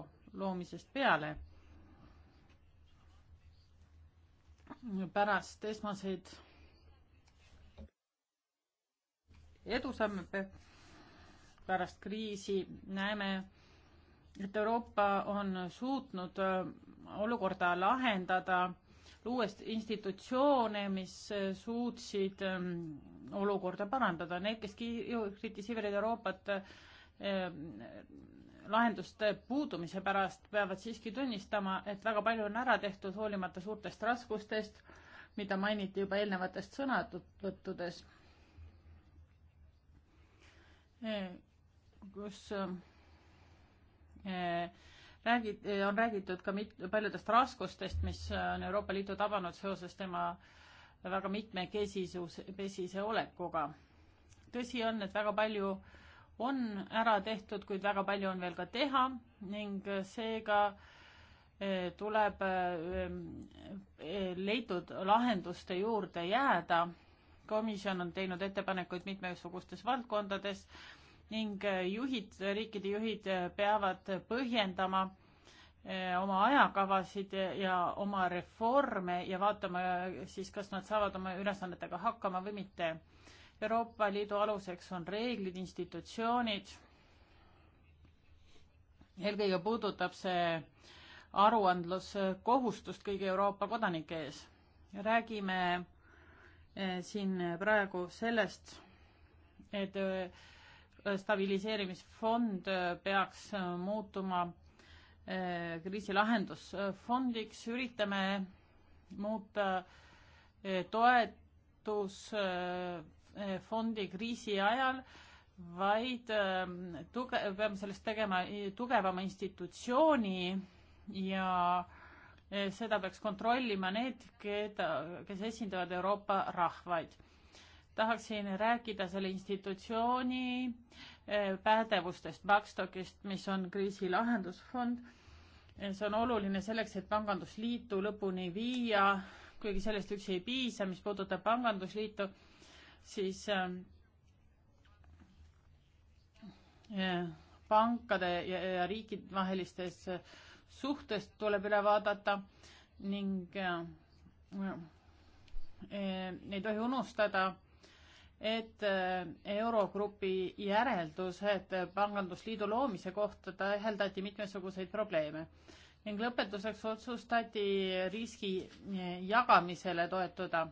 loomisest peale. pärast esmaseid edusamme pärast kriisi näeme, et Euroopa on suutnud äh, olukorda lahendada luues institutsioone, mis äh, suutsid ähm, olukorda parandada. Need, kes kritiseerivad Euroopat äh, lahenduste puudumise pärast, peavad siiski tunnistama, et väga palju on ära tehtud, hoolimata suurtest raskustest, mida mainiti juba eelnevatest sõnavõttudes, äh, kus äh, räägid, on räägitud ka mit-, paljudest raskustest, mis äh, on Euroopa Liidu tabanud seoses tema väga mitmekesisus, pesise olekuga. tõsi on, et väga palju on ära tehtud, kuid väga palju on veel ka teha ning äh, seega äh, tuleb leitud lahenduste juurde jääda. komisjon on teinud ettepanekuid mitmesugustes valdkondades ning äh, juhid, riikide juhid äh, peavad põhjendama äh, oma ajakavasid ja oma reforme ja vaatama siis, kas nad saavad oma ülesannetega hakkama või mitte. Euroopa Liidu aluseks on reeglid, institutsioonid. eelkõige puudutab see aruandluskohustust kõigi Euroopa kodanike ees. räägime siin praegu sellest, et stabiliseerimisfond äh, peaks äh, muutuma äh, kriisilahendusfondiks, üritame muuta toetusfondi kriisi ajal, vaid tuge-, peame sellest tegema tugevama institutsiooni ja seda peaks kontrollima need, keda, kes esindavad Euroopa rahvaid tahaksin rääkida selle institutsiooni eh, pädevustest, Backstockist, mis on kriisilahendusfond. Eh, see on oluline selleks, et pangandusliitu lõpuni viia, kuigi sellest üksi ei piisa, mis puudutab pangandusliitu, siis äh, pankade ja, ja riikidevahelistes suhtes tuleb üle vaadata ning äh, äh, ei tohi unustada et äh, Eurogrupi järeldused pangandusliidu loomise kohta täheldati mitmesuguseid probleeme ning lõpetuseks otsustati riski äh, jagamisele toetuda,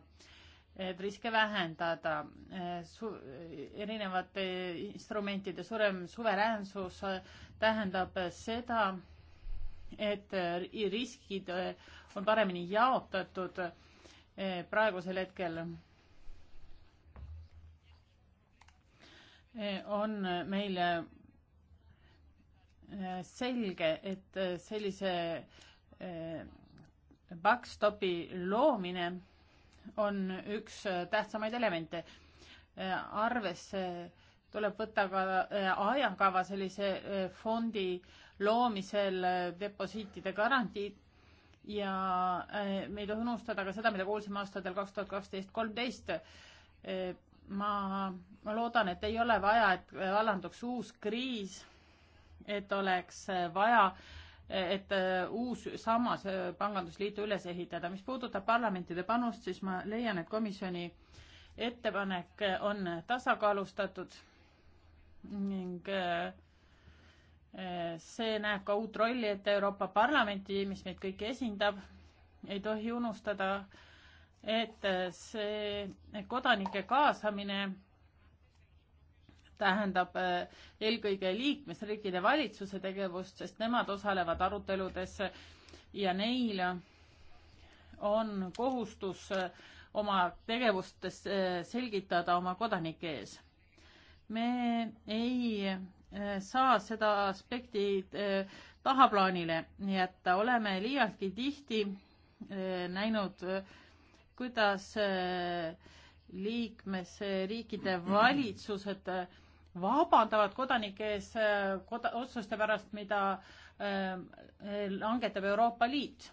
et riske vähendada äh, Su, erinevate instrumentide suurem suveräänsus tähendab seda, et riskid on paremini jaotatud praegusel hetkel on meile äh, selge, et äh, sellise äh, backstopi loomine on üks tähtsamaid elemente. arvesse tuleb võtta ka ajakava sellise fondi loomisel, deposiitide garantiid ja me ei tohi unustada ka seda, mida kuulsime aastatel kaks tuhat kaksteist, kolmteist ma, ma loodan, et ei ole vaja, et vallanduks uus kriis, et oleks vaja, et uus sammas pangandusliitu üles ehitada. mis puudutab parlamentide panust, siis ma leian, et komisjoni ettepanek on tasakaalustatud ning eh, see näeb ka uut rolli ette Euroopa Parlamenti, mis meid kõiki esindab. ei tohi unustada äh, et äh, see kodanike kaasamine tähendab äh, eelkõige liikmesriikide valitsuse tegevust, sest nemad osalevad aruteludes ja neil on kohustus äh, oma tegevustes selgitada oma kodanike ees. me ei saa seda aspekti tahaplaanile jätta, oleme liialtki tihti näinud äh, kuidas eh, liikmesriikide valitsused eh, vabandavad kodanike ees eh, koda-, otsuste pärast, mida langetab Euroopa Liit.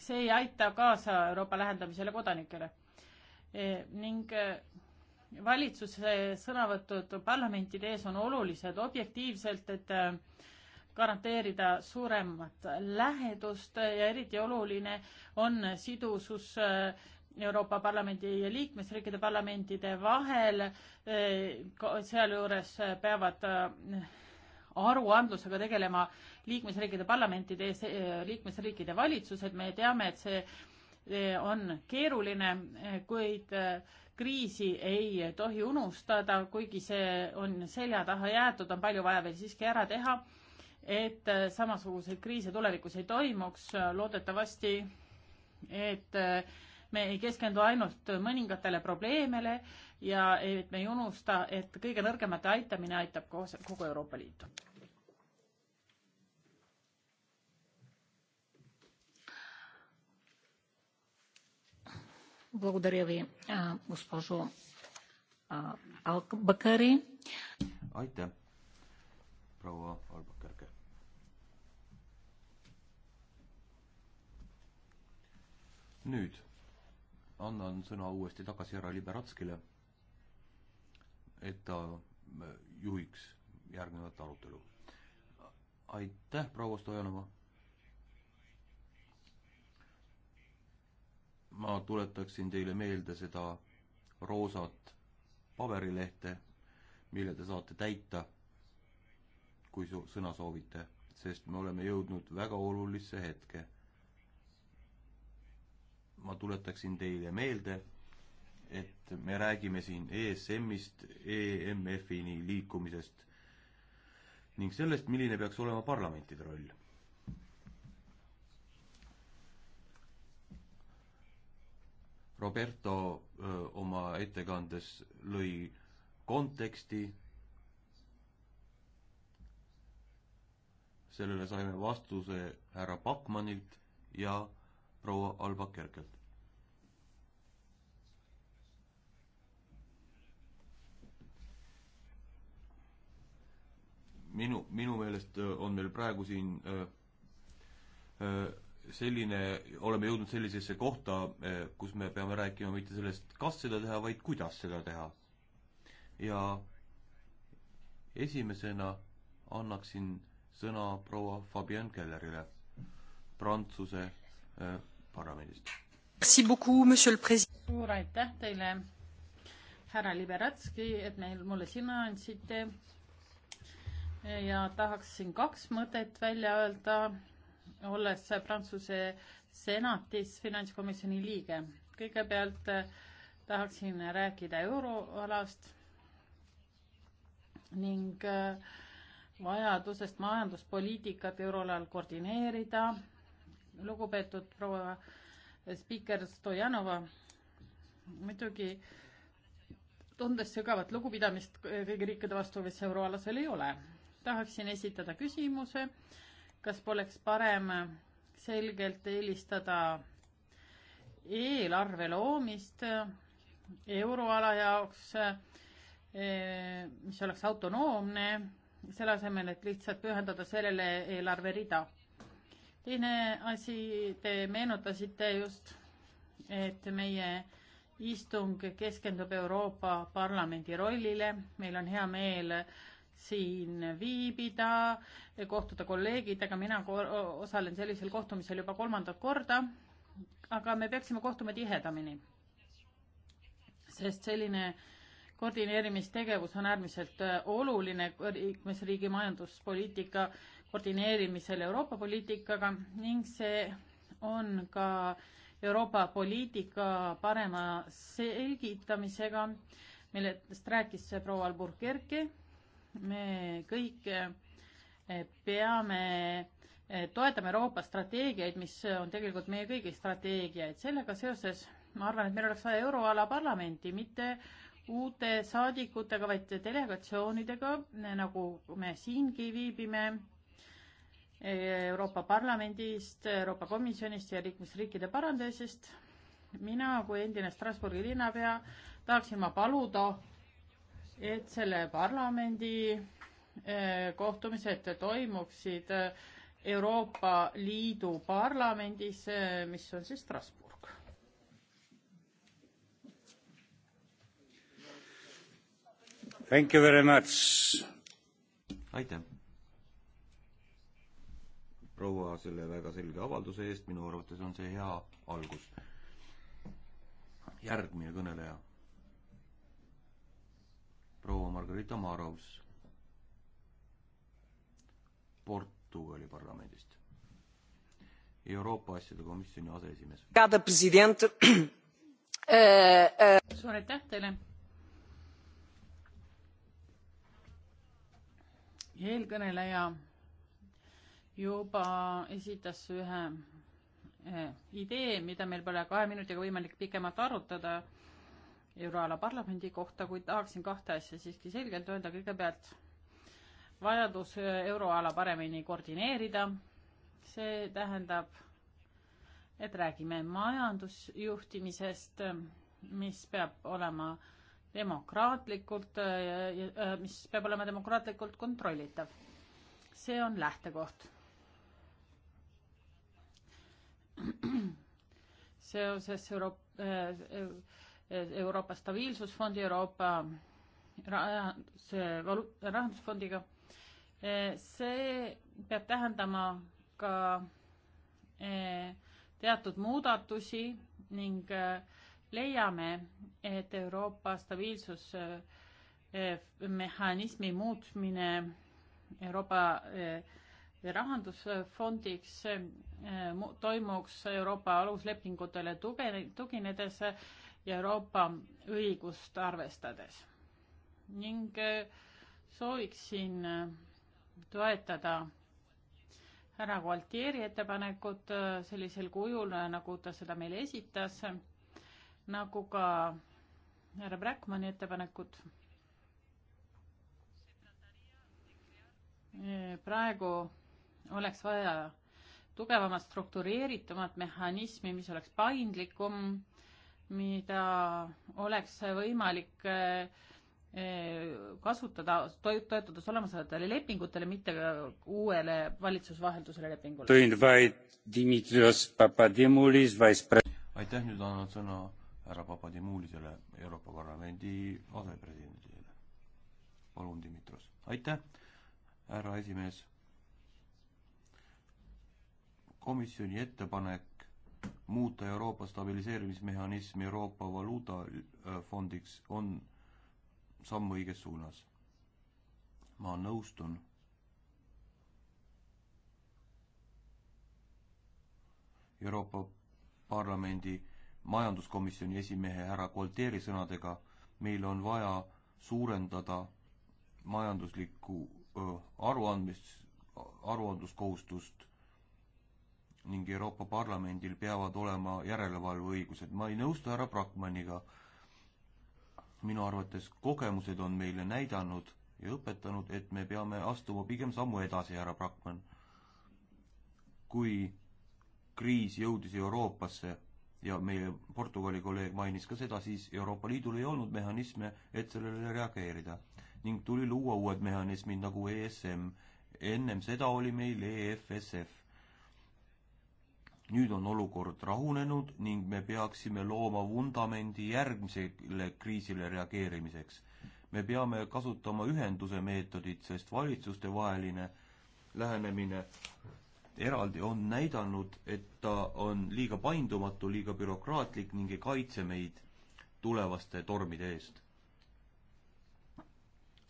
see ei aita kaasa Euroopa lähendamisele kodanikele e,. ning valitsuse sõnavõtud parlamentide ees on olulised objektiivselt, et garanteerida suuremat lähedust ja eriti oluline on sidusus Euroopa Parlamendi ja liikmesriikide parlamentide vahel, eh, sealjuures peavad eh, aruandlusega tegelema liikmesriikide parlamentide ees, liikmesriikide valitsused, me teame, et see eh, on keeruline, kuid kriisi ei tohi unustada, kuigi see on selja taha jäetud, on palju vaja veel siiski ära teha, et samasuguseid kriise tulevikus ei toimuks, loodetavasti et äh, me ei keskendu ainult mõningatele probleemile ja et me ei unusta, et kõige nõrgemate aitamine aitab koos kogu Euroopa Liitu. Благодаря ви, госпожо Албакари. Aitäh, proua Albakarke. nüüd annan sõna uuesti tagasi härra Liberatskile, et ta äh, juhiks järgnevat arutelu. aitäh, proua Stojanova. ma tuletaksin teile meelde seda roosat paberilehte, mille te saate täita, kui so-, sõna soovite, sest me oleme jõudnud väga olulisse hetke ma tuletaksin teile meelde, et me räägime siin ESM-ist EMF-ini liikumisest ning sellest, milline peaks olema parlamentide roll. Roberto öö, oma ettekandes lõi konteksti, sellele saime vastuse härra Bachmannilt ja proua Alba Kerkelt. minu, minu meelest äh, on meil praegu siin äh, äh, selline, oleme jõudnud sellisesse kohta, kus me peame rääkima mitte sellest, kas seda teha, vaid kuidas seda teha. ja esimesena annaksin sõna proua Fabienne Kellerile, Prantsuse Äh, parlamendist. suur aitäh teile, härra Liberatski, et meil, mulle sõna andsite. ja tahaksin kaks mõtet välja öelda, olles Prantsuse senatis finantskomisjoni liige. kõigepealt äh, tahaksin rääkida euroalast ning äh, vajadusest majanduspoliitikat euroalal koordineerida lugupeetud proua spiiker Stojanova, muidugi tundes sügavat lugupidamist kõigi riikide vastu, kes euroalasel ei ole, tahaksin esitada küsimuse, kas poleks parem selgelt eelistada eelarve loomist euroala jaoks, eh, mis oleks autonoomne, selle asemel, et lihtsalt pühendada sellele eelarverida teine asi, te meenutasite just, et meie istung keskendub Euroopa Parlamendi rollile, meil on hea meel siin viibida, kohtuda kolleegidega, mina osalen sellisel kohtumisel juba kolmandat korda, aga me peaksime kohtuma tihedamini, sest selline koordineerimistegevus on äärmiselt oluline liikmesriigi majanduspoliitika äh, koordineerimisel Euroopa poliitikaga ning see on ka Euroopa poliitika parema selgitamisega, millest rääkis proua Alburquerque. me kõik eh, peame eh, toetama Euroopa strateegiaid, mis on tegelikult meie kõigi strateegiaid. sellega seoses ma arvan, et meil oleks vaja euroala parlamenti, mitte uute saadikutega, vaid delegatsioonidega, nagu me siingi viibime Euroopa Parlamendist, Euroopa Komisjonist ja liikmesriikide parandajasest. mina kui endine Strasbourgi linnapea tahaksin ma paluda, et selle parlamendi eh, kohtumised toimuksid eh, Euroopa Liidu parlamendis, eh, mis on siis Strasbourg. aitäh! proua selle väga selge avalduse eest, minu arvates on see hea algus. järgmine kõneleja. proua Margarita Marovs Portugali parlamendist. Euroopa Asjade Komisjoni aseesimees. Eh, eh, suur aitäh teile eelkõneleja juba esitas ühe eh, idee, mida meil pole kahe minutiga võimalik pikemalt arutada euroala parlamendi kohta, kuid tahaksin kahte asja siiski selgelt öelda, kõigepealt vajadus eh, euroala paremini koordineerida, see tähendab, et räägime majandusjuhtimisest, mis peab olema demokraatlikult, eh, mis peab olema demokraatlikult kontrollitav. see on lähtekoht seoses Euroop-, äh, äh, Euroopa Stabiilsusfondi, Euroopa valu-, rahandusfondiga. Äh, see peab tähendama ka teatud muudatusi ning leiame, et Euroopa stabiilsusmehhanismi muutmine Euroopa eh, rahandusfondiks eh, toimuks Euroopa aluslepingutele tuginedes ja Euroopa õigust arvestades. ning eh, sooviksin eh, toetada härra Gualtieri ettepanekut sellisel kujul, nagu ta seda meile esitas, nagu ka härra Brackmanni ettepanekut. praegu oleks vaja tugevamat struktureeritumat mehhanismi, mis oleks paindlikum, mida oleks võimalik eh, eh, kasutada, toetudes olemasolevatele lepingutele, mitte uuele valitsusvaheldusele lepingule. aitäh, nüüd annan sõna härra Papadimulisele, Euroopa Parlamendi asepresidendile. palun, Dimitros. aitäh, härra esimees komisjoni ettepanek muuta Euroopa stabiliseerimismehhanism Euroopa Valuutafondiks on samm õiges suunas. ma nõustun. Euroopa Parlamendi majanduskomisjoni esimehe härra Kolteri sõnadega, meil on vaja suurendada majanduslikku aruandmist, aruandluskohustust ning Euroopa Parlamendil peavad olema järelevalveõigused. ma ei nõustu härra Brakmaniga. minu arvates kogemused on meile näidanud ja õpetanud, et me peame astuma pigem sammu edasi, härra Brakman. kui kriis jõudis Euroopasse ja meie Portugali kolleeg mainis ka seda, siis Euroopa Liidul ei olnud mehhanisme, et sellele reageerida ning tuli luua uued mehhanismid nagu ESM. ennem seda oli meil EFSF nüüd on olukord rahunenud ning me peaksime looma vundamendi järgmisele kriisile reageerimiseks. me peame kasutama ühenduse meetodit, sest valitsustevaheline lähenemine eraldi on näidanud, et ta on liiga paindumatu, liiga bürokraatlik ning ei kaitse meid tulevaste tormide eest.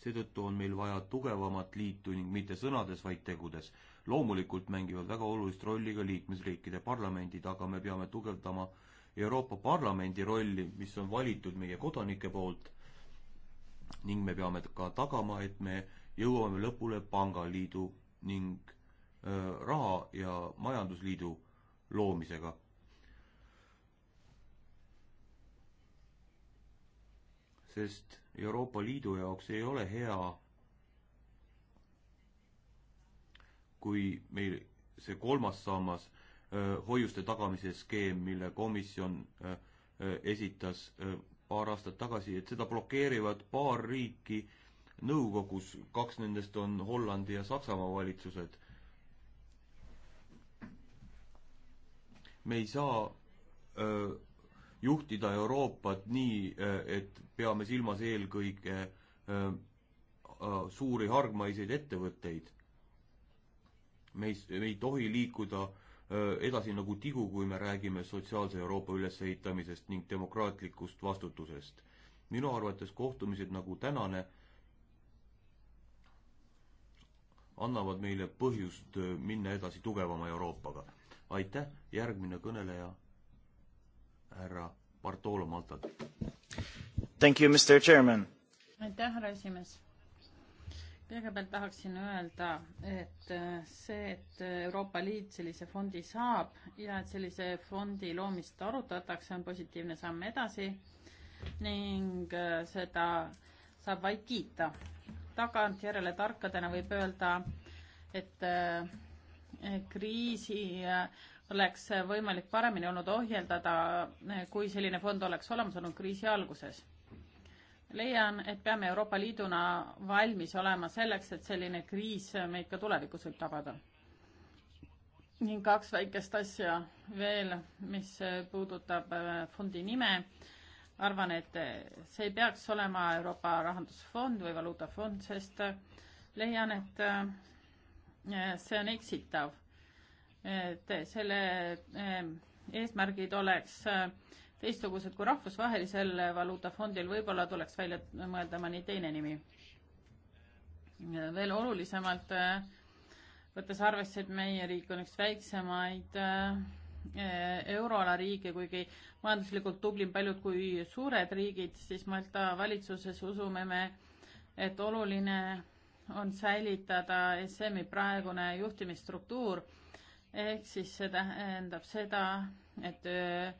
seetõttu on meil vaja tugevamat liitu ning mitte sõnades, vaid tegudes loomulikult mängivad väga olulist rolli ka liikmesriikide parlamendid, aga me peame tugevdama Euroopa Parlamendi rolli, mis on valitud meie kodanike poolt ning me peame ka tagama, et me jõuame lõpule pangaliidu ning öö, raha- ja majandusliidu loomisega sest Euroopa Liidu jaoks ei ole hea kui meil see kolmas sammas, hoiuste tagamise skeem, mille komisjon esitas paar aastat tagasi, et seda blokeerivad paar riiki nõukogus, kaks nendest on Hollandi ja Saksamaa valitsused. me ei saa öö, juhtida Euroopat nii, et peame silmas eelkõige öö, suuri hargmaiseid ettevõtteid meis, me ei tohi liikuda äh, edasi nagu tigu, kui me räägime sotsiaalse Euroopa ülesehitamisest ning demokraatlikust vastutusest. minu arvates kohtumised nagu tänane annavad meile põhjust äh, minna edasi tugevama Euroopaga. aitäh, järgmine kõneleja, härra Bartolo Maltalt. Thank you, Mr Chairman. aitäh, härra esimees kõigepealt tahaksin öelda, et äh, see, et Euroopa Liit sellise fondi saab ja et sellise fondi loomist arutatakse, on positiivne samm edasi ning äh, seda saab vaid kiita. tagantjärele tarkadena võib öelda, et äh, kriisi oleks võimalik paremini olnud ohjeldada, kui selline fond oleks olemas olnud kriisi alguses leian, et peame Euroopa Liiduna valmis olema selleks, et selline kriis meid ka tulevikus võib tabada. ning kaks väikest asja veel, mis puudutab äh, fondi nime. arvan, et see ei peaks olema Euroopa Rahandusfond või Valuutafond, sest äh, leian, et äh, see on eksitav. et selle eesmärgid oleks teistsugused kui rahvusvahelisel valuutafondil, võib-olla tuleks välja mõelda mõni teine nimi. veel olulisemalt, äh, võttes arvesse, et meie riik on üks väiksemaid äh, äh, euroala riike, kuigi majanduslikult tublim paljud kui suured riigid, siis Malta valitsuses usume me, et oluline on säilitada ESM-i praegune juhtimisstruktuur ehk siis see tähendab seda, et öö,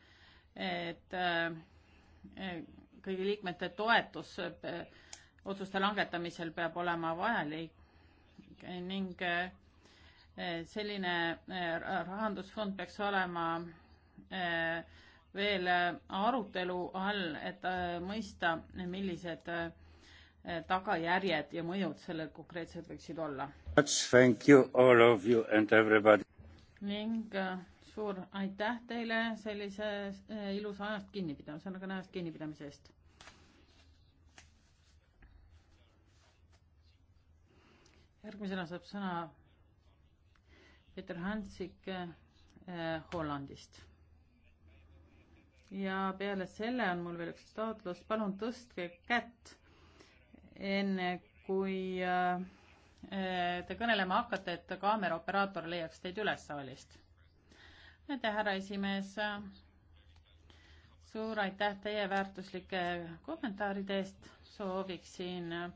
et äh, kõigi liikmete toetus äh, otsuste langetamisel peab olema vajalik ning äh, selline rahandusfond peaks olema veel arutelu all, et mõista, millised tagajärjed ja mõjud sellel konkreetselt võiksid olla. ning suur aitäh teile sellise eh, ilusa ajast kinnipidamise, ühesõnaga ajast kinnipidamise eest. järgmisena saab sõna Peeter Hansik eh, Hollandist. ja peale selle on mul veel üks taotlus, palun tõstke kätt enne kui eh, te kõnelema hakkate, et kaameraoperaator leiaks teid üles saalist aitäh, härra esimees. suur aitäh teie väärtuslike kommentaaride eest. sooviksin eh,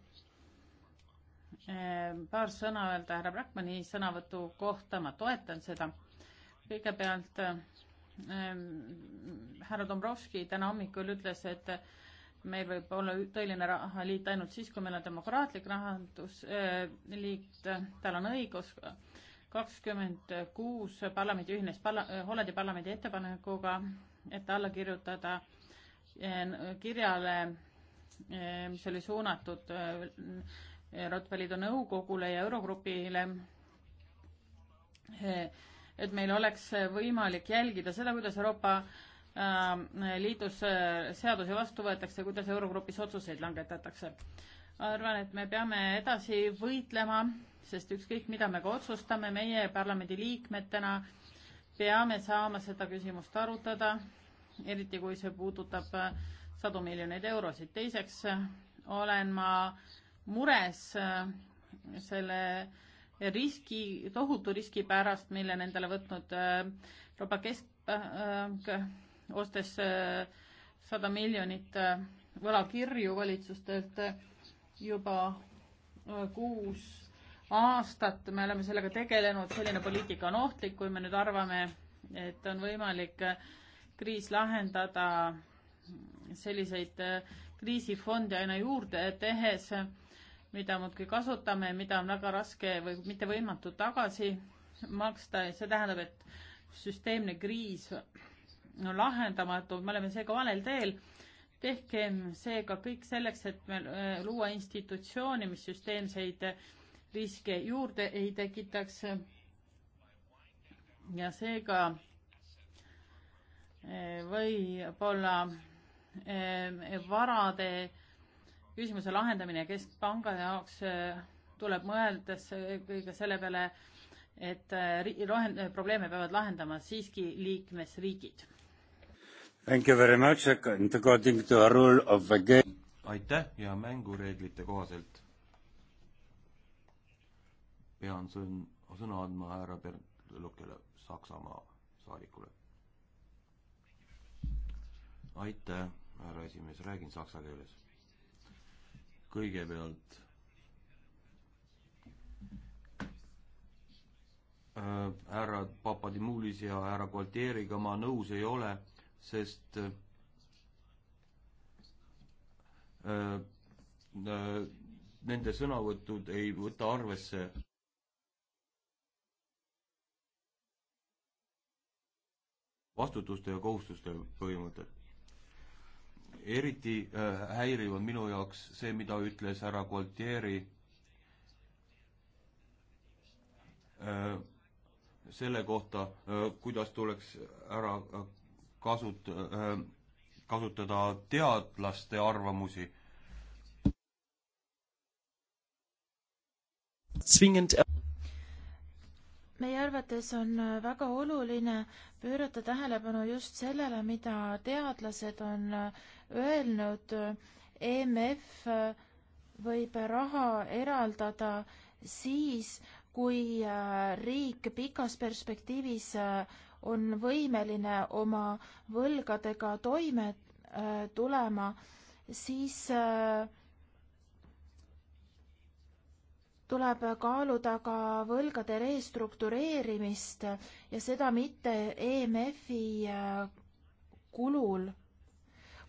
paar sõna öelda härra Brackmanni sõnavõtu kohta, ma toetan seda. kõigepealt eh, härra Dombrovski täna hommikul ütles, et meil võib olla tõeline rahaliit ainult siis, kui meil on demokraatlik rahandusliit, tal on õigus kakskümmend kuus parlamendi ühines parla-, Hollandi parlamendi ettepanekuga, et alla kirjutada eh, kirjale, eh, mis oli suunatud Euroopa eh, Liidu Nõukogule ja Eurogrupile, et meil oleks võimalik jälgida seda, kuidas Euroopa Liidus seadusi vastu võetakse, kuidas Eurogrupis otsuseid langetatakse arvan, et me peame edasi võitlema, sest ükskõik, mida me ka otsustame, meie parlamendi liikmetena peame saama seda küsimust arutada, eriti kui see puudutab äh, sadu miljoneid eurosid. teiseks äh, olen ma mures äh, selle riski, tohutu riski pärast, mille on endale võtnud Euroopa Keskpank, ostes sada miljonit võlakirju valitsustelt juba kuus aastat me oleme sellega tegelenud, selline poliitika on ohtlik, kui me nüüd arvame, et on võimalik kriis lahendada selliseid kriisifonde aina juurde tehes, mida muudkui kasutame, mida on väga raske või mitte võimatu tagasi maksta ja see tähendab, et süsteemne kriis on lahendamatu, me oleme seega valel teel tehkem seega kõik selleks, et me äh, luua institutsioone, mis süsteemseid äh, riske juurde ei tekitaks. ja seega äh, võib-olla varade küsimuse lahendamine keskpanga jaoks tuleb mõeldes kõige selle peale, et probleeme peavad lahendama siiski liikmesriigid aitäh ja mängureeglite kohaselt pean sõn-, sõna andma härra Bertlukele, Saksamaa saadikule. aitäh, härra esimees, räägin saksa keeles. kõigepealt äh, härra Papadimulis ja härra Gualtieriga ma nõus ei ole sest äh, äh, nende sõnavõtud ei võta arvesse vastutuste ja kohustuste põhimõtet. eriti äh, häiriv on minu jaoks see, mida ütles härra Gualtieri selle kohta, kuidas tuleks ära kasut-, äh, kasutada teadlaste arvamusi. Zwingend er- meie arvates on väga oluline pöörata tähelepanu just sellele, mida teadlased on öelnud. EMF võib raha eraldada siis, kui riik pikas perspektiivis on võimeline oma võlgadega toime äh, tulema, siis äh, tuleb kaaluda ka võlgade restruktureerimist ja seda mitte EMF-i äh, kulul.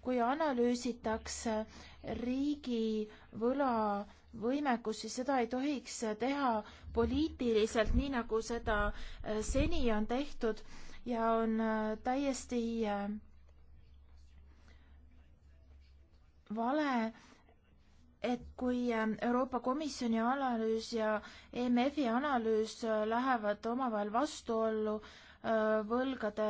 kui analüüsitakse riigi võla võimekus, siis seda ei tohiks teha poliitiliselt, nii nagu seda äh, seni on tehtud ja on äh, täiesti äh, vale, et kui Euroopa Komisjoni analüüs ja EMF-i analüüs lähevad omavahel vastuollu võlgade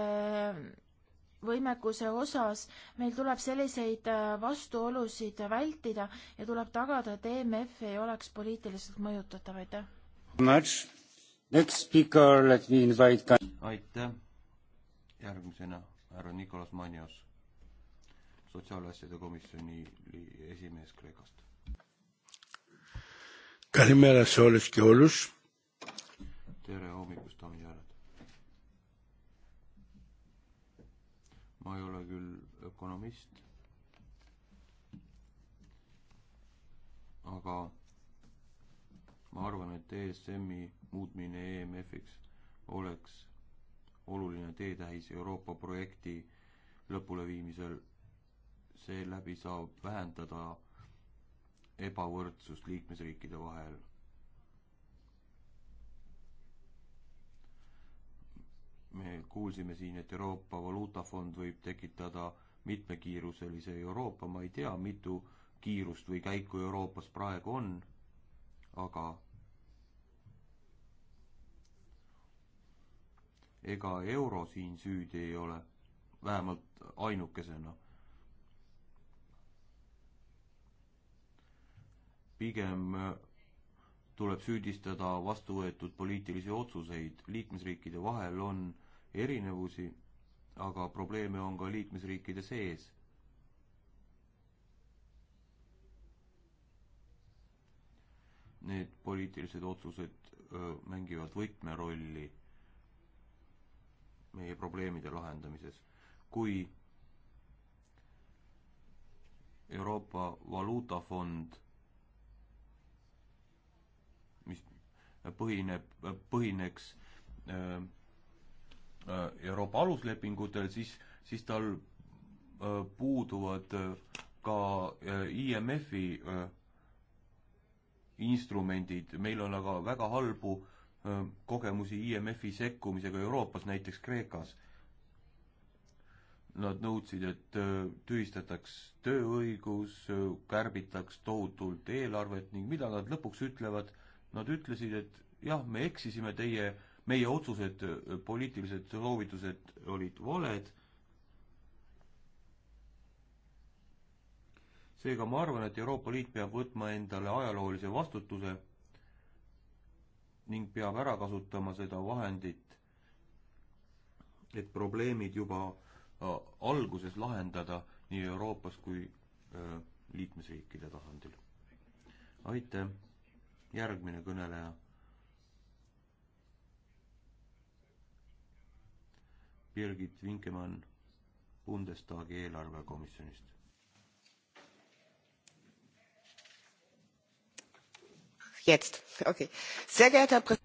võimekuse osas meil tuleb selliseid äh, vastuolusid vältida ja tuleb tagada, et EMF ei oleks poliitiliselt mõjutatav, aitäh. aitäh, järgmisena härra Nikolas Manios, sotsiaalasjade komisjoni esimees Kreekast. tere hommikust, daamid ja härrad. ma ei ole küll ökonomist, aga ma arvan, et ESM-i muutmine EMF-iks oleks oluline teetähis Euroopa projekti lõpuleviimisel. seeläbi saab vähendada ebavõrdsust liikmesriikide vahel me kuulsime siin, et Euroopa Valuutafond võib tekitada mitmekiiruselise Euroopa, ma ei tea, mitu kiirust või käiku Euroopas praegu on, aga ega euro siin süüdi ei ole, vähemalt ainukesena. pigem tuleb süüdistada vastu võetud poliitilisi otsuseid, liikmesriikide vahel on erinevusi, aga probleeme on ka liikmesriikide sees. Need poliitilised otsused mängivad võtmerolli meie probleemide lahendamises. kui Euroopa Valuutafond, mis põhineb, põhineks öö, Äh, Euroopa aluslepingutel, siis, siis tal äh, puuduvad äh, ka IMF-i instrumendid, meil on aga väga halbu kogemusi IMF-i sekkumisega Euroopas, näiteks Kreekas. Nad nõudsid, et tühistataks tööõigus, kärbitaks tohutult eelarvet ning mida nad lõpuks ütlevad, nad ütlesid, et jah, me eksisime teie äh, meie otsused, äh, poliitilised soovitused olid valed. seega ma arvan, et Euroopa Liit peab võtma endale ajaloolise vastutuse ning peab ära kasutama seda vahendit, et probleemid juba äh, alguses lahendada nii Euroopas kui äh, liikmesriikide tasandil. aitäh, järgmine kõneleja Birgit Vinkemann Bundestagi eelarvekomisjonist. Jetzt, okay. Sehr geehrter Präsident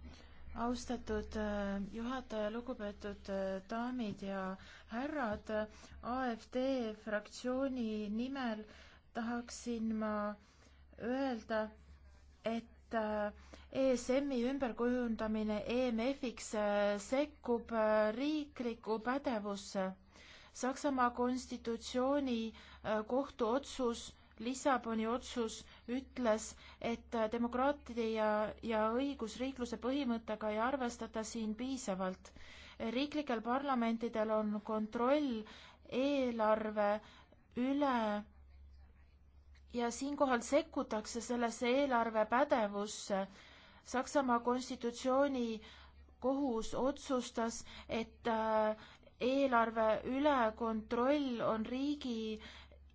austatud äh, juhataja, lugupeetud äh, daamid ja härrad, AFD fraktsiooni nimel tahaksin ma öelda, et et äh, ESM-i ümberkujundamine EMF-iks äh, sekkub äh, riiklikku pädevusse. Saksamaa konstitutsiooni kohtuotsus, Lissaboni otsus ütles, et demokraatia ja, ja õigusriikluse põhimõttega ei arvestata siin piisavalt. riiklikel parlamentidel on kontroll eelarve üle ja siinkohal sekkutakse sellesse eelarvepädevusse. Saksamaa konstitutsiooni kohus otsustas, et äh, eelarve üle kontroll on riigi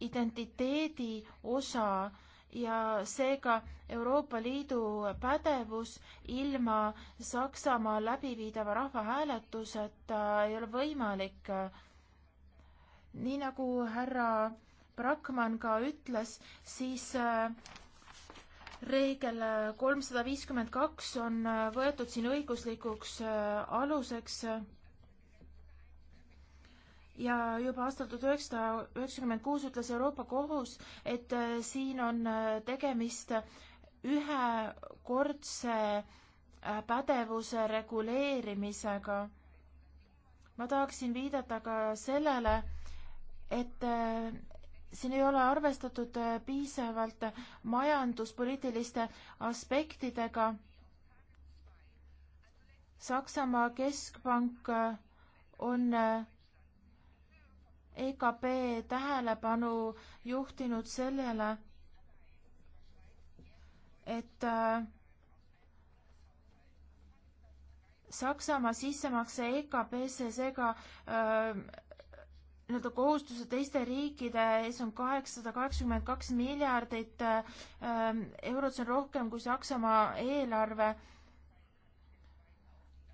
identiteedi osa ja seega Euroopa Liidu pädevus ilma Saksamaa läbiviidava rahvahääletuseta ei ole võimalik. nii nagu härra Brakman ka ütles, siis äh, reegel äh, kolmsada viiskümmend kaks on äh, võetud siin õiguslikuks aluseks ja juba aastal tuhat üheksasada üheksakümmend kuus ütles Euroopa Kohus, et siin on tegemist ühekordse pädevuse reguleerimisega. ma tahaksin viidata ka sellele, et siin ei ole arvestatud äh, piisavalt majanduspoliitiliste aspektidega. Saksamaa keskpank äh, on äh, EKP tähelepanu juhtinud sellele, et Saksamaa sissemakse EKP-sse seega öö, nii-öelda kohustuse teiste riikide ees on kaheksasada kaheksakümmend kaks miljardit ähm, eurot, see on rohkem kui Saksamaa eelarve.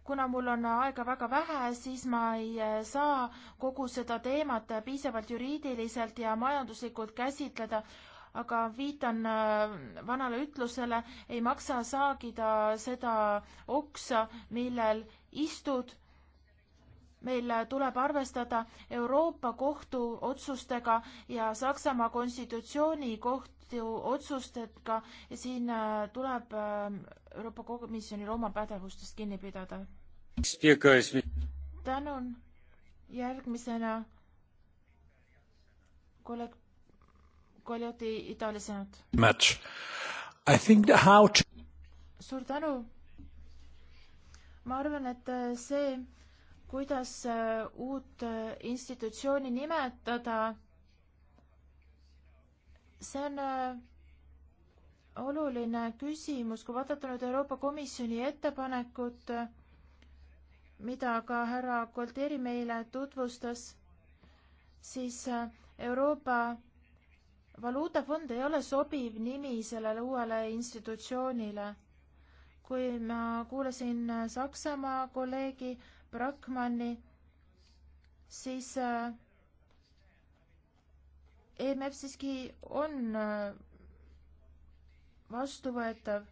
kuna mul on aega väga vähe, siis ma ei äh, saa kogu seda teemat äh, piisavalt juriidiliselt ja majanduslikult käsitleda, aga viitan äh, vanale ütlusele, ei maksa saagida seda oksa, millel istud meil tuleb arvestada Euroopa Kohtu otsustega ja Saksamaa konstitutsioonikohtu otsustega ja siin äh, tuleb äh, Euroopa Komisjonil oma pädevustest kinni pidada. tänan, järgmisena kolleeg Koljoti Itaalia sõnad. Match. I think the how to suur tänu. ma arvan, et äh, see kuidas äh, uut äh, institutsiooni nimetada, see on äh, oluline küsimus, kui vaadata nüüd Euroopa Komisjoni ettepanekut, mida ka härra Kolteri meile tutvustas, siis Euroopa valuutafond ei ole sobiv nimi sellele uuele institutsioonile. kui ma kuulasin Saksamaa kolleegi Brakmanni, siis äh, EMF siiski on äh, vastuvõetav.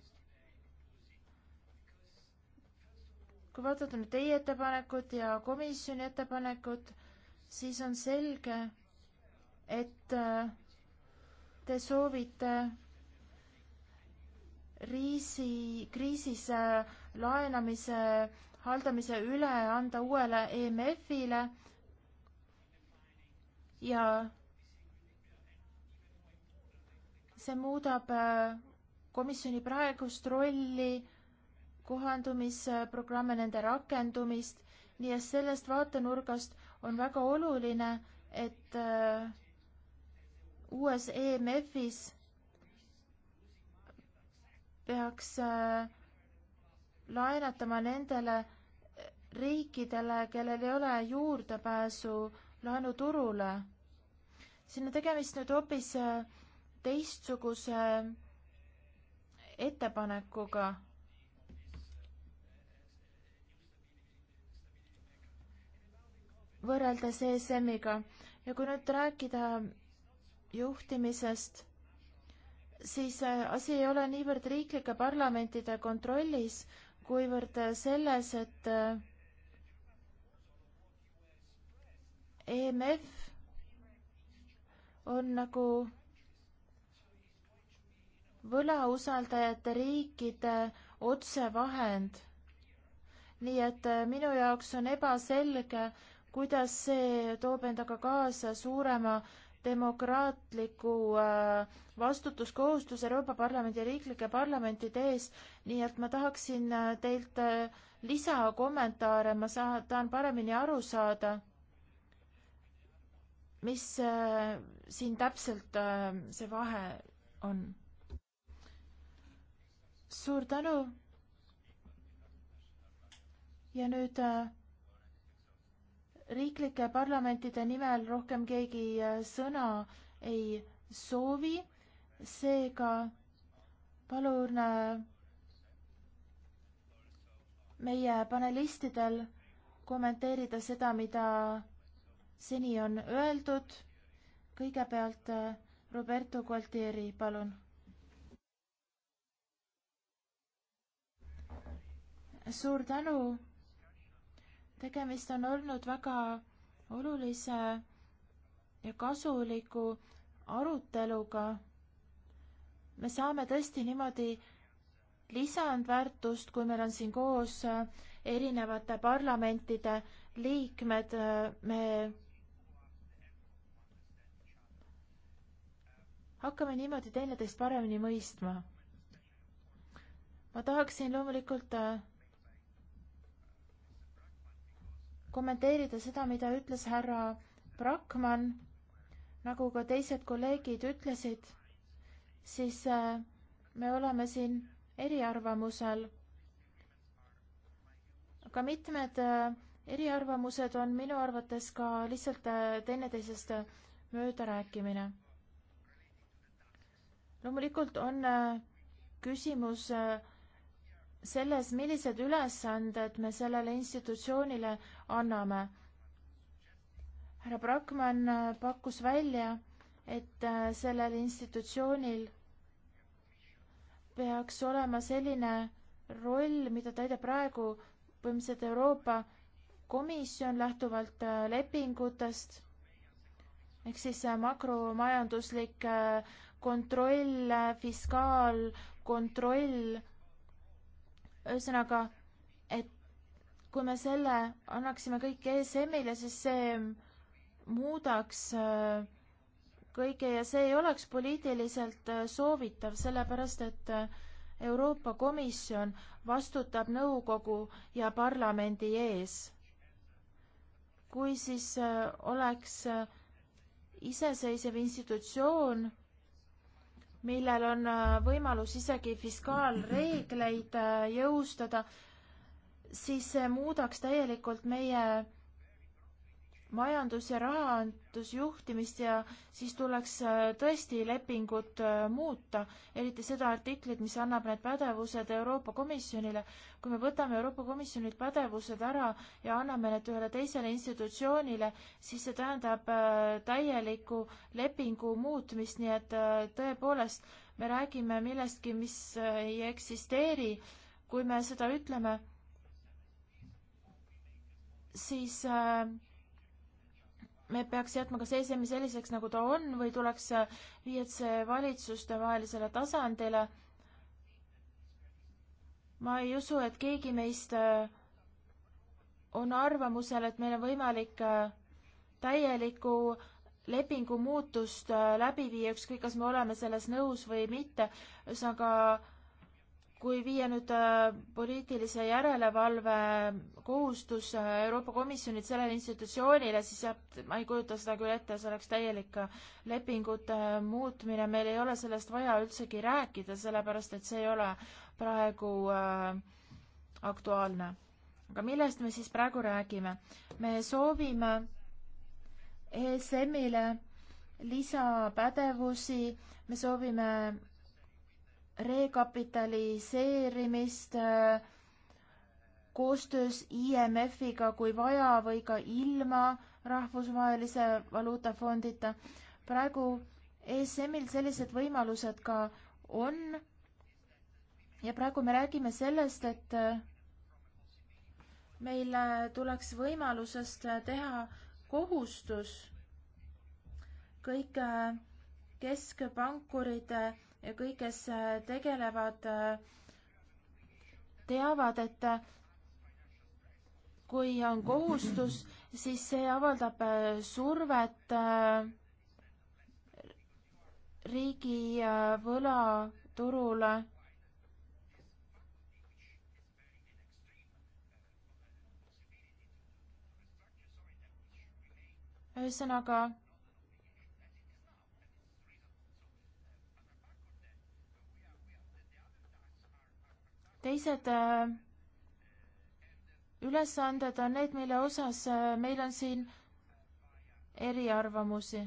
kui vaadata nüüd teie ettepanekut ja komisjoni ettepanekut, siis on selge, et äh, te soovite riisi, kriisis laenamise haldamise üle anda uuele EMF-ile ja see muudab äh, komisjoni praegust rolli, kohandumisprogramme, nende rakendumist, nii et sellest vaatenurgast on väga oluline, et äh, uues EMF-is peaks äh, laenatama nendele riikidele, kellel ei ole juurdepääsu laenuturule. siin on tegemist nüüd hoopis äh, teistsuguse ettepanekuga. võrreldes ESM-iga ja kui nüüd rääkida juhtimisest, siis äh, asi ei ole niivõrd riiklike parlamentide kontrollis, kuivõrd selles, et äh, EMF on nagu võlausaldajate riikide otsevahend. nii et äh, minu jaoks on ebaselge, kuidas see toob endaga kaasa suurema demokraatliku äh, vastutuskohustus Euroopa Parlamendi ja riiklike parlamentide ees, nii et ma tahaksin äh, teilt lisakommentaare, ma saa-, tahan paremini aru saada mis äh, siin täpselt äh, see vahe on? suur tänu. ja nüüd äh, riiklike parlamentide nimel rohkem keegi sõna ei soovi, seega palun meie panelistidel kommenteerida seda, mida seni on öeldud. kõigepealt äh, Roberto Gualtieri, palun. suur tänu. tegemist on olnud väga olulise ja kasuliku aruteluga. me saame tõesti niimoodi lisandväärtust, kui meil on siin koos äh, erinevate parlamentide liikmed, äh, me hakkame niimoodi teineteist paremini mõistma. ma tahaksin loomulikult äh, kommenteerida seda, mida ütles härra Brakman, nagu ka teised kolleegid ütlesid, siis äh, me oleme siin eriarvamusel. aga mitmed äh, eriarvamused on minu arvates ka lihtsalt teineteisest möödarääkimine loomulikult on äh, küsimus äh, selles, millised ülesanded me sellele institutsioonile anname. härra Brakman äh, pakkus välja, et sellel institutsioonil peaks olema selline roll, mida täidab praegu põhimõtteliselt Euroopa Komisjon lähtuvalt lepingutest ehk siis makromajanduslik kontroll, fiskaalkontroll, ühesõnaga, et kui me selle annaksime kõik ESM-ile, siis see muudaks äh, kõige ja see ei oleks poliitiliselt äh, soovitav, sellepärast et äh, Euroopa Komisjon vastutab nõukogu ja parlamendi ees. kui siis oleks iseseisev institutsioon, millel on äh, võimalus isegi fiskaalreegleid äh, jõustada, siis see muudaks täielikult meie majandus- ja rahandusjuhtimist ja siis tuleks äh, tõesti lepingut äh, muuta, eriti seda artiklit, mis annab need pädevused Euroopa Komisjonile. kui me võtame Euroopa Komisjonilt pädevused ära ja anname need ühele teisele institutsioonile, siis see tähendab äh, täielikku lepingu muutmist, nii et tõepoolest me räägime millestki, mis ei eksisteeri, kui me seda ütleme, siis äh, me peaks jätma kas ESM-i selliseks, nagu ta on, või tuleks viia see valitsustevahelisele tasandile. ma ei usu, et keegi meist äh, on arvamusel, et meil on võimalik äh, täielikku lepingu muutust äh, läbi viia, ükskõik kas me oleme selles nõus või mitte. ühesõnaga kui viia nüüd äh, poliitilise järelevalve kohustus äh, Euroopa Komisjonilt sellele institutsioonile, siis jah, ma ei kujuta seda küll ette, see oleks täielik äh, lepingute muutmine, meil ei ole sellest vaja üldsegi rääkida, sellepärast et see ei ole praegu aktuaalne. aga millest me siis praegu räägime? me soovime ESM-ile lisapädevusi, me soovime rekapitaliseerimist äh, koostöös IMF-iga, kui vaja, või ka ilma rahvusvahelise valuutafondita. praegu ESM-il sellised võimalused ka on. ja praegu me räägime sellest, et äh, meil tuleks võimalusest teha kohustus kõik äh, keskpankurite ja kõik, kes äh, tegelevad, äh, teavad, et äh, kui on kohustus, siis see avaldab survet riigi võlaturule. ühesõnaga teised äh, ülesanded on need, mille osas äh, meil on siin eriarvamusi.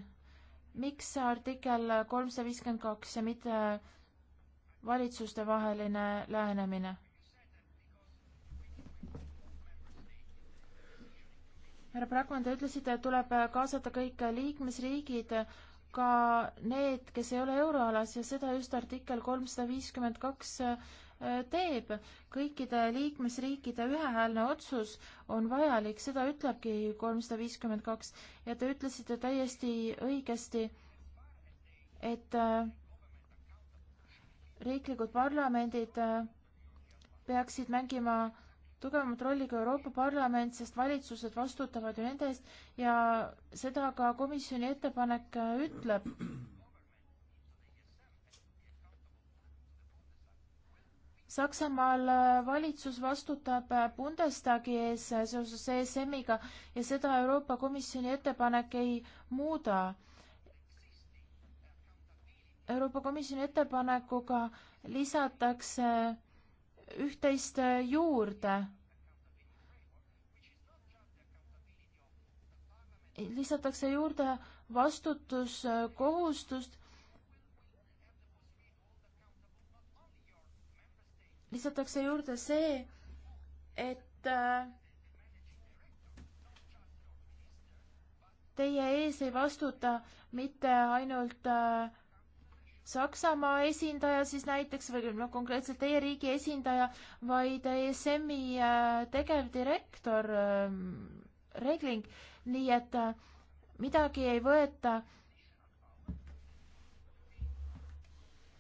miks artikkel kolmsada viiskümmend kaks ja mitte valitsustevaheline lähenemine? härra Brakman, te ütlesite, et tuleb kaasata kõik liikmesriigid, ka need, kes ei ole euroalas ja seda just artikkel kolmsada viiskümmend kaks teeb. kõikide liikmesriikide ühehäälne otsus on vajalik, seda ütlebki kolmsada viiskümmend kaks ja te ütlesite täiesti õigesti, et äh, riiklikud parlamendid äh, peaksid mängima tugevamat rolli kui Euroopa Parlament, sest valitsused vastutavad ju nende eest ja seda ka komisjoni ettepanek äh, ütleb Saksamaal äh, valitsus vastutab äh, Bundestagi ees äh, seoses ESM-iga ja seda Euroopa Komisjoni ettepanek ei muuda. Euroopa Komisjoni ettepanekuga lisatakse üht-teist juurde. lisatakse juurde vastutuskohustust lisatakse juurde see, et äh, teie ees ei vastuta mitte ainult äh, Saksamaa esindaja siis näiteks või noh, konkreetselt teie riigi esindaja, vaid ESM-i äh, tegevdirektor ähm, Regling, nii et midagi ei võeta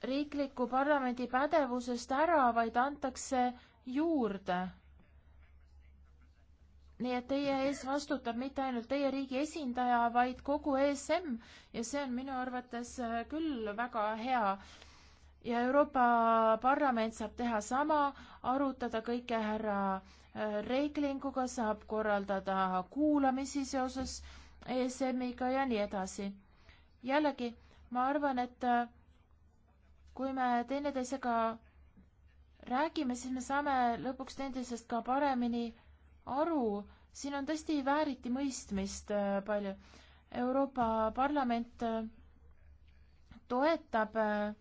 riikliku parlamendi pädevusest ära, vaid antakse juurde. nii et teie ees vastutab mitte ainult teie riigi esindaja, vaid kogu ESM ja see on minu arvates äh, küll väga hea. ja Euroopa Parlament saab teha sama, arutada kõike härra äh, Reiklinguga, saab korraldada kuulamisi seoses ESM-iga ja nii edasi. jällegi, ma arvan, et äh, kui me teineteisega räägime, siis me saame lõpuks teineteisest ka paremini aru. siin on tõesti vääriti mõistmist äh, palju. Euroopa Parlament äh, toetab äh,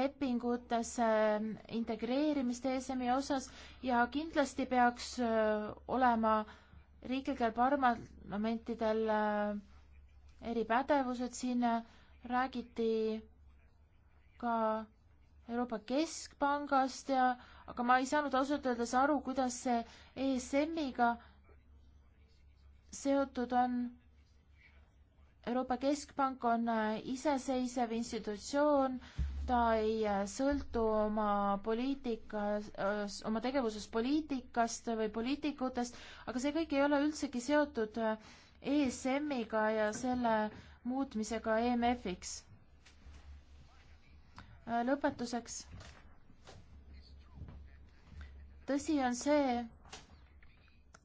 lepingutesse integreerimist ESM-i osas ja kindlasti peaks olema riiklikel parlamentidel eripädevused, siin räägiti ka Euroopa Keskpangast ja, aga ma ei saanud ausalt öeldes aru, kuidas see ESM-iga seotud on. Euroopa Keskpank on äh, iseseisev institutsioon, ta ei äh, sõltu oma poliitikas, äh, oma tegevuses poliitikast või poliitikutest, aga see kõik ei ole üldsegi seotud ESM-iga ja selle muutmisega EMF-iks Äh, lõpetuseks. tõsi on see,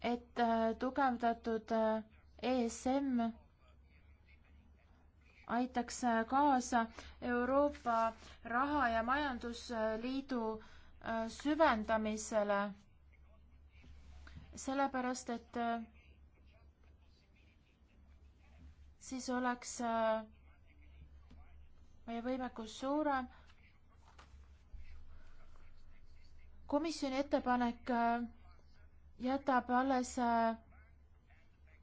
et äh, tugevdatud äh, ESM aitaks kaasa Euroopa Raha- ja Majandusliidu süvendamisele, sellepärast et siis oleks meie võimekus suurem komisjoni ettepanek äh, jätab alles äh,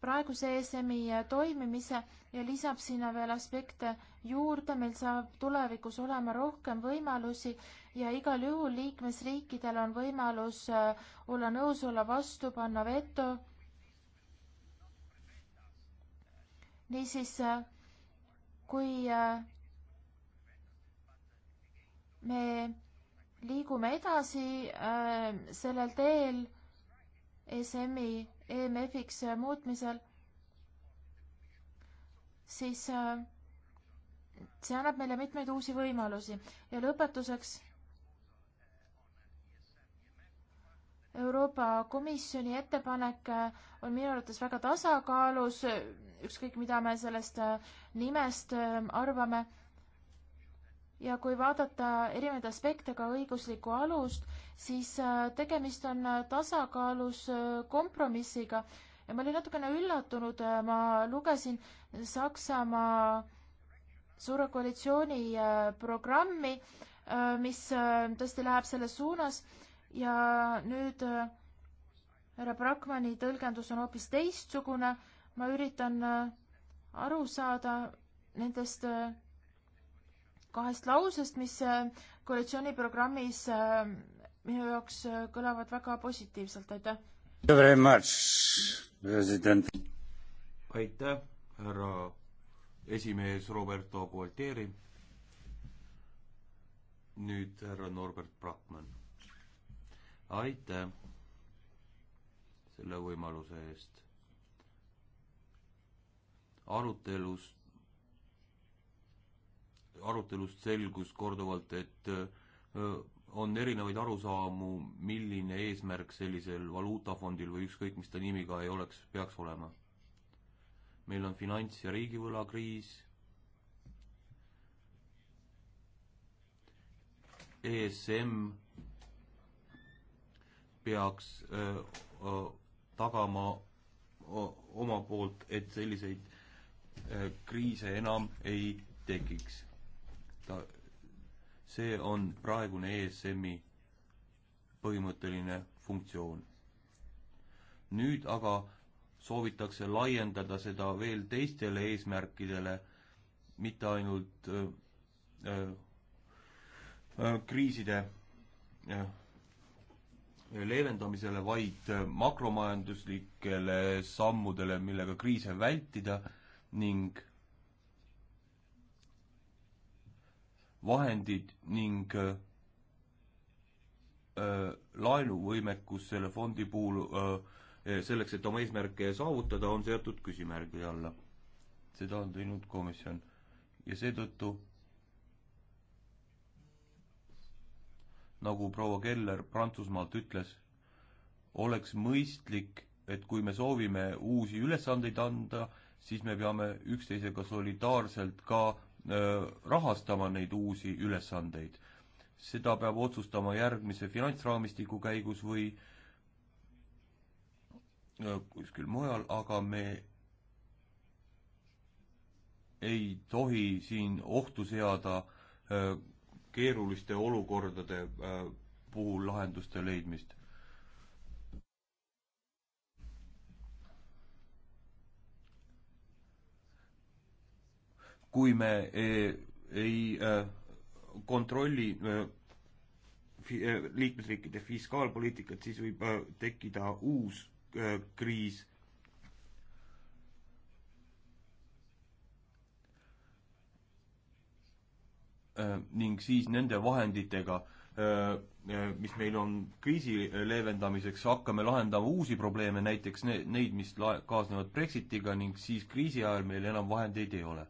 praeguse ESM-i äh, toimimise ja lisab sinna veel aspekte juurde, meil saab tulevikus olema rohkem võimalusi ja igal juhul liikmesriikidel on võimalus olla nõus, olla vastu, panna veto. niisiis, kui me liigume edasi äh, sellel teel ESM-i EMF-iks äh, muutmisel, siis äh, see annab meile mitmeid uusi võimalusi ja lõpetuseks Euroopa Komisjoni ettepanek äh, on minu arvates väga tasakaalus, äh, ükskõik mida me sellest nimest arvame ja kui vaadata erinevaid aspekte, ka õiguslikku alust, siis äh, tegemist on äh, tasakaalus äh, kompromissiga ja ma olin natukene üllatunud, ma lugesin Saksamaa suure koalitsiooni programmi, mis tõesti läheb selles suunas ja nüüd härra Brakmani tõlgendus on hoopis teistsugune, ma üritan aru saada nendest kahest lausest, mis äh, koalitsiooniprogrammis äh, minu jaoks äh, kõlavad väga positiivselt, aitäh! aitäh, härra esimees Roberto Gualtieri. nüüd härra Norbert Brackmann. aitäh selle võimaluse eest. arutelust arutelust selgus korduvalt, et on erinevaid arusaamu, milline eesmärk sellisel valuutafondil või ükskõik, mis ta nimiga ei oleks, peaks olema. meil on finants- ja riigivõlakriis, ESM peaks öö, öö, tagama oma poolt, et selliseid kriise enam ei tekiks ta, see on praegune ESM-i põhimõtteline funktsioon. nüüd aga soovitakse laiendada seda veel teistele eesmärkidele, mitte ainult öö, äh, öö, äh, äh, kriiside öö, leevendamisele, vaid makromajanduslikele sammudele, millega kriise vältida ning vahendid ning äh, äh, laenuvõimekus selle fondi puhul äh, eh, selleks, et oma eesmärke saavutada, on seatud küsimärgi alla. seda on teinud komisjon ja seetõttu nagu proua Keller Prantsusmaalt ütles, oleks mõistlik, et kui me soovime uusi ülesandeid anda, siis me peame üksteisega solidaarselt ka Äh, rahastama neid uusi ülesandeid. seda peab otsustama järgmise finantsraamistiku käigus või äh, kuskil mujal, aga me ei tohi siin ohtu seada äh, keeruliste olukordade puhul lahenduste leidmist kui me e, ei, ei kontrolli e, e, liikmesriikide fiskaalpoliitikat, siis võib tekkida uus kriis ning siis nende vahenditega, mis meil on kriisi leevendamiseks, hakkame lahendama uusi probleeme, näiteks ne-, neid, mis la-, kaasnevad Brexitiga ning siis kriisi ajal meil enam vahendeid ei ole.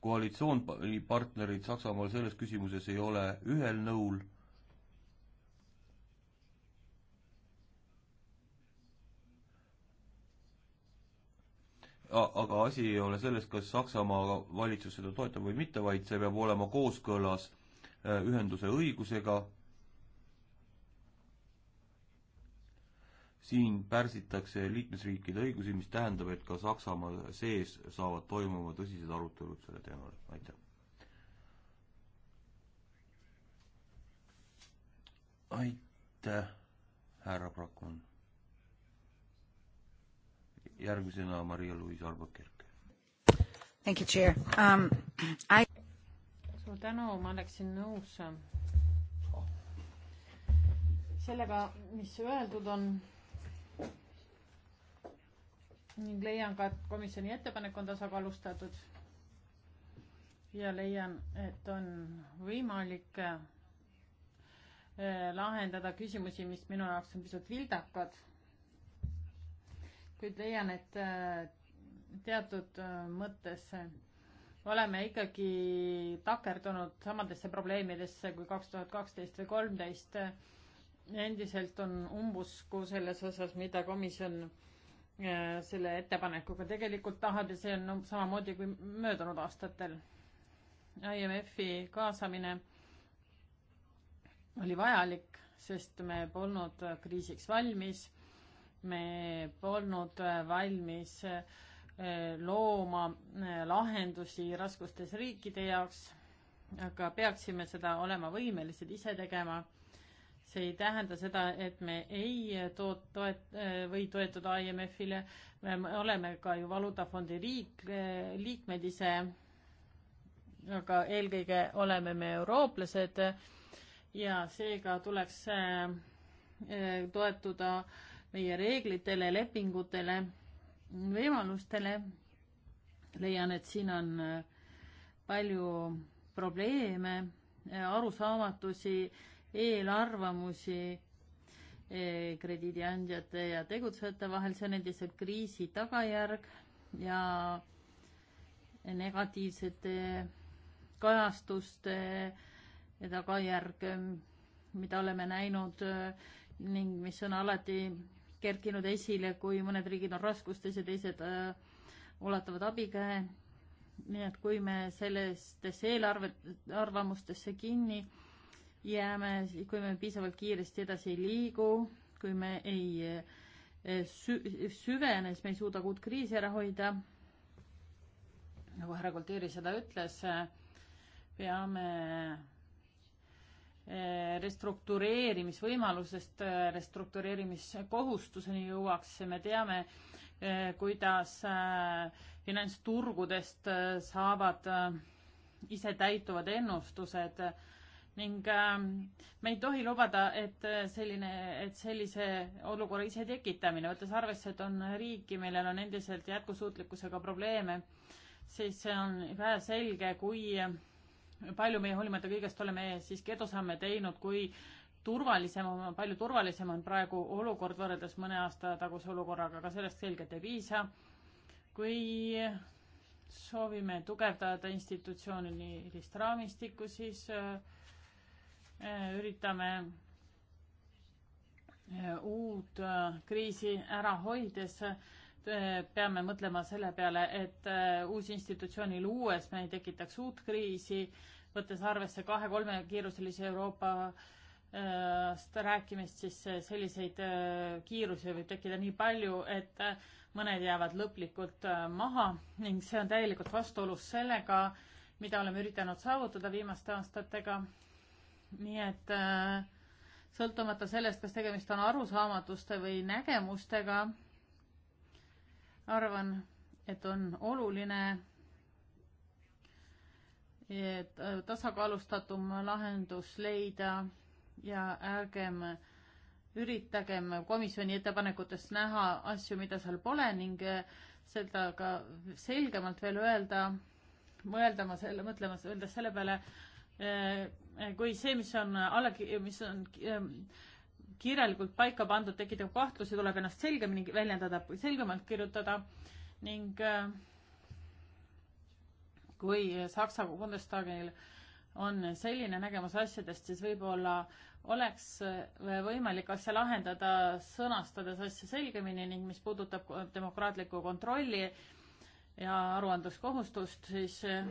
koalitsioonpartnerid Saksamaal selles küsimuses ei ole ühel nõul. aga asi ei ole selles, kas Saksamaa valitsus seda toetab või mitte, vaid see peab olema kooskõlas äh, ühenduse õigusega siin pärsitakse liikmesriikide õigusi, mis tähendab, et ka Saksamaa sees saavad toimuma tõsised arutelud selle teemal, aitäh. aitäh, härra Prakon. järgmisena Maria-Louise Albuquerque. Thank you, chair um,. I... suur tänu, ma oleksin nõus sellega, mis öeldud on ning leian ka, et komisjoni ettepanek on tasakaalustatud ja leian, et on võimalik eh, lahendada küsimusi, mis minu jaoks on pisut vildakad. kuid leian, et eh, teatud eh, mõttes oleme ikkagi takerdunud samadesse probleemidesse kui kaks tuhat kaksteist või kolmteist. endiselt on umbusku selles osas, mida komisjon Äh, selle ettepanekuga, tegelikult tahad ja see on no, samamoodi kui möödunud aastatel. IMF-i kaasamine oli vajalik, sest me polnud kriisiks valmis, me polnud valmis äh, looma äh, lahendusi raskustes riikide jaoks, aga peaksime seda olema võimelised ise tegema see ei tähenda seda, et me ei toot-, toet-, või toetuda IMF-ile, me oleme ka ju valuutafondi riik, liikmed ise, aga eelkõige oleme me eurooplased ja seega tuleks äh, toetuda meie reeglitele, lepingutele, võimalustele. leian, et siin on äh, palju probleeme, äh, arusaamatusi eelarvamusi eh, krediidiandjate ja tegutsejate vahel, see on endiselt kriisi tagajärg ja negatiivsete kajastuste tagajärg, mida oleme näinud eh, ning mis on alati kerkinud esile, kui mõned riigid on raskustes ja teised eh, ulatavad abikäe. nii et kui me sellistesse eelarve, arvamustesse kinni jääme, kui me piisavalt kiiresti edasi ei liigu, kui me ei eh, sü-, süvene, siis me ei suuda uut kriisi ära hoida. nagu härra Koltiiri seda ütles, peame eh, restruktureerimisvõimalusest eh, restruktureerimiskohustuseni jõuaks, me teame, kuidas finantsturgudest saavad isetäituvad ennustused äh, ning ähm, me ei tohi lubada, et äh, selline, et sellise olukorra ise tekitamine, võttes arvesse, et on riiki, millel on endiselt jätkusuutlikkusega probleeme, siis see on väheselge, kui äh, palju meie hoolimata kõigest oleme siiski edusamme teinud, kui turvalisem, palju turvalisem on praegu olukord võrreldes mõne aasta taguse olukorraga, aga sellest selgelt ei piisa. kui soovime tugevdada institutsioonilist raamistikku, siis äh, Eh, üritame eh, uut eh, kriisi ära hoides peame mõtlema selle peale, et uus institutsiooni luues me ei tekitaks uut kriisi, võttes arvesse kahe-kolmekiiruselise Euroopast rääkimist, siis selliseid kiirusi võib tekkida nii palju, et mõned jäävad lõplikult maha ning see on täielikult vastuolus sellega, mida oleme üritanud saavutada viimaste aastatega nii et äh, sõltumata sellest, kas tegemist on arusaamatuste või nägemustega, arvan, et on oluline et äh, tasakaalustatum lahendus leida ja ärgem üritagem komisjoni ettepanekutes näha asju, mida seal pole ning äh, seda ka selgemalt veel öelda, mõelda ma selle, mõtlema, öeldes selle peale, kui see, mis on alla, mis on ähm, kirjalikult paika pandud, tekitab kahtlusi, tuleb ennast selgemini väljendada, selgemalt kirjutada ning äh, kui Saksa Bundestagil on selline nägemus asjadest, siis võib-olla oleks äh, võimalik asja lahendada, sõnastades asja selgemini ning mis puudutab demokraatlikku kontrolli ja aruandluskohustust, siis, äh,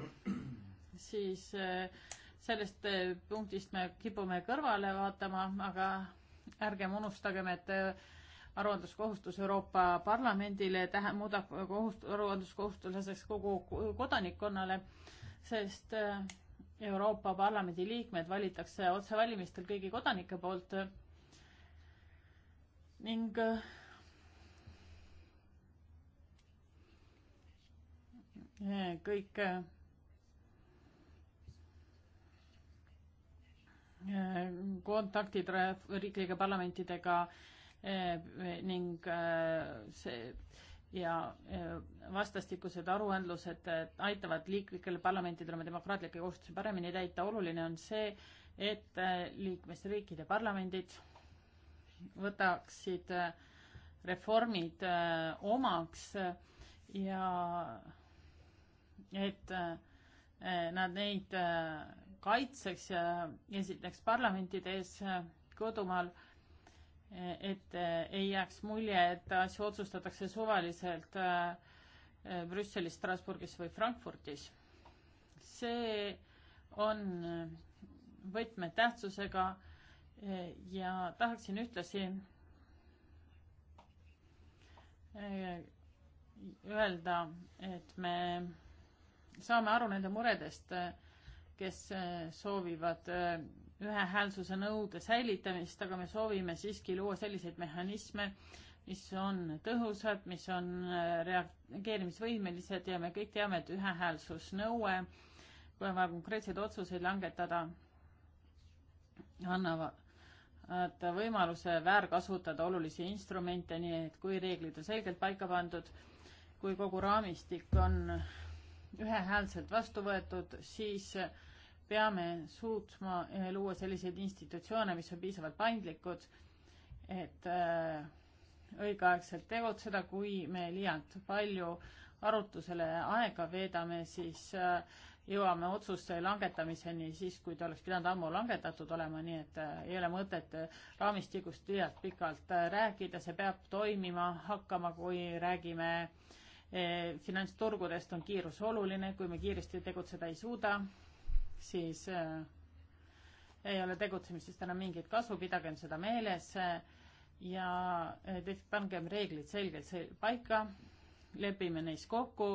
siis äh, sellest äh, punktist me kipume kõrvale vaatama, aga ärgem unustagem, et äh, aruandluskohustus Euroopa Parlamendile tähe-, muudab kohust-, aruandluskohustuslaseks kogu kodanikkonnale, sest äh, Euroopa Parlamendi liikmed valitakse otsevalimistel kõigi kodanike poolt ning kõik kontaktid riiklike parlamentidega eh, ning eh, see ja eh, vastastikused aruandlused aitavad liiklikele parlamentidele oma demokraatlikke kohustusi paremini täita. oluline on see, et liikmesriikide parlamendid võtaksid reformid omaks ja et nad neid kaitseks ja esiteks parlamentide ees äh, kodumaal, äh, et äh, ei jääks mulje, et asju otsustatakse suvaliselt Brüsselis, Strasbourgis või Frankfurdis. see on võtmetähtsusega ja tahaksin ühtlasi öelda, et me saame aru nende muredest kes äh, soovivad äh, ühehäälsuse nõude säilitamist, aga me soovime siiski luua selliseid mehhanisme, mis on tõhusad, mis on äh, reageerimisvõimelised ja me kõik teame, et ühehäälsusnõue, kui on vaja konkreetseid otsuseid langetada, annavad võimaluse väärkasutada olulisi instrumente, nii et kui reeglid on selgelt paika pandud, kui kogu raamistik on ühehäälselt vastu võetud, siis äh, peame suutma eh, luua selliseid institutsioone, mis on piisavalt paindlikud, et äh, õigeaegselt tegutseda, kui me liialt palju arutusele aega veedame, siis äh, jõuame otsuste langetamiseni siis, kui ta oleks pidanud ammu langetatud olema, nii et äh, ei ole mõtet raamistikust liialt pikalt rääkida, see peab toimima hakkama, kui räägime finantsturgudest on kiirus oluline, kui me kiiresti tegutseda ei suuda, siis äh, ei ole tegutsemisest enam mingit kasu, pidagem seda meeles äh, ja äh, pangem reeglid selgelt paika, lepime neis kokku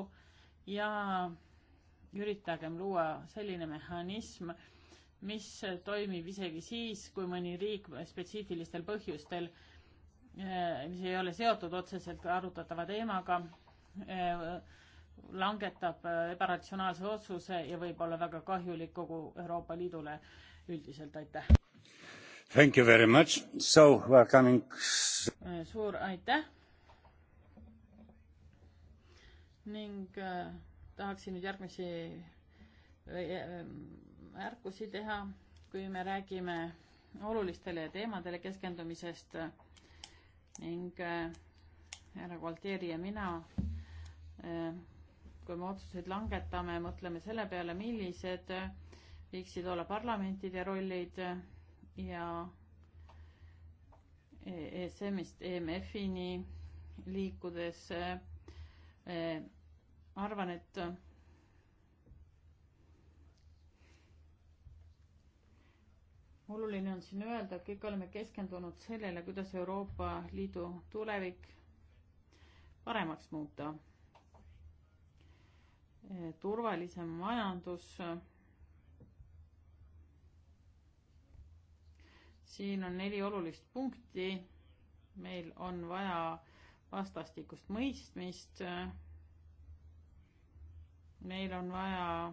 ja üritagem luua selline mehhanism, mis toimib isegi siis, kui mõni riik spetsiifilistel põhjustel, mis ei ole seotud otseselt arutatava teemaga, langetab äh, ebaratsionaalse otsuse ja võib olla väga kahjulik kogu Euroopa Liidule üldiselt, aitäh. Thank you very much, so we are coming. Äh, suur aitäh. ning äh, tahaksin nüüd järgmisi äh, märkusi teha, kui me räägime olulistele teemadele keskendumisest ning härra äh, Gualtieri ja mina äh, kui me otsuseid langetame, mõtleme selle peale, millised võiksid olla parlamentide rollid ja ESM-ist EMF-ini liikudes e, arvan, et oluline on siin öelda, et kõik oleme keskendunud sellele, kuidas Euroopa Liidu tulevik paremaks muuta Eh, turvalisem majandus. siin on neli olulist punkti. meil on vaja vastastikust mõistmist. meil on vaja,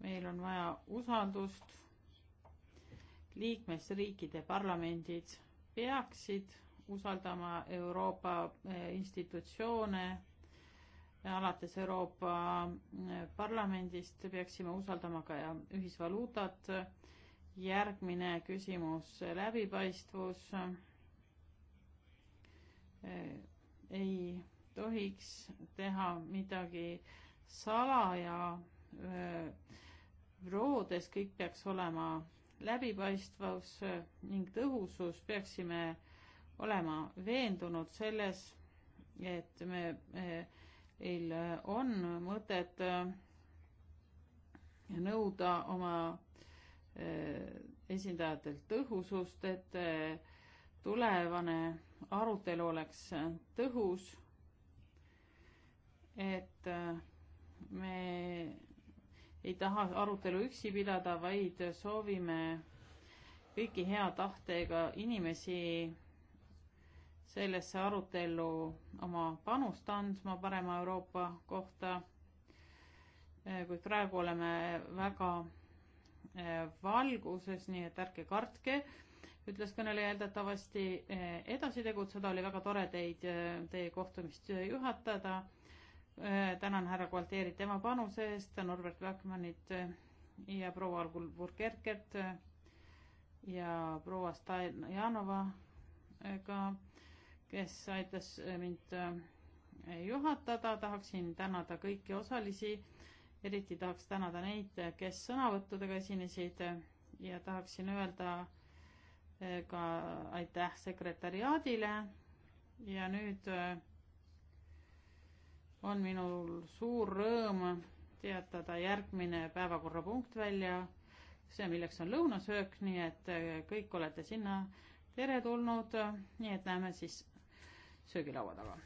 meil on vaja usaldust. liikmesriikide parlamendid peaksid usaldama Euroopa eh, institutsioone alates Euroopa äh, Parlamendist peaksime usaldama ka äh, ühisvaluutat. järgmine küsimus, äh, läbipaistvus. ei tohiks teha midagi salaja roodes, kõik peaks olema läbipaistvus ning tõhusus, peaksime olema veendunud selles, et me, me meil on mõtet äh, nõuda oma äh, esindajatelt tõhusust, et äh, tulevane arutelu oleks tõhus, et me ei taha arutelu üksi pidada, vaid soovime kõiki hea tahtega inimesi sellesse arutellu oma panust andma parema Euroopa kohta. Eh, kuid praegu oleme väga eh, valguses, nii et ärge kartke, ütles kõneleja eeldatavasti eh, edasi tegutseda, oli väga tore teid, teie kohtumist juhatada. tänan härra Gualtieri tema panuse eest, Norbert Lakmanit ja proua Algul-Burgerket ja proua Stajanova ka kes aitas mind äh, juhatada, tahaksin tänada kõiki osalisi, eriti tahaks tänada neid, kes sõnavõttudega esinesid ja tahaksin öelda äh, ka aitäh sekretäriaadile ja nüüd äh, on minul suur rõõm teatada järgmine päevakorrapunkt välja, see, milleks on lõunasöök, nii et kõik olete sinna teretulnud, nii et näeme siis söögilaua taga.